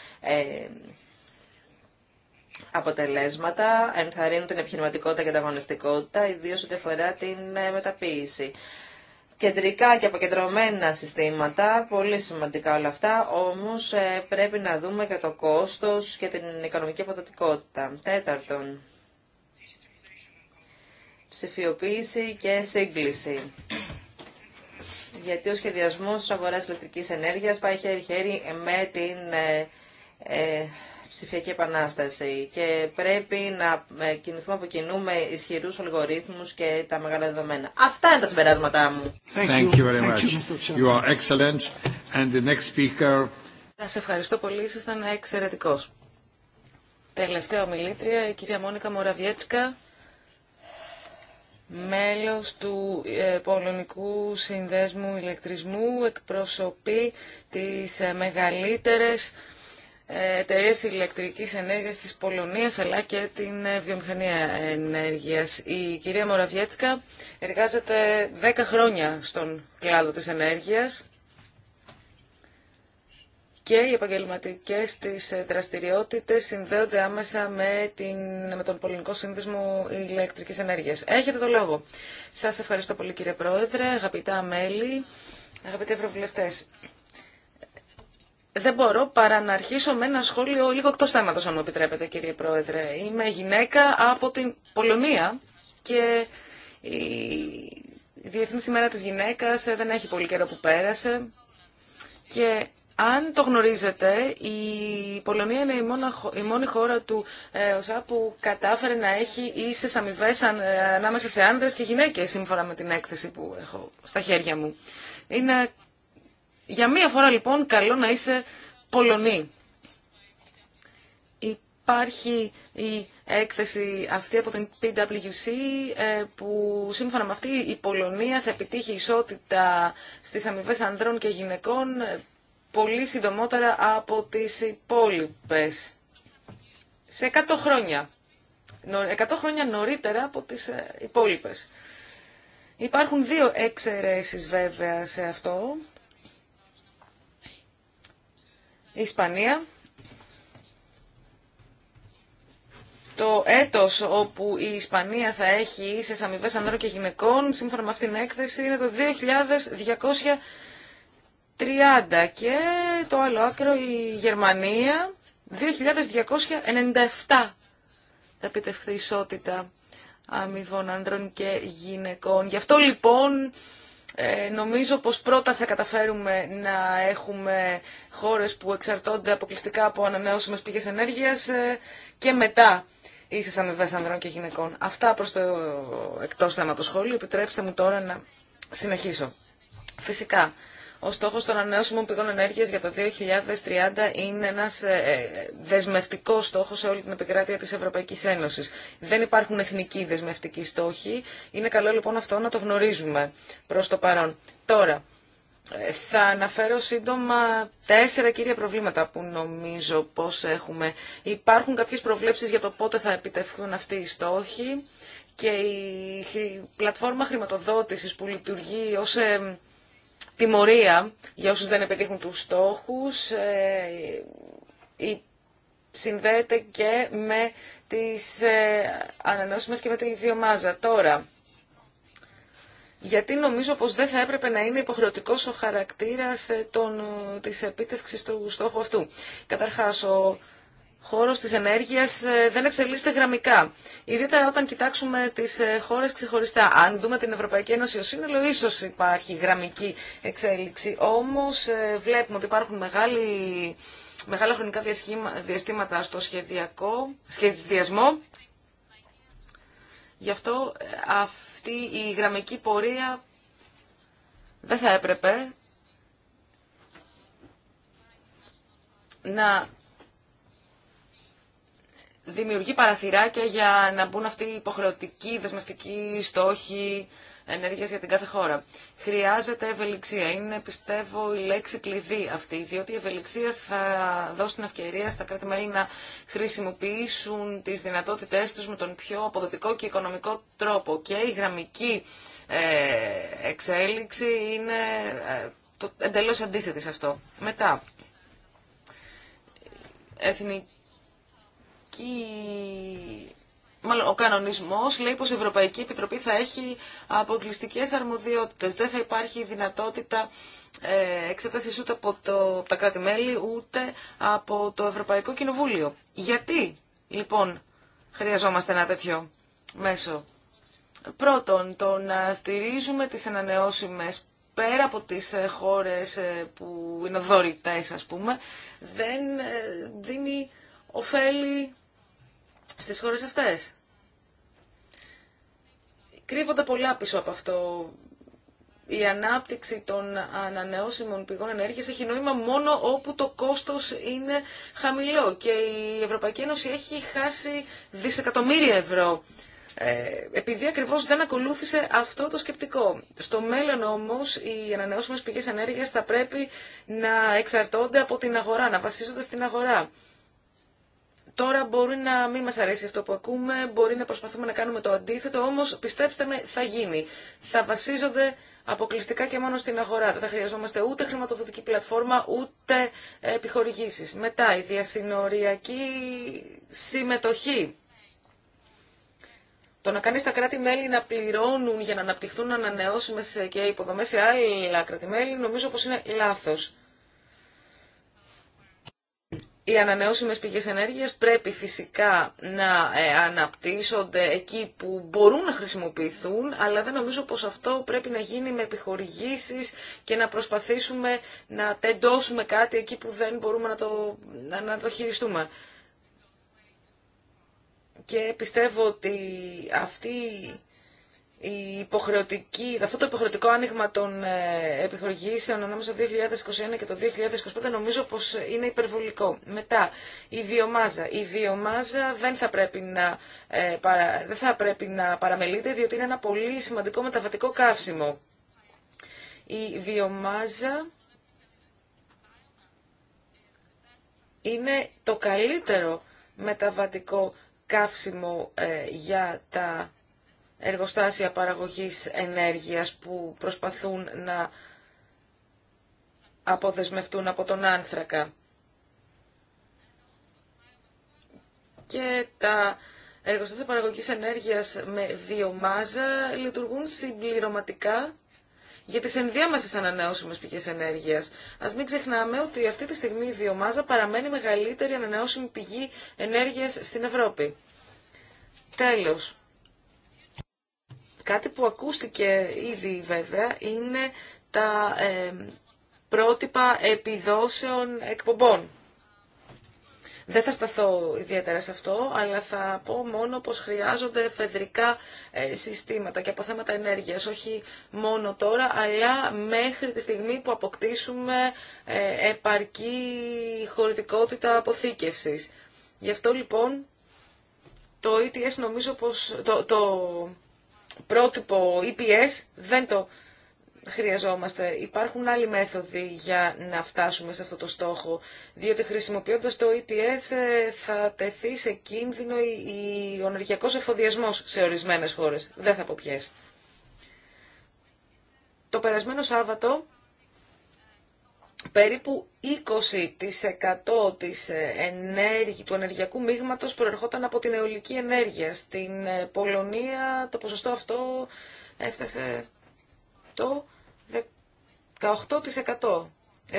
αποτελέσματα, ενθαρρύνουν την επιχειρηματικότητα και αγωνιστικότητα, ιδίω ό,τι αφορά την μεταποίηση κεντρικά και αποκεντρωμένα συστήματα, πολύ σημαντικά όλα αυτά, όμως ε, πρέπει να δούμε και το κόστος και την οικονομική αποδοτικότητα. Τέταρτον, ψηφιοποίηση και σύγκληση. Γιατί ο σχεδιασμός της αγοράς ηλεκτρικής ενέργειας πάει χέρι-χέρι με την ε, ε, ψηφιακή επανάσταση και πρέπει να ε, κινηθούμε από κοινού με ισχυρούς αλγορίθμους και τα μεγάλα δεδομένα. Αυτά είναι τα συμπεράσματά μου. Thank ευχαριστώ πολύ. Ήσασταν εξαιρετικός. Τελευταία ομιλήτρια, η κυρία Μόνικα Μοραβιέτσκα, μέλος του ε, Πολωνικού Συνδέσμου Ηλεκτρισμού, εκπροσωπεί τις ε, μεγαλύτερες εταιρείε ηλεκτρικής ενέργειας τη Πολωνία, αλλά και την ε, βιομηχανία ενέργεια. Η κυρία Μοραβιέτσκα εργάζεται 10 χρόνια στον κλάδο της ενέργειας και οι επαγγελματικέ τη δραστηριότητες συνδέονται άμεσα με, την, με τον Πολωνικό Σύνδεσμο Ηλεκτρικής Ενέργειας. Έχετε το λόγο. Σας ευχαριστώ πολύ κύριε Πρόεδρε, αγαπητά μέλη, αγαπητοί ευρωβουλευτέ δεν μπορώ παρά να αρχίσω με ένα σχόλιο λίγο εκτός θέματος, αν μου επιτρέπετε κύριε Πρόεδρε. Είμαι γυναίκα από την Πολωνία και η Διεθνή ημέρα της Γυναίκας δεν έχει πολύ καιρό που πέρασε και αν το γνωρίζετε, η Πολωνία είναι η, η μόνη χώρα του ε, που κατάφερε να έχει ίσες αμοιβέ ε, ανάμεσα σε άνδρες και γυναίκες, σύμφωνα με την έκθεση που έχω στα χέρια μου. Είναι για μία φορά λοιπόν καλό να είσαι Πολωνή. Υπάρχει η έκθεση αυτή από την PwC ε, που σύμφωνα με αυτή η Πολωνία θα επιτύχει ισότητα στις αμοιβέ ανδρών και γυναικών ε, πολύ συντομότερα από τις υπόλοιπες. Σε 100 χρόνια. 100 χρόνια νωρίτερα από τις ε, υπόλοιπες. Υπάρχουν δύο εξαιρέσεις βέβαια σε αυτό. Ισπανία, το έτος όπου η Ισπανία θα έχει ίσες αμοιβές ανδρών και γυναικών, σύμφωνα με αυτήν την έκθεση, είναι το 2230 και το άλλο άκρο η Γερμανία, 2297 θα επιτευχθεί ισότητα αμοιβών ανδρών και γυναικών. Γι' αυτό λοιπόν ε, νομίζω πως πρώτα θα καταφέρουμε να έχουμε χώρες που εξαρτώνται αποκλειστικά από ανανεώσιμες πηγές ενέργειας ε, και μετά ίσες αμοιβές ανδρών και γυναικών. Αυτά προς το εκτός θέμα σχόλιο. Επιτρέψτε μου τώρα να συνεχίσω. Φυσικά, ο στόχος των ανανεώσιμων πηγών ενέργειας για το 2030 είναι ένας ε, ε, δεσμευτικός στόχος σε όλη την επικράτεια της Ευρωπαϊκής Ένωσης. Δεν υπάρχουν εθνικοί δεσμευτικοί στόχοι. Είναι καλό λοιπόν αυτό να το γνωρίζουμε προς το παρόν. Τώρα, ε, θα αναφέρω σύντομα τέσσερα κύρια προβλήματα που νομίζω πως έχουμε. Υπάρχουν κάποιες προβλέψεις για το πότε θα επιτευχθούν αυτοί οι στόχοι και η πλατφόρμα χρηματοδότησης που λειτουργεί ως τιμωρία για όσους δεν επιτύχουν τους στόχους ε, συνδέεται και με τις ε, μας και με τη βιομάζα. Τώρα, γιατί νομίζω πως δεν θα έπρεπε να είναι υποχρεωτικός ο χαρακτήρας ε, των, της επίτευξης του στόχου αυτού. Καταρχάς, ο χώρος της ενέργειας ε, δεν εξελίσσεται γραμμικά. Ιδιαίτερα όταν κοιτάξουμε τις ε, χώρες ξεχωριστά. Αν δούμε την Ευρωπαϊκή Ένωση ως σύνολο, ίσως υπάρχει γραμμική εξέλιξη. Όμως ε, βλέπουμε ότι υπάρχουν μεγάλη, μεγάλα χρονικά διαστήματα στο σχεδιακό, σχεδιασμό. Γι' αυτό αυτή η γραμμική πορεία δεν θα έπρεπε να δημιουργεί παραθυράκια για να μπουν αυτοί οι υποχρεωτικοί, δεσμευτικοί στόχοι ενέργεια για την κάθε χώρα. Χρειάζεται ευελιξία. Είναι, πιστεύω, η λέξη κλειδί αυτή, διότι η ευελιξία θα δώσει την ευκαιρία στα κράτη-μέλη να χρησιμοποιήσουν τι δυνατότητέ του με τον πιο αποδοτικό και οικονομικό τρόπο. Και η γραμμική ε, εξέλιξη είναι ε, εντελώ αντίθετη σε αυτό. Μετά. Εθνική ο κανονισμό λέει πω η Ευρωπαϊκή Επιτροπή θα έχει αποκλειστικέ αρμοδιότητες. Δεν θα υπάρχει δυνατότητα ε, εξέταση ούτε από, το, από τα κράτη-μέλη ούτε από το Ευρωπαϊκό Κοινοβούλιο. Γιατί λοιπόν χρειαζόμαστε ένα τέτοιο μέσο. Πρώτον, το να στηρίζουμε τις ανανεώσιμες πέρα από τις ε, χώρες ε, που είναι δωρητές, ας πούμε, δεν δίνει ωφέλη στις χώρες αυτές. Κρύβονται πολλά πίσω από αυτό. Η ανάπτυξη των ανανεώσιμων πηγών ενέργειας έχει νόημα μόνο όπου το κόστος είναι χαμηλό και η Ευρωπαϊκή Ένωση έχει χάσει δισεκατομμύρια ευρώ ε, επειδή ακριβώς δεν ακολούθησε αυτό το σκεπτικό. Στο μέλλον όμως οι ανανεώσιμες πηγές ενέργειας θα πρέπει να εξαρτώνται από την αγορά, να βασίζονται στην αγορά. Τώρα μπορεί να μην μας αρέσει αυτό που ακούμε, μπορεί να προσπαθούμε να κάνουμε το αντίθετο, όμως πιστέψτε με θα γίνει. Θα βασίζονται αποκλειστικά και μόνο στην αγορά. Δεν θα χρειαζόμαστε ούτε χρηματοδοτική πλατφόρμα, ούτε επιχορηγήσεις. Μετά η διασυνοριακή συμμετοχή. Το να κάνει τα κράτη-μέλη να πληρώνουν για να αναπτυχθούν ανανεώσιμε και υποδομέ σε άλλα κράτη-μέλη νομίζω πω είναι λάθο οι ανανεώσιμες πηγές ενέργειας πρέπει φυσικά να ε, αναπτύσσονται εκεί που μπορούν να χρησιμοποιηθούν, αλλά δεν νομίζω πως αυτό πρέπει να γίνει με επιχορηγήσεις και να προσπαθήσουμε να τεντώσουμε κάτι εκεί που δεν μπορούμε να το, να το χειριστούμε. Και πιστεύω ότι αυτή η υποχρεωτική, αυτό το υποχρεωτικό άνοιγμα των ε, επιχορηγήσεων ανάμεσα το 2021 και το 2025 νομίζω πως είναι υπερβολικό. Μετά, η βιομάζα. Η βιομάζα δεν θα πρέπει να, ε, δεν θα πρέπει να παραμελείται διότι είναι ένα πολύ σημαντικό μεταβατικό καύσιμο. Η βιομάζα είναι το καλύτερο μεταβατικό καύσιμο ε, για τα εργοστάσια παραγωγής ενέργειας που προσπαθούν να αποδεσμευτούν από τον άνθρακα. Και τα εργοστάσια παραγωγής ενέργειας με βιομάζα λειτουργούν συμπληρωματικά για τις ενδιάμεσες ανανεώσιμες πηγές ενέργειας. Ας μην ξεχνάμε ότι αυτή τη στιγμή η βιομάζα παραμένει μεγαλύτερη ανανεώσιμη πηγή ενέργειας στην Ευρώπη. Τέλος. Κάτι που ακούστηκε ήδη βέβαια είναι τα ε, πρότυπα επιδόσεων εκπομπών. Δεν θα σταθώ ιδιαίτερα σε αυτό, αλλά θα πω μόνο πως χρειάζονται φεδρικά ε, συστήματα και από θέματα ενέργειας, όχι μόνο τώρα, αλλά μέχρι τη στιγμή που αποκτήσουμε ε, επαρκή χωρητικότητα αποθήκευσης. Γι' αυτό λοιπόν το ETS νομίζω πως... το πρότυπο EPS δεν το χρειαζόμαστε. Υπάρχουν άλλοι μέθοδοι για να φτάσουμε σε αυτό το στόχο, διότι χρησιμοποιώντας το EPS ε, θα τεθεί σε κίνδυνο ο ενεργειακός εφοδιασμός σε ορισμένες χώρες. Δεν θα πω ποιες. Το περασμένο Σάββατο περίπου 20% της ε, του ενεργειακού μείγματος προερχόταν από την αιωλική ενέργεια. Στην ε, Πολωνία το ποσοστό αυτό έφτασε το 18%. 78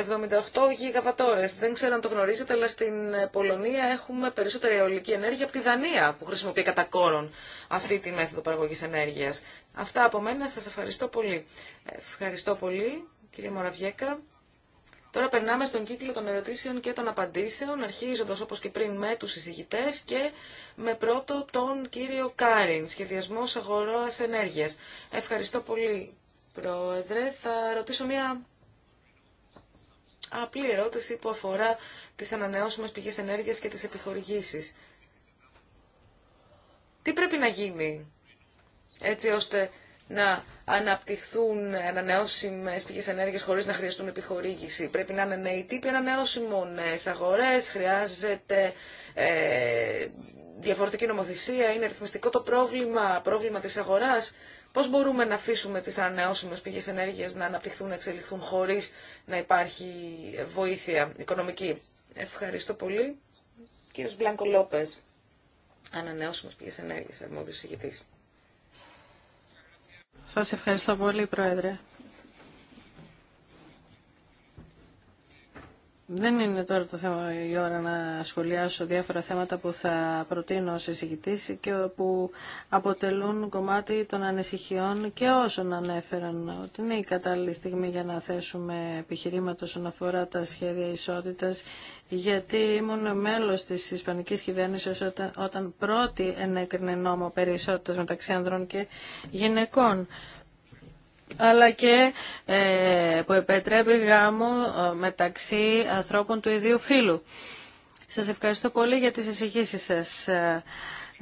γιγαβατόρες. Δεν ξέρω αν το γνωρίζετε, αλλά στην ε, Πολωνία έχουμε περισσότερη αιωλική ενέργεια από τη Δανία, που χρησιμοποιεί κατά κόρον αυτή τη μέθοδο παραγωγής ενέργειας. Αυτά από μένα. Σας ευχαριστώ πολύ. Ευχαριστώ πολύ, κύριε Μοραβιέκα. Τώρα περνάμε στον κύκλο των ερωτήσεων και των απαντήσεων, αρχίζοντα όπως και πριν με τους συζητητές και με πρώτο τον κύριο Κάριν, σχεδιασμό αγορά ενέργεια. Ευχαριστώ πολύ, Πρόεδρε. Θα ρωτήσω μια απλή ερώτηση που αφορά τι ανανεώσιμε πηγέ ενέργειας και τι επιχορηγήσει. Τι πρέπει να γίνει έτσι ώστε να αναπτυχθούν ανανεώσιμε πηγέ ενέργεια χωρί να χρειαστούν επιχορήγηση. Πρέπει να είναι νέοι τύποι ανανεώσιμων αγορέ, χρειάζεται ε, διαφορετική νομοθεσία, είναι ρυθμιστικό το πρόβλημα, πρόβλημα τη αγορά. Πώ μπορούμε να αφήσουμε τι ανανεώσιμε πηγέ ενέργεια να αναπτυχθούν, να εξελιχθούν χωρί να υπάρχει βοήθεια οικονομική. Ευχαριστώ πολύ. Κύριος Μπλάνκο Λόπες, ανανεώσιμες πηγές ενέργειας, αρμόδιος ηγητής. Σας ευχαριστώ πολύ, Πρόεδρε. Δεν είναι τώρα το θέμα η ώρα να σχολιάσω διάφορα θέματα που θα προτείνω σε συζητήσει και που αποτελούν κομμάτι των ανησυχιών και όσων ανέφεραν ότι είναι η κατάλληλη στιγμή για να θέσουμε επιχειρήματα όσον αφορά τα σχέδια ισότητας γιατί ήμουν μέλος της Ισπανικής κυβέρνησης όταν, όταν πρώτη ενέκρινε νόμο περί ισότητας μεταξύ ανδρών και γυναικών αλλά και ε, που επιτρέπει γάμο ε, μεταξύ ανθρώπων του ιδίου φίλου. Σας ευχαριστώ πολύ για τις εισηγήσεις σας. Ε,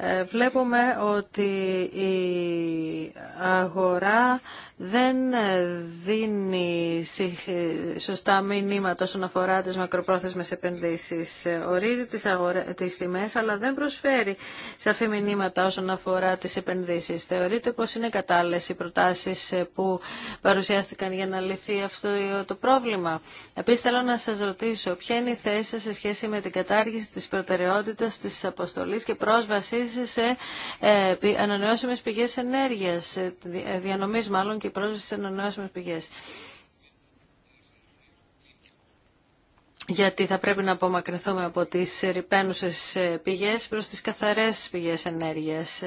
ε, βλέπουμε ότι η αγορά δεν δίνει σωστά μηνύματα όσον αφορά τις μακροπρόθεσμες επενδύσεις. Ορίζει τις, αγορα... τις τιμές, αλλά δεν προσφέρει σαφή μηνύματα όσον αφορά τις επενδύσεις. Θεωρείτε πως είναι κατάλληλες οι προτάσεις ε, που παρουσιάστηκαν για να λυθεί αυτό το πρόβλημα. Επίσης θέλω να σας ρωτήσω ποια είναι η θέση σας σε σχέση με την κατάργηση της προτεραιότητας της αποστολής και πρόσβασης σε ε, ανανεώσιμες πηγές ενέργειας, ε, διανομής μάλλον και πρόσβαση σε ανανεώσιμες πηγές. γιατί θα πρέπει να απομακρυνθούμε από τις ρηπαίνουσες ε, πηγές προς τις καθαρές πηγές ενέργειας.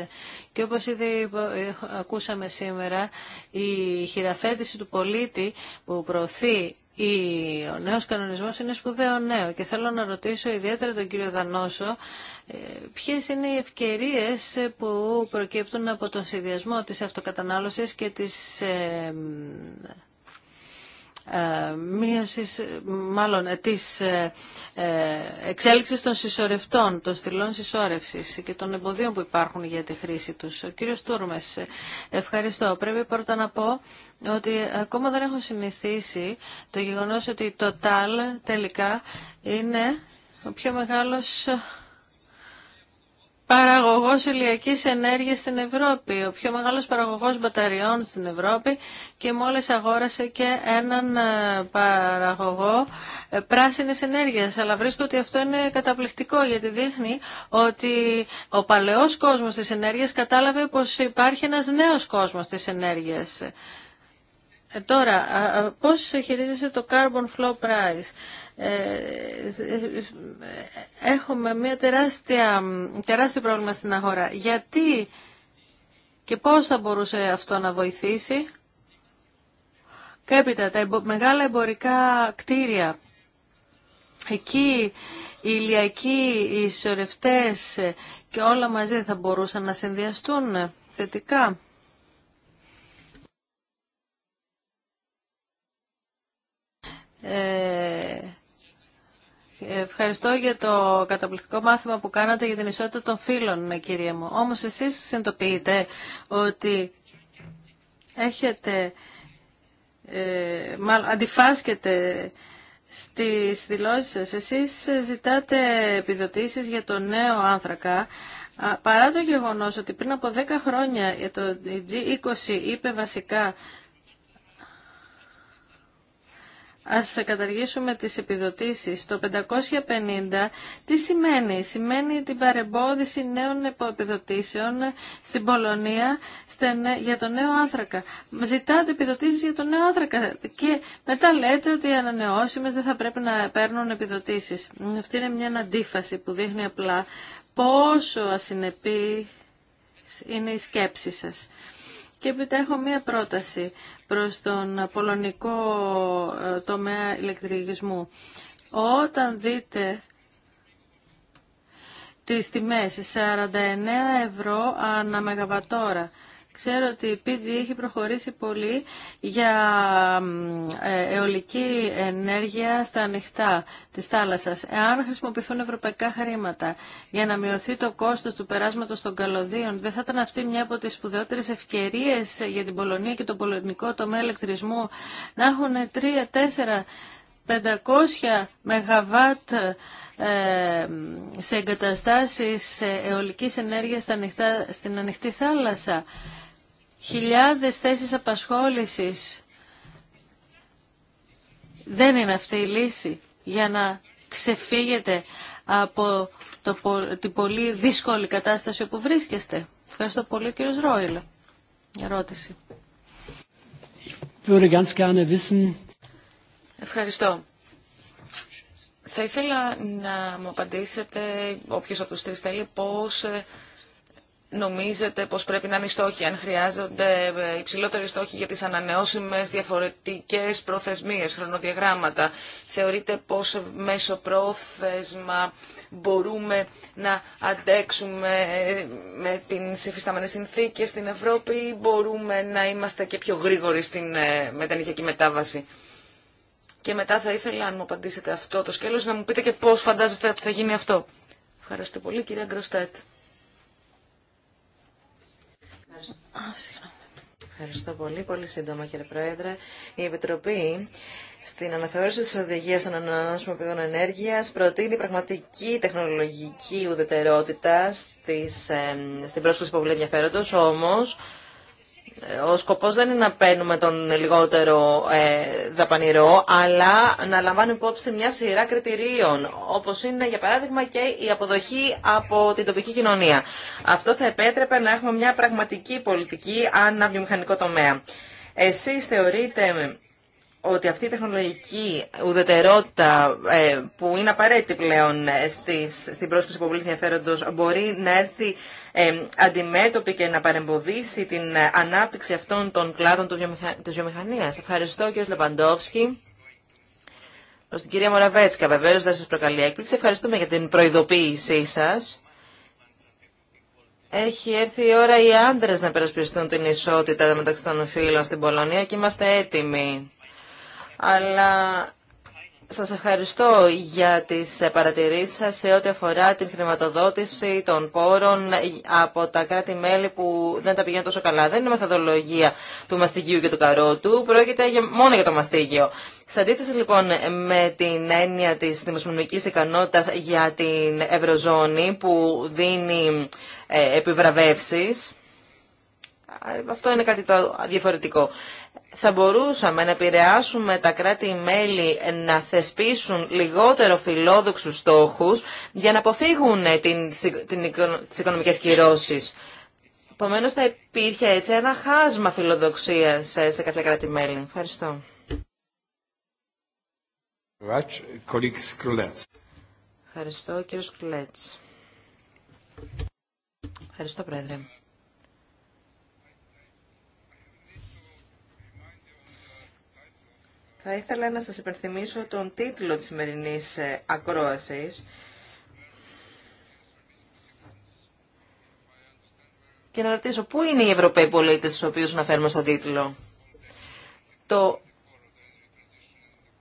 Και όπως ήδη ακούσαμε σήμερα, η χειραφέτηση του πολίτη που προωθεί ο νέος κανονισμός είναι σπουδαίο νέο και θέλω να ρωτήσω ιδιαίτερα τον κύριο Δανόσο ε, ποιες είναι οι ευκαιρίες που προκύπτουν από τον συνδυασμό της αυτοκατανάλωσης και της ε, ε, μείωσης, μάλλον της ε, ε, εξέλιξης των συσσωρευτών, των στυλών συσσώρευσης και των εμποδίων που υπάρχουν για τη χρήση τους. Ο κύριος Τούρμες, ευχαριστώ. Πρέπει πρώτα να πω ότι ακόμα δεν έχω συνηθίσει το γεγονός ότι το ΤΑΛ τελικά είναι ο πιο μεγάλος Παραγωγό ηλιακή ενέργειας στην Ευρώπη, ο πιο μεγάλος παραγωγός μπαταριών στην Ευρώπη και μόλις αγόρασε και έναν ε, παραγωγό ε, πράσινη ενέργεια. Αλλά βρίσκω ότι αυτό είναι καταπληκτικό γιατί δείχνει ότι ο παλαιός κόσμος της ενέργειας κατάλαβε πως υπάρχει ένας νέος κόσμος της ενέργειας. Ε, τώρα, πώ χειρίζεσαι το Carbon Flow Price. Ε, ε, ε, έχουμε μια τεράστια, τεράστιο πρόβλημα στην αγορά. Γιατί και πώς θα μπορούσε αυτό να βοηθήσει. Και έπειτα τα μεγάλα εμπορικά κτίρια. Εκεί οι ηλιακοί, οι ισορρευτές και όλα μαζί θα μπορούσαν να συνδυαστούν θετικά. Ευχαριστώ για το καταπληκτικό μάθημα που κάνατε για την ισότητα των φίλων, κύριε μου. Όμως εσείς συνειδητοποιείτε ότι έχετε, ε, αντιφάσκετε στις δηλώσεις σας. Εσείς ζητάτε επιδοτήσεις για το νέο άνθρακα, παρά το γεγονός ότι πριν από 10 χρόνια το G20 είπε βασικά Ας καταργήσουμε τις επιδοτήσεις. Το 550 τι σημαίνει. Σημαίνει την παρεμπόδιση νέων επιδοτήσεων στην Πολωνία για τον νέο άνθρακα. Ζητάτε επιδοτήσεις για τον νέο άνθρακα και μετά λέτε ότι οι ανανεώσιμες δεν θα πρέπει να παίρνουν επιδοτήσεις. Αυτή είναι μια αντίφαση που δείχνει απλά πόσο ασυνεπή είναι η σκέψη σας. Και έπειτα μία πρόταση προς τον πολωνικό ε, τομέα ηλεκτρισμού. Όταν δείτε τις τιμές 49 ευρώ ανά μεγαβατόρα Ξέρω ότι η PG έχει προχωρήσει πολύ για ε, αιωλική ενέργεια στα ανοιχτά της θάλασσας. Εάν χρησιμοποιηθούν ευρωπαϊκά χρήματα για να μειωθεί το κόστος του περάσματος των καλωδίων, δεν θα ήταν αυτή μια από τις σπουδαιότερες ευκαιρίες για την Πολωνία και το πολωνικό τομέα ηλεκτρισμού να έχουν 3, 4, 500 ΜΒ σε εγκαταστάσεις αιωλικής ενέργειας στην ανοιχτή θάλασσα χιλιάδες θέσεις απασχόλησης. Δεν είναι αυτή η λύση για να ξεφύγετε από το, την πολύ δύσκολη κατάσταση που βρίσκεστε. Ευχαριστώ πολύ κύριος Ρόιλ. Ερώτηση. Ευχαριστώ. Θα ήθελα να μου απαντήσετε, όποιος από τους τρεις θέλει, πώς ε, νομίζετε πως πρέπει να είναι οι στόχοι, αν χρειάζονται ε, υψηλότεροι στόχοι για τις ανανεώσιμες διαφορετικές προθεσμίες, χρονοδιαγράμματα. Θεωρείτε πως μέσω πρόθεσμα μπορούμε να αντέξουμε ε, με τις συμφιστάμενη συνθήκες στην Ευρώπη ή μπορούμε να είμαστε και πιο γρήγοροι στην ε, μετανοικιακή μετάβαση. Και μετά θα ήθελα, αν μου απαντήσετε αυτό το σκέλος, να μου πείτε και πώς φαντάζεστε ότι θα γίνει αυτό. Ευχαριστώ πολύ, κυρία Γκροστέτ. Ευχαριστώ πολύ. Πολύ σύντομα, κύριε Πρόεδρε. Η Επιτροπή στην αναθεώρηση τη οδηγία των ανανεώσιμων πηγών ενέργεια προτείνει πραγματική τεχνολογική ουδετερότητα στις, ε, στην πρόσκληση που βλέπει ενδιαφέροντο. Όμω, ο σκοπός δεν είναι να παίρνουμε τον λιγότερο ε, δαπανηρό, αλλά να λαμβάνουμε υπόψη μια σειρά κριτηρίων, όπως είναι για παράδειγμα και η αποδοχή από την τοπική κοινωνία. Αυτό θα επέτρεπε να έχουμε μια πραγματική πολιτική βιομηχανικό τομέα. Εσείς θεωρείτε ότι αυτή η τεχνολογική ουδετερότητα ε, που είναι απαραίτητη πλέον ε, στις, στην πρόσκληση που πολύ ενδιαφέροντος μπορεί να έρθει ε, αντιμέτωπη και να παρεμποδίσει την ανάπτυξη αυτών των κλάδων της βιομηχανίας. Ευχαριστώ κύριε Λεπαντόφσκι. Προ την κυρία Μοραβέτσκα, βεβαίω δεν σα προκαλεί έκπληξη. Ευχαριστούμε για την προειδοποίησή σα. Έχει έρθει η ώρα οι άντρε να περασπιστούν την ισότητα μεταξύ των φίλων στην Πολωνία και είμαστε έτοιμοι. Αλλά σας ευχαριστώ για τις παρατηρήσεις σας σε ό,τι αφορά την χρηματοδότηση των πόρων από τα κράτη-μέλη που δεν τα πηγαίνουν τόσο καλά. Δεν είναι μεθοδολογία του μαστιγίου και του καρότου, πρόκειται μόνο για το μαστίγιο. Σε αντίθεση λοιπόν με την έννοια της δημοσιονομικής ικανότητας για την Ευρωζώνη που δίνει ε, επιβραβεύσεις, αυτό είναι κάτι το διαφορετικό θα μπορούσαμε να επηρεάσουμε τα κράτη-μέλη να θεσπίσουν λιγότερο φιλόδοξους στόχους για να αποφύγουν τις οικονομικές κυρώσεις. Επομένω, θα υπήρχε έτσι ένα χάσμα φιλοδοξίας ε, σε κάποια κράτη-μέλη. Ευχαριστώ. Ευχαριστώ, κύριο Σκουλέτς. Ευχαριστώ, Πρόεδρε. Θα ήθελα να σας υπενθυμίσω τον τίτλο της σημερινής ε, ακρόασης και να ρωτήσω πού είναι οι Ευρωπαίοι πολίτες στους οποίους αναφέρουμε στον τίτλο. Το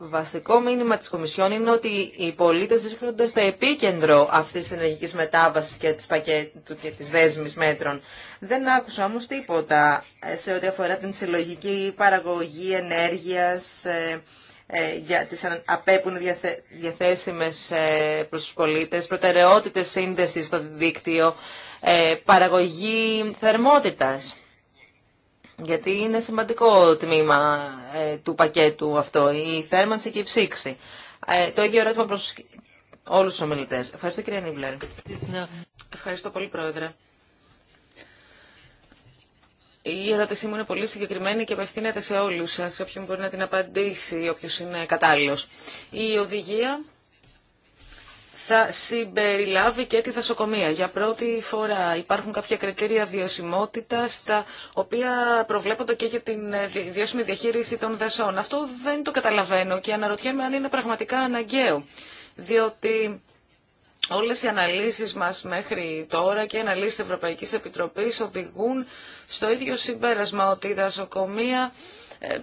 βασικό μήνυμα της Κομισιόν είναι ότι οι πολίτες βρίσκονται στο επίκεντρο αυτής της ενεργικής μετάβασης και της, πακέτου και της δέσμης μέτρων. Δεν άκουσα όμως τίποτα ε, σε ό,τι αφορά την συλλογική παραγωγή ενέργειας ε, ε, για τις απέπουν διαθέσιμες προς τους πολίτες, προτεραιότητες σύνδεσης στο δίκτυο, παραγωγή θερμότητας γιατί είναι σημαντικό τμήμα ε, του πακέτου αυτό, η θέρμανση και η ψήξη. Ε, το ίδιο ερώτημα προς όλους τους ομιλητές. Ευχαριστώ κυρία Νίμπλερ. Ευχαριστώ πολύ πρόεδρε. Η ερώτησή μου είναι πολύ συγκεκριμένη και απευθύνεται σε όλους σας, σε όποιον μπορεί να την απαντήσει, όποιος είναι κατάλληλος. Η οδηγία θα συμπεριλάβει και τη δασοκομεία. Για πρώτη φορά υπάρχουν κάποια κριτήρια βιωσιμότητα τα οποία προβλέπονται και για την ε, βιώσιμη διαχείριση των δασών. Αυτό δεν το καταλαβαίνω και αναρωτιέμαι αν είναι πραγματικά αναγκαίο. Διότι όλες οι αναλύσεις μας μέχρι τώρα και οι αναλύσεις της Ευρωπαϊκής Επιτροπής οδηγούν στο ίδιο συμπέρασμα ότι η δασοκομεία ε,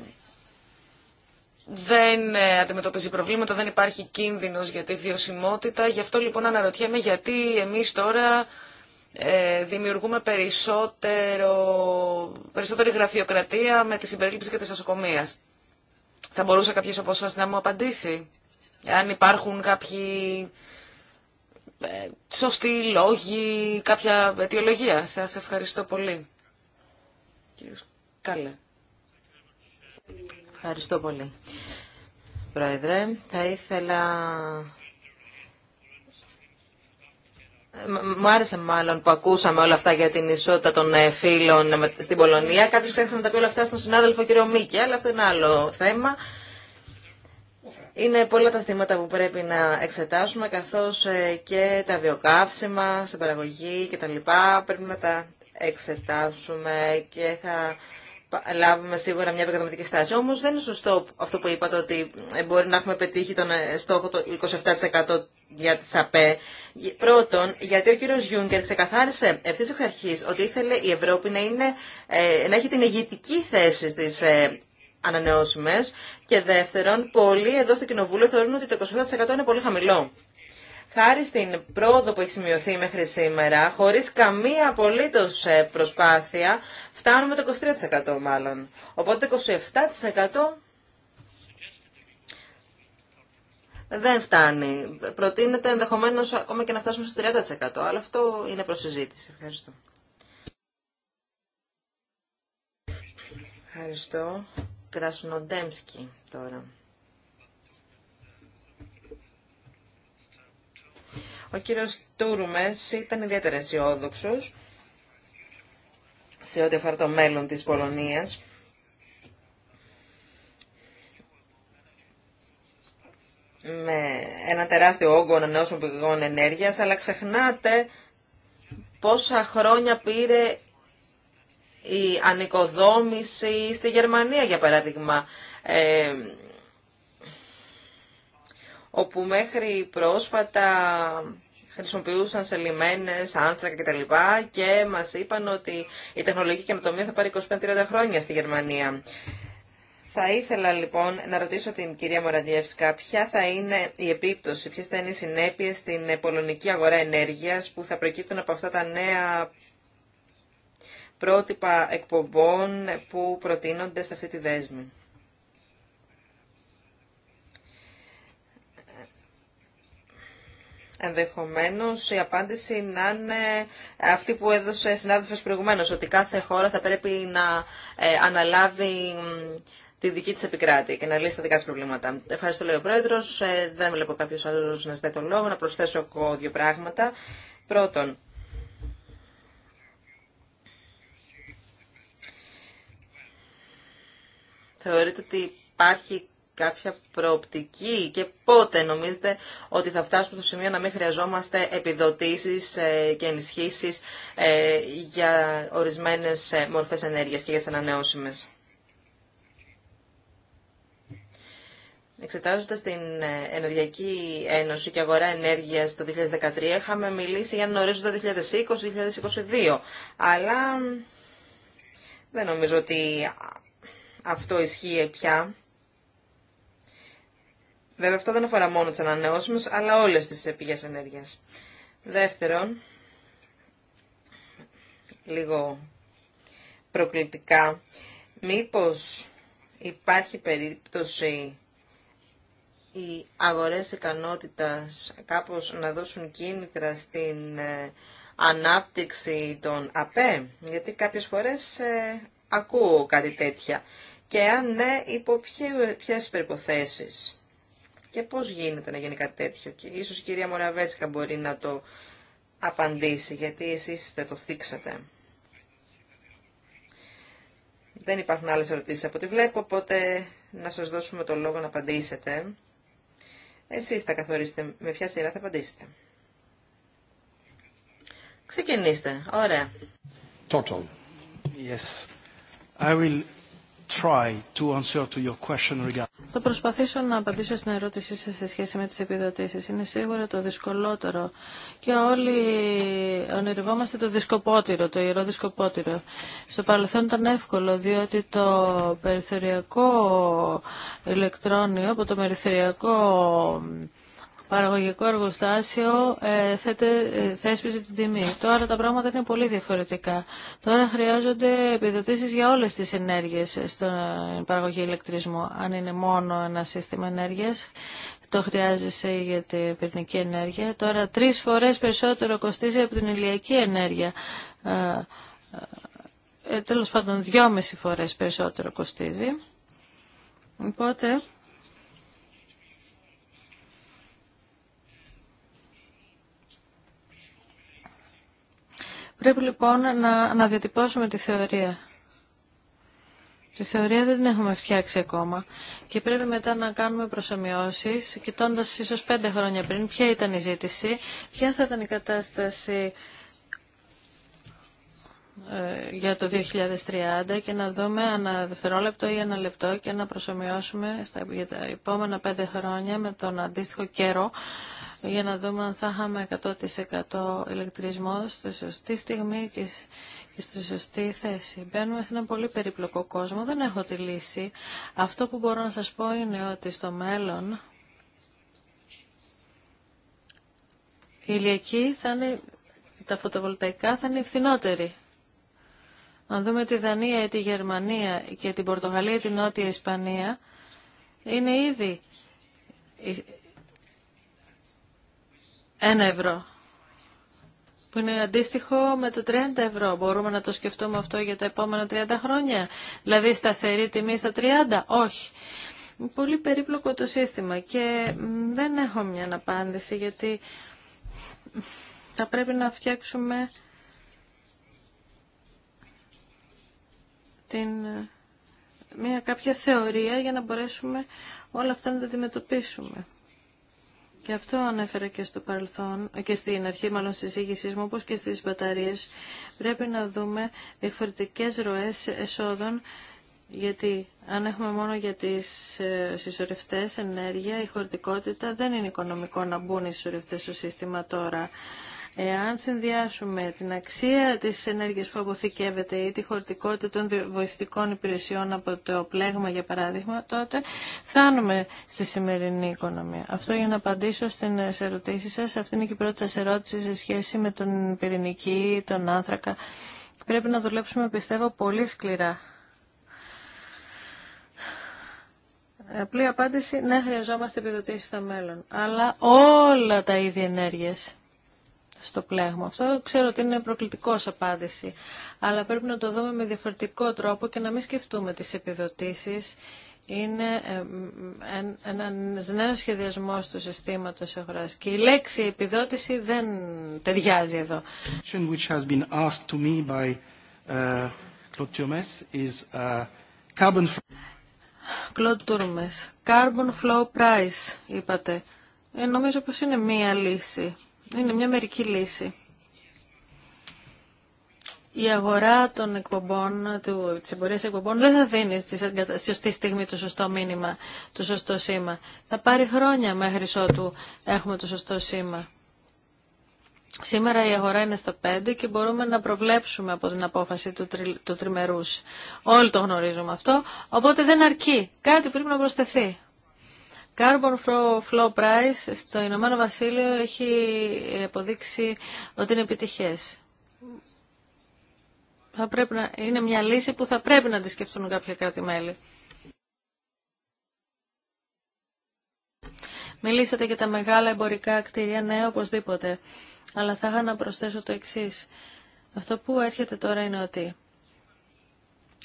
δεν ε, αντιμετωπίζει προβλήματα, δεν υπάρχει κίνδυνος για τη βιωσιμότητα. Γι' αυτό λοιπόν αναρωτιέμαι γιατί εμείς τώρα ε, δημιουργούμε περισσότερο, περισσότερη γραφειοκρατία με τη συμπερίληψη και της ασοκομείας. Θα μπορούσε κάποιος από εσάς να μου απαντήσει. Αν υπάρχουν κάποιοι ε, σωστοί λόγοι, κάποια αιτιολογία. Σας ευχαριστώ πολύ. Κάλε. Ευχαριστώ πολύ. Πρόεδρε, θα ήθελα... Μου άρεσε μάλλον που ακούσαμε όλα αυτά για την ισότητα των ε, φίλων στην Πολωνία. Κάποιος ξέχασε να τα πει όλα αυτά στον συνάδελφο κύριο Μίκη, αλλά αυτό είναι άλλο θέμα. Είναι πολλά τα στήματα που πρέπει να εξετάσουμε, καθώς ε, και τα βιοκαύσιμα, σε παραγωγή κτλ. Πρέπει να τα εξετάσουμε και θα λάβουμε σίγουρα μια επικοδομητική στάση. Όμω δεν είναι σωστό αυτό που είπατε ότι μπορεί να έχουμε πετύχει τον ε, στόχο το 27% για τις ΑΠΕ. Πρώτον, γιατί ο κύριος Γιούγκερ ξεκαθάρισε ευθύ εξ αρχή ότι ήθελε η Ευρώπη να, είναι, ε, να έχει την ηγετική θέση στις ε, ανανεώσιμε και δεύτερον, πολλοί εδώ στο Κοινοβούλιο θεωρούν ότι το 27% είναι πολύ χαμηλό χάρη στην πρόοδο που έχει σημειωθεί μέχρι σήμερα, χωρίς καμία απολύτως ε, προσπάθεια, φτάνουμε το 23% μάλλον. Οπότε το 27% δεν φτάνει. Προτείνεται ενδεχομένως ακόμα και να φτάσουμε στο 30%, αλλά αυτό είναι προσυζήτηση. Ευχαριστώ. Ευχαριστώ. Κρασνοντέμσκι τώρα. Ο κύριος Τούρμες ήταν ιδιαίτερα αισιόδοξο σε ό,τι αφορά το μέλλον της Πολωνίας. με ένα τεράστιο όγκο ανανεώσιμων πηγών ενέργειας, αλλά ξεχνάτε πόσα χρόνια πήρε η ανοικοδόμηση στη Γερμανία, για παράδειγμα, ε, όπου μέχρι πρόσφατα χρησιμοποιούσαν σε λιμένες, άνθρακα κτλ. και μας είπαν ότι η τεχνολογική καινοτομία θα πάρει 25-30 χρόνια στη Γερμανία. Θα ήθελα λοιπόν να ρωτήσω την κυρία Μοραντιεύσκα ποια θα είναι η επίπτωση, ποιε θα είναι οι συνέπειε στην πολωνική αγορά ενέργειας που θα προκύπτουν από αυτά τα νέα πρότυπα εκπομπών που προτείνονται σε αυτή τη δέσμη. Ενδεχομένως η απάντηση να είναι αυτή που έδωσε συνάδελφος προηγουμένως, ότι κάθε χώρα θα πρέπει να ε, αναλάβει τη δική της επικράτη και να λύσει τα δικά της προβλήματα. Ευχαριστώ, λέει ο Πρόεδρος. Ε, δεν βλέπω κάποιος άλλος να ζητάει τον λόγο. Να προσθέσω εγώ δύο πράγματα. Πρώτον, θεωρείτε ότι υπάρχει κάποια προοπτική και πότε νομίζετε ότι θα φτάσουμε στο σημείο να μην χρειαζόμαστε επιδοτήσεις ε, και ενισχύσεις ε, για ορισμένες ε, μορφές ενέργειας και για τις ανανεώσιμες. Εξετάζοντα την Ενεργειακή Ένωση και Αγορά Ενέργεια το 2013, είχαμε μιλήσει για τον οριζοντα ορίζοντα 2020-2022. Αλλά δεν νομίζω ότι αυτό ισχύει πια. Βέβαια αυτό δεν αφορά μόνο τι ανανεώσιμε, αλλά όλες τις πηγές ενέργειας. Δεύτερον, λίγο προκλητικά, μήπως υπάρχει περίπτωση οι αγορές ικανότητας κάπως να δώσουν κίνητρα στην ε, ανάπτυξη των ΑΠΕ, γιατί κάποιες φορές ε, ακούω κάτι τέτοια. Και αν ναι, υπό ποιες περιποθέσεις και πώς γίνεται να γίνει κάτι τέτοιο. Και ίσως η κυρία Μοραβέτσικα μπορεί να το απαντήσει, γιατί εσείς δεν το θίξατε. Δεν υπάρχουν άλλες ερωτήσεις από ό,τι βλέπω, οπότε να σας δώσουμε το λόγο να απαντήσετε. Εσείς θα καθορίσετε με ποια σειρά θα απαντήσετε. Ξεκινήστε. Ωραία. Total. Yes. I will try to answer to your question regarding... Θα προσπαθήσω να απαντήσω στην ερώτησή σας σε σχέση με τις επιδοτήσεις. Είναι σίγουρα το δυσκολότερο και όλοι ονειρευόμαστε το δισκοπότηρο, το ιερό δυσκοπότηρο. Στο παρελθόν ήταν εύκολο διότι το περιθωριακό ηλεκτρόνιο από το περιθωριακό παραγωγικό εργοστάσιο ε, ε, θέσπιζε την τιμή. Τώρα τα πράγματα είναι πολύ διαφορετικά. Τώρα χρειάζονται επιδοτήσεις για όλες τις ενέργειες στην ε, παραγωγή ηλεκτρισμού. Αν είναι μόνο ένα σύστημα ενέργειας, το χρειάζεσαι για την πυρνική ενέργεια. Τώρα τρεις φορές περισσότερο κοστίζει από την ηλιακή ενέργεια. Ε, τέλος πάντων δυόμιση φορές περισσότερο κοστίζει. Οπότε Πρέπει λοιπόν να αναδιατυπώσουμε τη θεωρία. Τη θεωρία δεν την έχουμε φτιάξει ακόμα και πρέπει μετά να κάνουμε προσωμιώσεις, κοιτώντα ίσως πέντε χρόνια πριν ποια ήταν η ζήτηση, ποια θα ήταν η κατάσταση ε, για το 2030 και να δούμε ένα δευτερόλεπτο ή ένα λεπτό και να προσωμιώσουμε στα, για τα επόμενα πέντε χρόνια με τον αντίστοιχο καιρό για να δούμε αν θα είχαμε 100% ηλεκτρισμό στη σωστή στιγμή και στη σωστή θέση. Μπαίνουμε σε ένα πολύ περίπλοκο κόσμο, δεν έχω τη λύση. Αυτό που μπορώ να σας πω είναι ότι στο μέλλον η ηλιακή θα είναι, τα φωτοβολταϊκά θα είναι φθηνότερη. Αν δούμε τη Δανία ή τη Γερμανία και την Πορτογαλία ή την Νότια Ισπανία, είναι ήδη 1 ευρώ που είναι αντίστοιχο με το 30 ευρώ. Μπορούμε να το σκεφτούμε αυτό για τα επόμενα 30 χρόνια. Δηλαδή σταθερή τιμή στα 30. Όχι. Πολύ περίπλοκο το σύστημα και δεν έχω μια απάντηση γιατί θα πρέπει να φτιάξουμε μια κάποια θεωρία για να μπορέσουμε όλα αυτά να τα αντιμετωπίσουμε. Και αυτό ανέφερα και στο παρελθόν, και στην αρχή μάλλον συζητησή μου, όπως και στις μπαταρίες. Πρέπει να δούμε διαφορετικές ροές εσόδων, γιατί αν έχουμε μόνο για τις ε, συσσωρευτές ενέργεια, η χωρητικότητα δεν είναι οικονομικό να μπουν οι συσσωρευτές στο σύστημα τώρα. Εάν συνδυάσουμε την αξία της ενέργειας που αποθηκεύεται ή τη χωρητικότητα των βοηθητικών υπηρεσιών από το πλέγμα, για παράδειγμα, τότε φτάνουμε στη σημερινή οικονομία. Αυτό για να απαντήσω στην ε, ερωτήσεις σας. Αυτή είναι και η πρώτη σας ερώτηση σε σχέση με τον πυρηνική, τον άνθρακα. Πρέπει να δουλέψουμε, πιστεύω, πολύ σκληρά. Απλή απάντηση, ναι, χρειαζόμαστε επιδοτήσεις στο μέλλον. Αλλά όλα τα ίδια ενέργειες στο πλέγμα. Αυτό ξέρω ότι είναι προκλητικό απάντηση, αλλά πρέπει να το δούμε με διαφορετικό τρόπο και να μην σκεφτούμε τις επιδοτήσεις. Είναι ε, ένα νέο σχεδιασμό του συστήματο αγορά. και η λέξη επιδότηση δεν ταιριάζει εδώ. Which has carbon... Carbon Flow Price είπατε. Ε, νομίζω πως είναι μία λύση είναι μια μερική λύση. Η αγορά των εκπομπών, της εμπορίας εκπομπών δεν θα δίνει στη σωστή στιγμή το σωστό μήνυμα, το σωστό σήμα. Θα πάρει χρόνια μέχρι ότου έχουμε το σωστό σήμα. Σήμερα η αγορά είναι στα πέντε και μπορούμε να προβλέψουμε από την απόφαση του, τρι, του τριμερούς. Όλοι το γνωρίζουμε αυτό, οπότε δεν αρκεί. Κάτι πρέπει να προσθεθεί. Carbon Flow Price στο Ηνωμένο Βασίλειο έχει αποδείξει ότι είναι επιτυχές. Θα πρέπει να, είναι μια λύση που θα πρέπει να τη σκεφτούν κάποια κράτη-μέλη. Μιλήσατε για τα μεγάλα εμπορικά κτίρια, ναι, οπωσδήποτε. Αλλά θα είχα να προσθέσω το εξή. Αυτό που έρχεται τώρα είναι ότι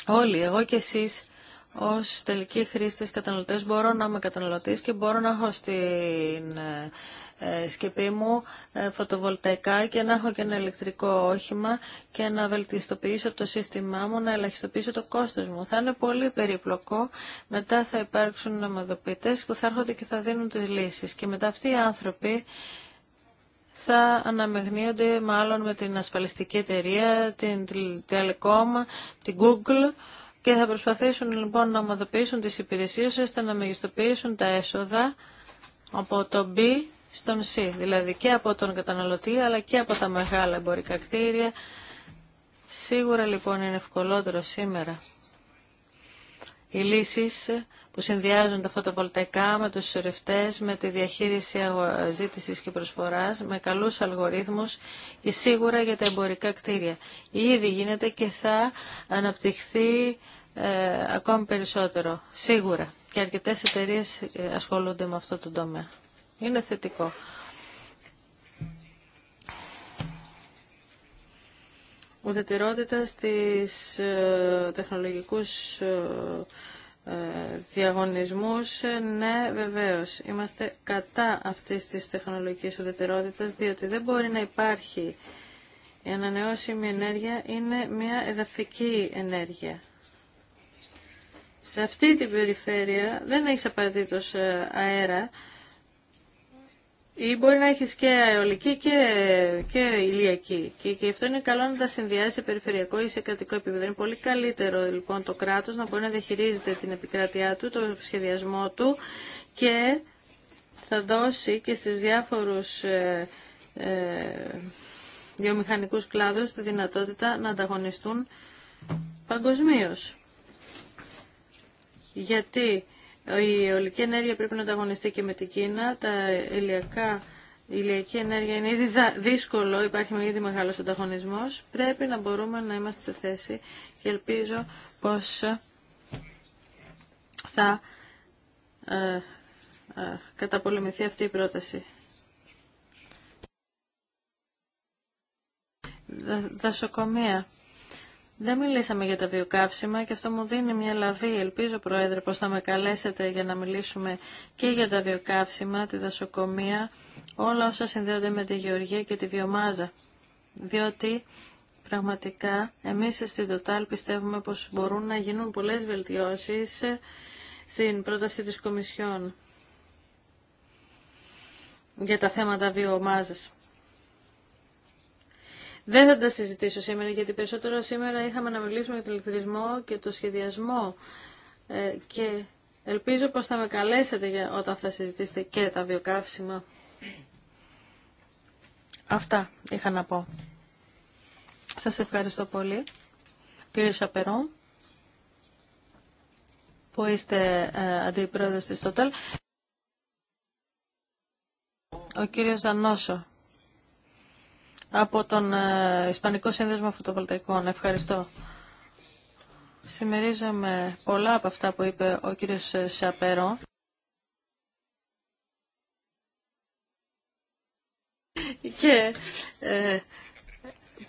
όλοι, εγώ και εσείς, ως τελική χρήστης καταναλωτές μπορώ να είμαι καταναλωτής και μπορώ να έχω στην ε, ε, σκεπή μου ε, φωτοβολταϊκά και να έχω και ένα ηλεκτρικό όχημα και να βελτιστοποιήσω το σύστημά μου, να ελαχιστοποιήσω το κόστος μου. Θα είναι πολύ περίπλοκο. Μετά θα υπάρξουν νομοδοποιητές που θα έρχονται και θα δίνουν τις λύσεις. Και μετά αυτοί οι άνθρωποι θα αναμεγνύονται μάλλον με την ασφαλιστική εταιρεία, την Telecom, την Google και θα προσπαθήσουν λοιπόν να ομοδοποιήσουν τις υπηρεσίες ώστε να μεγιστοποιήσουν τα έσοδα από το B στον C, δηλαδή και από τον καταναλωτή αλλά και από τα μεγάλα εμπορικά κτίρια. Σίγουρα λοιπόν είναι ευκολότερο σήμερα οι λύσεις που συνδυάζουν τα φωτοβολταϊκά με τους συσσωρευτές, με τη διαχείριση ζήτησης και προσφοράς, με καλούς αλγορίθμους και σίγουρα για τα εμπορικά κτίρια. Ήδη γίνεται και θα αναπτυχθεί ε, ακόμη περισσότερο, σίγουρα. Και αρκετές εταιρείες ε, ασχολούνται με αυτό το τομέα. Είναι θετικό. ουδετερότητα στις ε, τεχνολογικούς ε, διαγωνισμούς, ε, ναι βεβαίως. Είμαστε κατά αυτής της τεχνολογικής ουδετερότητας, διότι δεν μπορεί να υπάρχει η ανανεώσιμη ενέργεια είναι μια εδαφική ενέργεια. Σε αυτή την περιφέρεια δεν έχει απαραίτητο ε, αέρα ή μπορεί να έχει και αεολική και, και ηλιακή. Και, και αυτό είναι καλό να τα συνδυάσει σε περιφερειακό ή σε κρατικό επίπεδο. Είναι πολύ καλύτερο λοιπόν το κράτος να μπορεί να διαχειρίζεται την επικράτειά του, το σχεδιασμό του και θα δώσει και στις διάφορους ε, ε, κλάδους τη δυνατότητα να ανταγωνιστούν παγκοσμίω. Γιατί η αιωλική ενέργεια πρέπει να ανταγωνιστεί και με την Κίνα. Τα ηλιακά, η ηλιακή ενέργεια είναι ήδη δύσκολο, υπάρχει ήδη μεγάλος ανταγωνισμός. Πρέπει να μπορούμε να είμαστε σε θέση και ελπίζω πως θα ε, ε καταπολεμηθεί αυτή η πρόταση. Δασοκομεία. Δεν μιλήσαμε για τα βιοκαύσιμα και αυτό μου δίνει μια λαβή. Ελπίζω, Πρόεδρε, πως θα με καλέσετε για να μιλήσουμε και για τα βιοκαύσιμα, τη δασοκομεία, όλα όσα συνδέονται με τη γεωργία και τη βιομάζα. Διότι πραγματικά εμείς στην Total πιστεύουμε πως μπορούν να γίνουν πολλές βελτιώσεις στην πρόταση της Κομισιόν για τα θέματα βιομάζας. Δεν θα τα συζητήσω σήμερα γιατί περισσότερο σήμερα είχαμε να μιλήσουμε για τον ηλεκτρισμό και το σχεδιασμό ε, και ελπίζω πως θα με καλέσετε όταν θα συζητήσετε και τα βιοκαύσιμα. Αυτά είχα να πω. Σας ευχαριστώ πολύ. Κύριε Σαπερό, που είστε ε, αντιπρόεδρος της ΤΟΤΕΛ. Ο κύριος Δανόσο από τον ε, Ισπανικό Σύνδεσμο Φωτοβολταϊκών. Ευχαριστώ. Συμμερίζομαι πολλά από αυτά που είπε ο κύριος ε, Σαπέρο. Και ε,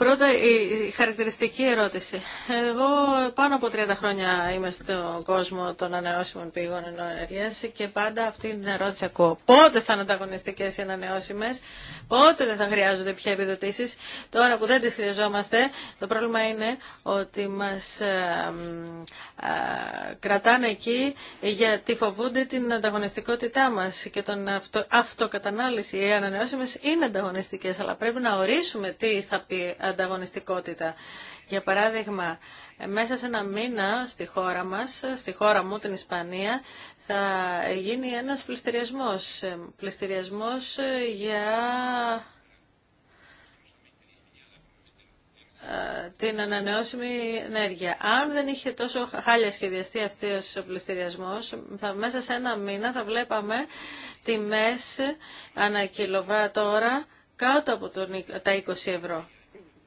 Πρώτα η χαρακτηριστική ερώτηση. Εγώ πάνω από 30 χρόνια είμαι στον κόσμο των ανανεώσιμων πηγών ενέργεια και πάντα αυτή την ερώτηση ακούω. Πότε θα είναι ανταγωνιστικέ οι ανανεώσιμε, πότε δεν θα χρειάζονται πια επιδοτήσει. Τώρα που δεν τι χρειαζόμαστε, το πρόβλημα είναι ότι μα ε, ε, κρατάνε εκεί γιατί φοβούνται την ανταγωνιστικότητά μα και την αυτο, αυτοκατανάλυση. Οι ανανεώσιμε είναι ανταγωνιστικέ, αλλά πρέπει να ορίσουμε τι θα πει ανταγωνιστικότητα. Για παράδειγμα, μέσα σε ένα μήνα στη χώρα μας, στη χώρα μου, την Ισπανία, θα γίνει ένας πληστηριασμός. Πληστηριασμός για ε, την ανανεώσιμη ενέργεια. Αν δεν είχε τόσο χάλια σχεδιαστεί αυτή ο πληστηριασμός, μέσα σε ένα μήνα θα βλέπαμε τιμές ανά τώρα κάτω από τα 20 ευρώ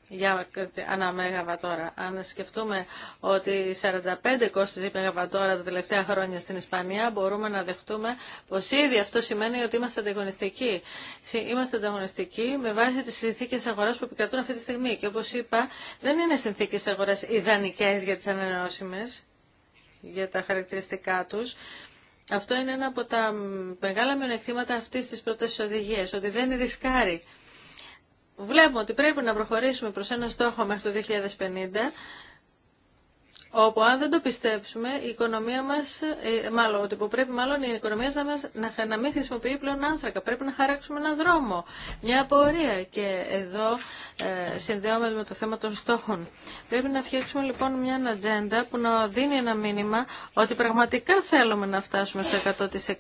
για ένα μεγαβατόρα. Αν σκεφτούμε ότι 45 κόστιζε η μεγαβατόρα τα τελευταία χρόνια στην Ισπανία, μπορούμε να δεχτούμε πω ήδη αυτό σημαίνει ότι είμαστε ανταγωνιστικοί. Είμαστε ανταγωνιστικοί με βάση τι συνθήκε αγορά που επικρατούν αυτή τη στιγμή. Και όπω είπα, δεν είναι συνθήκε αγορα που επικρατούν αυτή τη στιγμή. Και οπω είπα, δεν είναι συνθηκε αγορα ιδανικε για τι ανανεώσιμε, για τα χαρακτηριστικά του. Αυτό είναι ένα από τα μεγάλα μειονεκτήματα αυτή τη πρώτη οδηγία, ότι δεν ρισκάρει βλέπουμε ότι πρέπει να προχωρήσουμε προς ένα στόχο μέχρι το 2050 όπου αν δεν το πιστέψουμε, η οικονομία μας, ε, μάλλον ότι που πρέπει μάλλον η οικονομία μας να, να μην χρησιμοποιεί πλέον άνθρακα. Πρέπει να χαράξουμε έναν δρόμο, μια απορία και εδώ ε, συνδέομαι με το θέμα των στόχων. Πρέπει να φτιάξουμε λοιπόν μια ατζέντα που να δίνει ένα μήνυμα ότι πραγματικά θέλουμε να φτάσουμε στο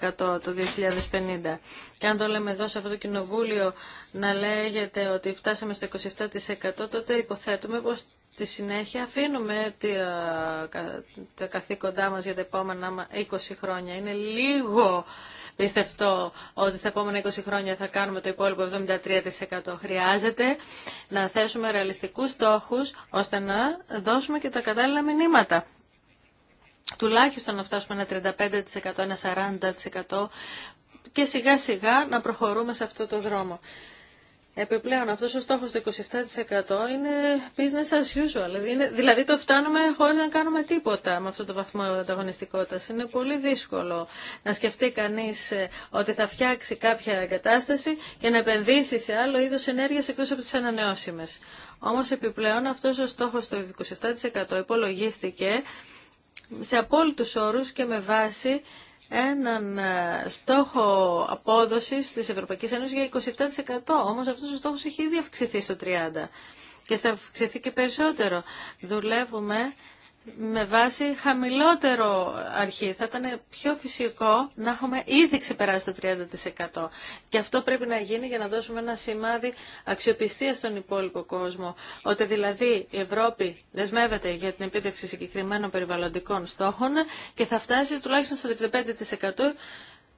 100% το 2050. Και αν το λέμε εδώ σε αυτό το κοινοβούλιο να λέγεται ότι φτάσαμε στο 27% τότε υποθέτουμε πως Στη συνέχεια αφήνουμε ε, τα καθήκοντά μας για τα επόμενα 20 χρόνια. Είναι λίγο πιστευτό ότι στα επόμενα 20 χρόνια θα κάνουμε το υπόλοιπο 73%. Χρειάζεται να θέσουμε ρεαλιστικούς στόχους ώστε να δώσουμε και τα κατάλληλα μηνύματα. Τουλάχιστον να φτάσουμε ένα 35%, ένα 40% και σιγά σιγά να προχωρούμε σε αυτό το δρόμο. Επιπλέον, αυτός ο στόχος του 27% είναι business as usual. Δηλαδή, δηλαδή το φτάνουμε χωρίς να κάνουμε τίποτα με αυτό το βαθμό ανταγωνιστικότητας. Είναι πολύ δύσκολο να σκεφτεί κανείς ε, ότι θα φτιάξει κάποια εγκατάσταση και να επενδύσει σε άλλο είδος ενέργειας εκτός από τις ανανεώσιμες. Όμως επιπλέον αυτός ο στόχος του 27% υπολογίστηκε σε απόλυτους όρους και με βάση έναν ε, στόχο απόδοσης της Ευρωπαϊκής Ένωση για 27%. Όμως αυτός ο στόχος έχει ήδη αυξηθεί στο 30% και θα αυξηθεί και περισσότερο. Δουλεύουμε με βάση χαμηλότερο αρχή. Θα ήταν πιο φυσικό να έχουμε ήδη ξεπεράσει το 30%. Και αυτό πρέπει να γίνει για να δώσουμε ένα σημάδι αξιοπιστία στον υπόλοιπο κόσμο. Ότι δηλαδή η Ευρώπη δεσμεύεται για την επίτευξη συγκεκριμένων περιβαλλοντικών στόχων και θα φτάσει τουλάχιστον στο 35%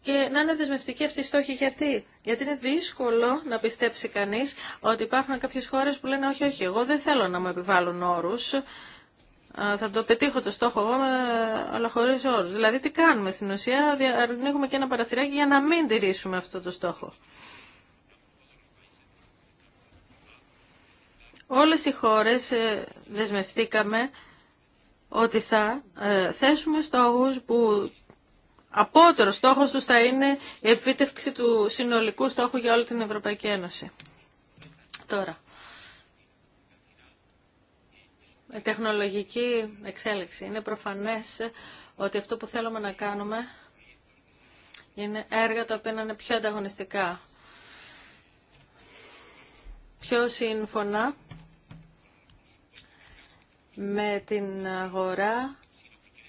και να είναι δεσμευτική αυτή η στόχη. Γιατί? Γιατί είναι δύσκολο να πιστέψει κανείς ότι υπάρχουν κάποιες χώρες που λένε όχι, όχι, εγώ δεν θέλω να μου επιβάλλουν όρους θα το πετύχω το στόχο εγώ, αλλά χωρί όρου. Δηλαδή, τι κάνουμε στην ουσία, ανοίγουμε και ένα παραθυράκι για να μην τηρήσουμε αυτό το στόχο. Όλες οι χώρες ε, δεσμευτήκαμε ότι θα ε, θέσουμε στόχους που απότερο στόχος του θα είναι η επίτευξη του συνολικού στόχου για όλη την Ευρωπαϊκή Ένωση. Τώρα, τεχνολογική εξέλιξη. Είναι προφανές ότι αυτό που θέλουμε να κάνουμε είναι έργα τα οποία είναι πιο ανταγωνιστικά, πιο σύμφωνα με την αγορά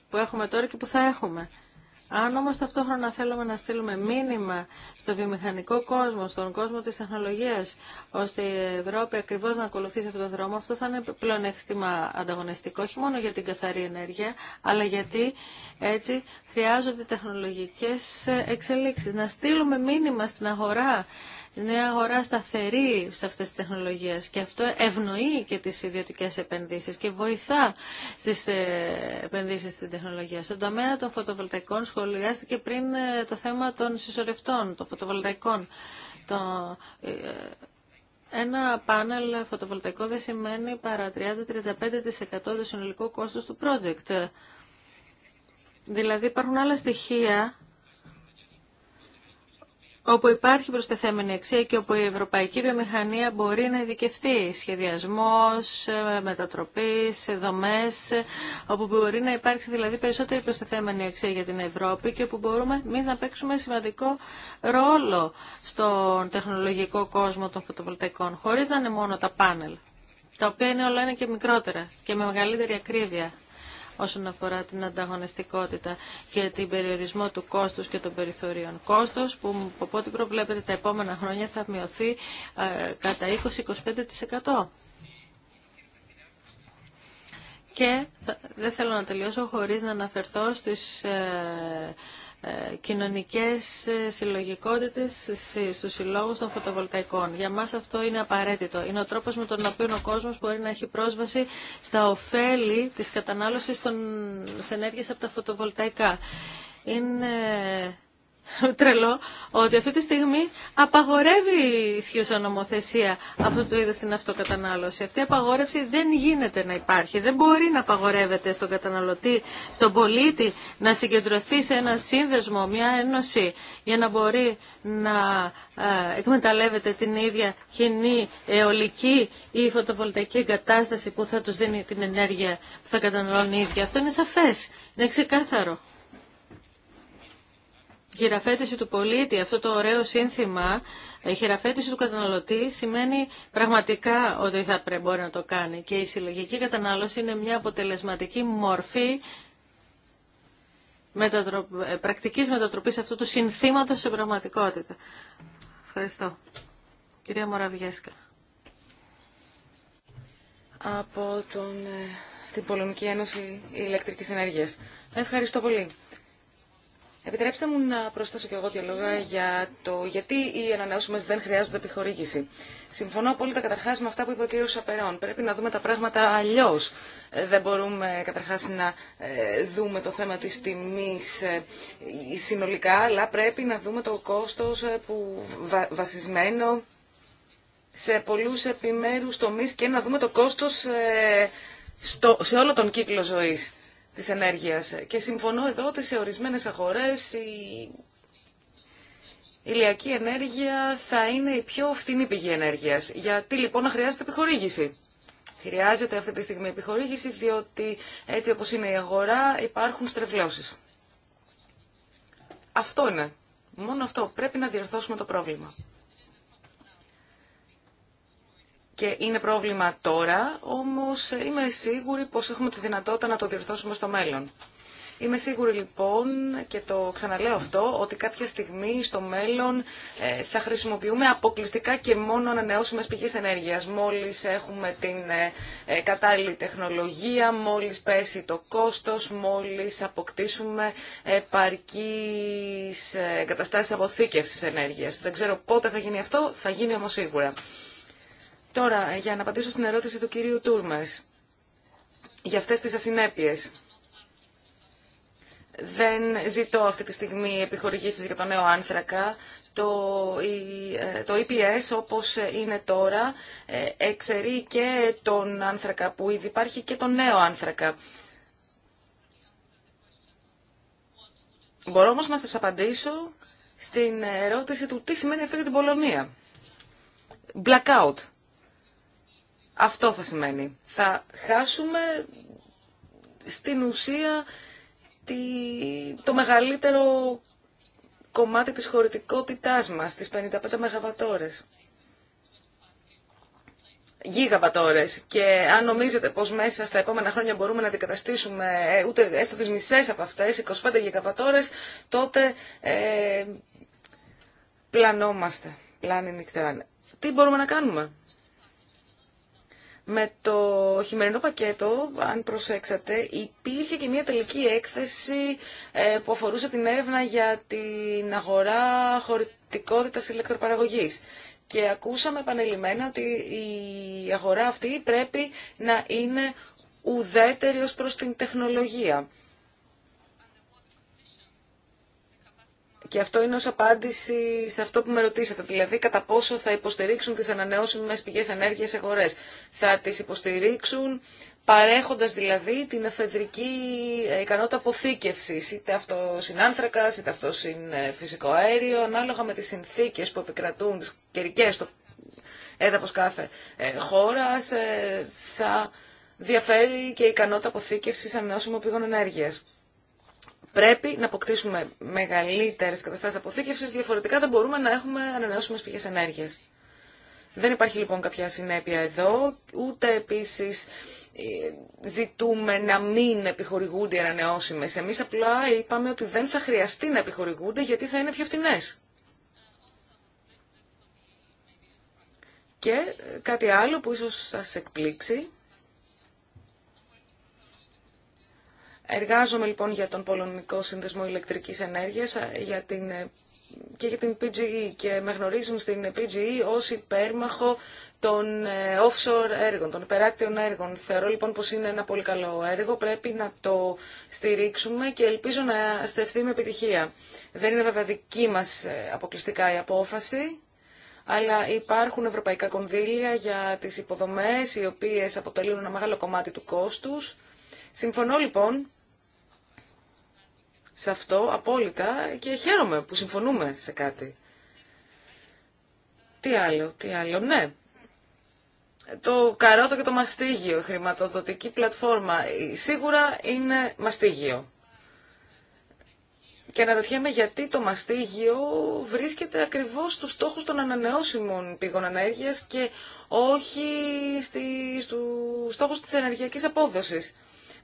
που έχουμε τώρα και που θα έχουμε. Αν όμως ταυτόχρονα θέλουμε να στείλουμε μήνυμα στο βιομηχανικό κόσμο, στον κόσμο της τεχνολογίας, ώστε η Ευρώπη ακριβώς να ακολουθήσει αυτό το δρόμο, αυτό θα είναι πλεονέκτημα ανταγωνιστικό, όχι μόνο για την καθαρή ενέργεια, αλλά γιατί έτσι χρειάζονται τεχνολογικές εξελίξεις. Να στείλουμε μήνυμα στην αγορά νέα αγορά σταθερή σε αυτές τις τεχνολογίες και αυτό ευνοεί και τις ιδιωτικές επενδύσεις και βοηθά στις ε, επενδύσεις στην τεχνολογία. Στον τομέα των φωτοβολταϊκών σχολιάστηκε πριν ε, το θέμα των συσσωρευτών, των φωτοβολταϊκών. Το, ε, ένα πάνελ φωτοβολταϊκό δεν σημαίνει παρά 30-35% του συνολικού κόστος του project. Δηλαδή υπάρχουν άλλα στοιχεία όπου υπάρχει προστεθέμενη αξία και όπου η ευρωπαϊκή βιομηχανία μπορεί να ειδικευτεί. Σχεδιασμός, ε, μετατροπής, ε, δομές, ε, όπου μπορεί να υπάρξει δηλαδή περισσότερη προστεθέμενη αξία για την Ευρώπη και όπου μπορούμε εμεί να παίξουμε σημαντικό ρόλο στον τεχνολογικό κόσμο των φωτοβολταϊκών, χωρίς να είναι μόνο τα πάνελ τα οποία είναι όλα ένα και μικρότερα και με μεγαλύτερη ακρίβεια όσον αφορά την ανταγωνιστικότητα και την περιορισμό του κόστους και των περιθωρίων. Κόστος που από ό,τι προβλέπετε τα επόμενα χρόνια θα μειωθεί ε, κατά 20-25%. Και δεν θέλω να τελειώσω χωρίς να αναφερθώ στις ε, ε, κοινωνικές ε, συλλογικότητες στους συλλόγους των φωτοβολταϊκών. Για μας αυτό είναι απαραίτητο. Είναι ο τρόπος με τον οποίο ο κόσμος μπορεί να έχει πρόσβαση στα ωφέλη της κατανάλωσης των ενέργειας από τα φωτοβολταϊκά. Είναι τρελό ότι αυτή τη στιγμή απαγορεύει η ισχύουσα νομοθεσία αυτού του είδους την αυτοκατανάλωση. Αυτή η απαγόρευση δεν γίνεται να υπάρχει. Δεν μπορεί να απαγορεύεται στον καταναλωτή, στον πολίτη να συγκεντρωθεί σε ένα σύνδεσμο, μια ένωση για να μπορεί να ε, εκμεταλλεύεται την ίδια κοινή αιωλική ή φωτοβολταϊκή εγκατάσταση που θα τους δίνει την ενέργεια που θα καταναλώνει η ίδια. Αυτό είναι σαφές, είναι ξεκάθαρο χειραφέτηση του πολίτη, αυτό το ωραίο σύνθημα, η ε, χειραφέτηση του καταναλωτή σημαίνει πραγματικά ότι θα πρέπει μπορεί να το κάνει. Και η συλλογική κατανάλωση είναι μια αποτελεσματική μορφή μετατροπ... Ε, πρακτικής μετατροπής αυτού του συνθήματος σε πραγματικότητα. Ευχαριστώ. Κυρία Μοραβιέσκα. Από τον, ε, την Πολωνική Ένωση Ηλεκτρικής Ενέργειας. Ευχαριστώ πολύ. Επιτρέψτε μου να προσθέσω και εγώ δύο λόγια για το γιατί οι ανανεώσιμε δεν χρειάζονται επιχορήγηση. Συμφωνώ απόλυτα καταρχά με αυτά που είπε ο κ. Σαπερών. Πρέπει να δούμε τα πράγματα αλλιώ. Ε, δεν μπορούμε καταρχά να ε, δούμε το θέμα τη τιμή ε, συνολικά, αλλά πρέπει να δούμε το κόστο που βασισμένο σε πολλού επιμέρου τομεί και να δούμε το κόστο σε όλο τον κύκλο ζωή της ενέργειας. Και συμφωνώ εδώ ότι σε ορισμένες αγορές η ηλιακή ενέργεια θα είναι η πιο φτηνή πηγή ενέργειας. Γιατί λοιπόν να χρειάζεται επιχορήγηση. Χρειάζεται αυτή τη στιγμή επιχορήγηση διότι έτσι όπως είναι η αγορά υπάρχουν στρεβλώσεις. Αυτό είναι. Μόνο αυτό. Πρέπει να διορθώσουμε το πρόβλημα. και είναι πρόβλημα τώρα, όμως είμαι σίγουρη πως έχουμε τη δυνατότητα να το διορθώσουμε στο μέλλον. Είμαι σίγουρη λοιπόν, και το ξαναλέω αυτό, ότι κάποια στιγμή στο μέλλον ε, θα χρησιμοποιούμε αποκλειστικά και μόνο ανανεώσιμες πηγές ενέργειας. Μόλις έχουμε την ε, ε, κατάλληλη τεχνολογία, μόλις πέσει το κόστος, μόλις αποκτήσουμε επαρκείς εγκαταστάσεις αποθήκευσης ενέργειας. Δεν ξέρω πότε θα γίνει αυτό, θα γίνει όμως σίγουρα. Τώρα, για να απαντήσω στην ερώτηση του κυρίου Τούρμες για αυτές τις ασυνέπειες. Δεν ζητώ αυτή τη στιγμή επιχορηγήσεις για τον νέο άνθρακα. Το, ε, το EPS όπως είναι τώρα ε, εξαιρεί και τον άνθρακα που ήδη υπάρχει και τον νέο άνθρακα. Μπορώ όμως να σας απαντήσω στην ερώτηση του τι σημαίνει αυτό για την Πολωνία. Blackout. Αυτό θα σημαίνει. Θα χάσουμε στην ουσία το μεγαλύτερο κομμάτι της χωρητικότητάς μας, τις 55 μεγαβατόρες. Γίγαβατόρες. Και αν νομίζετε πως μέσα στα επόμενα χρόνια μπορούμε να αντικαταστήσουμε ε, ούτε έστω τις μισές από αυτές, 25 γίγαβατόρες, τότε ε, πλανόμαστε. Πλάνη νυχτεράνε. Τι μπορούμε να κάνουμε με το χειμερινό πακέτο, αν προσέξατε, υπήρχε και μια τελική έκθεση ε, που αφορούσε την έρευνα για την αγορά χωρητικότητας ηλεκτροπαραγωγής. Και ακούσαμε επανελειμμένα ότι η αγορά αυτή πρέπει να είναι ουδέτερη ως προς την τεχνολογία. Και αυτό είναι ως απάντηση σε αυτό που με ρωτήσατε, δηλαδή κατά πόσο θα υποστηρίξουν τις ανανεώσιμες πηγές ενέργειας χωρές. Θα τις υποστηρίξουν παρέχοντας δηλαδή την εφεδρική ικανότητα αποθήκευσης, είτε αυτό είναι άνθρακας, είτε αυτό είναι φυσικό αέριο, ανάλογα με τις συνθήκες που επικρατούν, τις καιρικέ στο έδαφος κάθε ε, χώρας, ε, θα διαφέρει και η ικανότητα αποθήκευσης ανανεώσιμων πηγών ενέργειας. Πρέπει να αποκτήσουμε μεγαλύτερε καταστάσει αποθήκευση, διαφορετικά δεν μπορούμε να έχουμε ανανεώσιμε πηγέ ενέργεια. Δεν υπάρχει λοιπόν κάποια συνέπεια εδώ, ούτε επίση ε, ζητούμε να μην επιχορηγούνται οι ανανεώσιμε. Εμεί απλά είπαμε ότι δεν θα χρειαστεί να επιχορηγούνται γιατί θα είναι πιο φθηνέ. Και ε, κάτι άλλο που ίσως σας εκπλήξει, Εργάζομαι λοιπόν για τον Πολωνικό Σύνδεσμο Ηλεκτρικής Ενέργειας ε, ε, και για την PGE και με γνωρίζουν στην PGE ως υπέρμαχο των ε, offshore έργων, των υπεράκτιων έργων. Θεωρώ λοιπόν πως είναι ένα πολύ καλό έργο, πρέπει να το στηρίξουμε και ελπίζω να στεφθεί με επιτυχία. Δεν είναι βέβαια δική μας αποκλειστικά η απόφαση, αλλά υπάρχουν ευρωπαϊκά κονδύλια για τις υποδομές, οι οποίες αποτελούν ένα μεγάλο κομμάτι του κόστους. Συμφωνώ λοιπόν σε αυτό απόλυτα και χαίρομαι που συμφωνούμε σε κάτι. Τι άλλο, τι άλλο, ναι. Το καρότο και το μαστίγιο, η χρηματοδοτική πλατφόρμα, σίγουρα είναι μαστίγιο. Και αναρωτιέμαι γιατί το μαστίγιο βρίσκεται ακριβώς στους στόχους των ανανεώσιμων πηγών ενέργειας και όχι στους στόχους της ενεργειακής απόδοσης.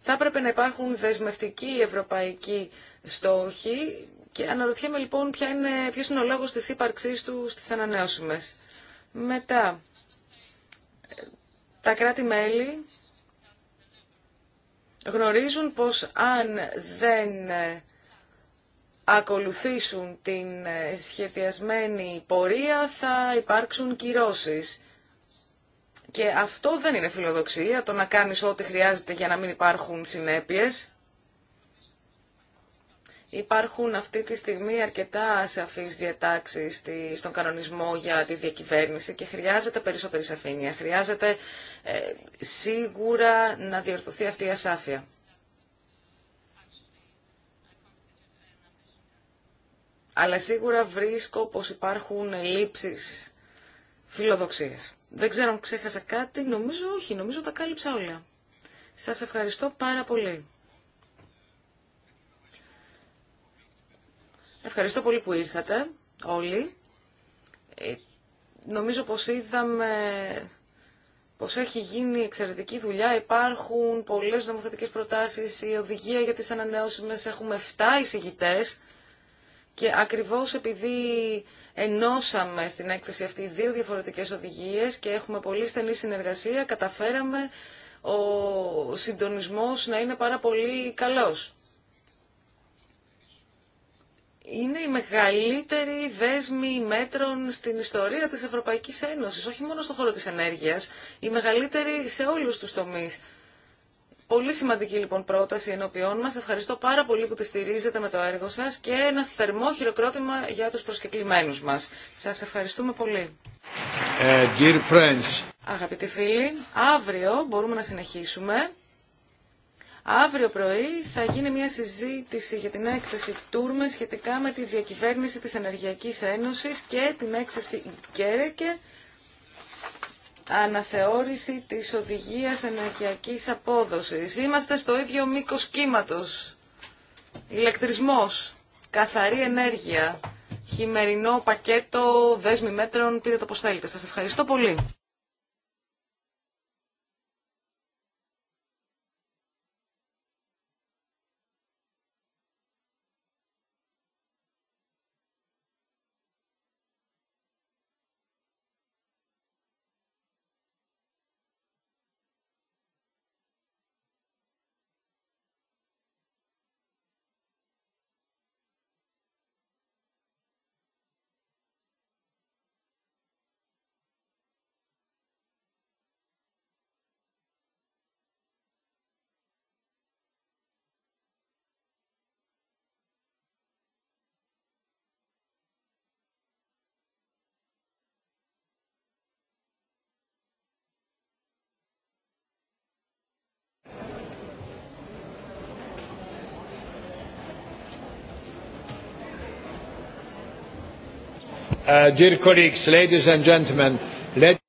Θα έπρεπε να υπάρχουν δεσμευτικοί ευρωπαϊκοί στόχοι και αναρωτιέμαι λοιπόν ποια είναι, ποιος είναι ο λόγος της ύπαρξής του στις ανανεώσιμες. Μετά, τα κράτη-μέλη γνωρίζουν πως αν δεν ακολουθήσουν την σχεδιασμένη πορεία θα υπάρξουν κυρώσεις. Και αυτό δεν είναι φιλοδοξία, το να κάνεις ό,τι χρειάζεται για να μην υπάρχουν συνέπειες. Υπάρχουν αυτή τη στιγμή αρκετά σαφείς διατάξεις στον κανονισμό για τη διακυβέρνηση και χρειάζεται περισσότερη σαφήνεια. Χρειάζεται ε, σίγουρα να διορθωθεί αυτή η ασάφεια. Αλλά σίγουρα βρίσκω πως υπάρχουν λήψεις φιλοδοξίες. Δεν ξέρω αν ξέχασα κάτι. Νομίζω όχι. Νομίζω τα κάλυψα όλα. Σας ευχαριστώ πάρα πολύ. Ευχαριστώ πολύ που ήρθατε όλοι. Ε, νομίζω πως είδαμε πως έχει γίνει εξαιρετική δουλειά. Υπάρχουν πολλές νομοθετικές προτάσεις, η οδηγία για τις ανανεώσιμες έχουμε 7 εισηγητές. Και ακριβώς επειδή ενώσαμε στην έκθεση αυτή δύο διαφορετικές οδηγίες και έχουμε πολύ στενή συνεργασία, καταφέραμε ο συντονισμός να είναι πάρα πολύ καλός. Είναι η μεγαλύτερη δέσμη μέτρων στην ιστορία της Ευρωπαϊκής Ένωσης, όχι μόνο στον χώρο της ενέργειας, η μεγαλύτερη σε όλους τους τομείς. Πολύ σημαντική λοιπόν πρόταση ενώπιών μας. Ευχαριστώ πάρα πολύ που τη στηρίζετε με το έργο σας και ένα θερμό χειροκρότημα για τους προσκεκλημένους μας. Σας ευχαριστούμε πολύ. Ε, dear friends. Αγαπητοί φίλοι, αύριο μπορούμε να συνεχίσουμε. Αύριο πρωί θα γίνει μια συζήτηση για την έκθεση Τούρμε σχετικά με τη διακυβέρνηση της Ενεργειακής Ένωσης και την έκθεση Γκέρεκε αναθεώρηση της οδηγίας ενεργειακής απόδοσης. Είμαστε στο ίδιο μήκος κύματος. Ηλεκτρισμός, καθαρή ενέργεια, χειμερινό πακέτο δέσμη μέτρων, πείτε το πώς θέλετε. Σας ευχαριστώ πολύ. Dear colleagues, ladies and gentlemen, let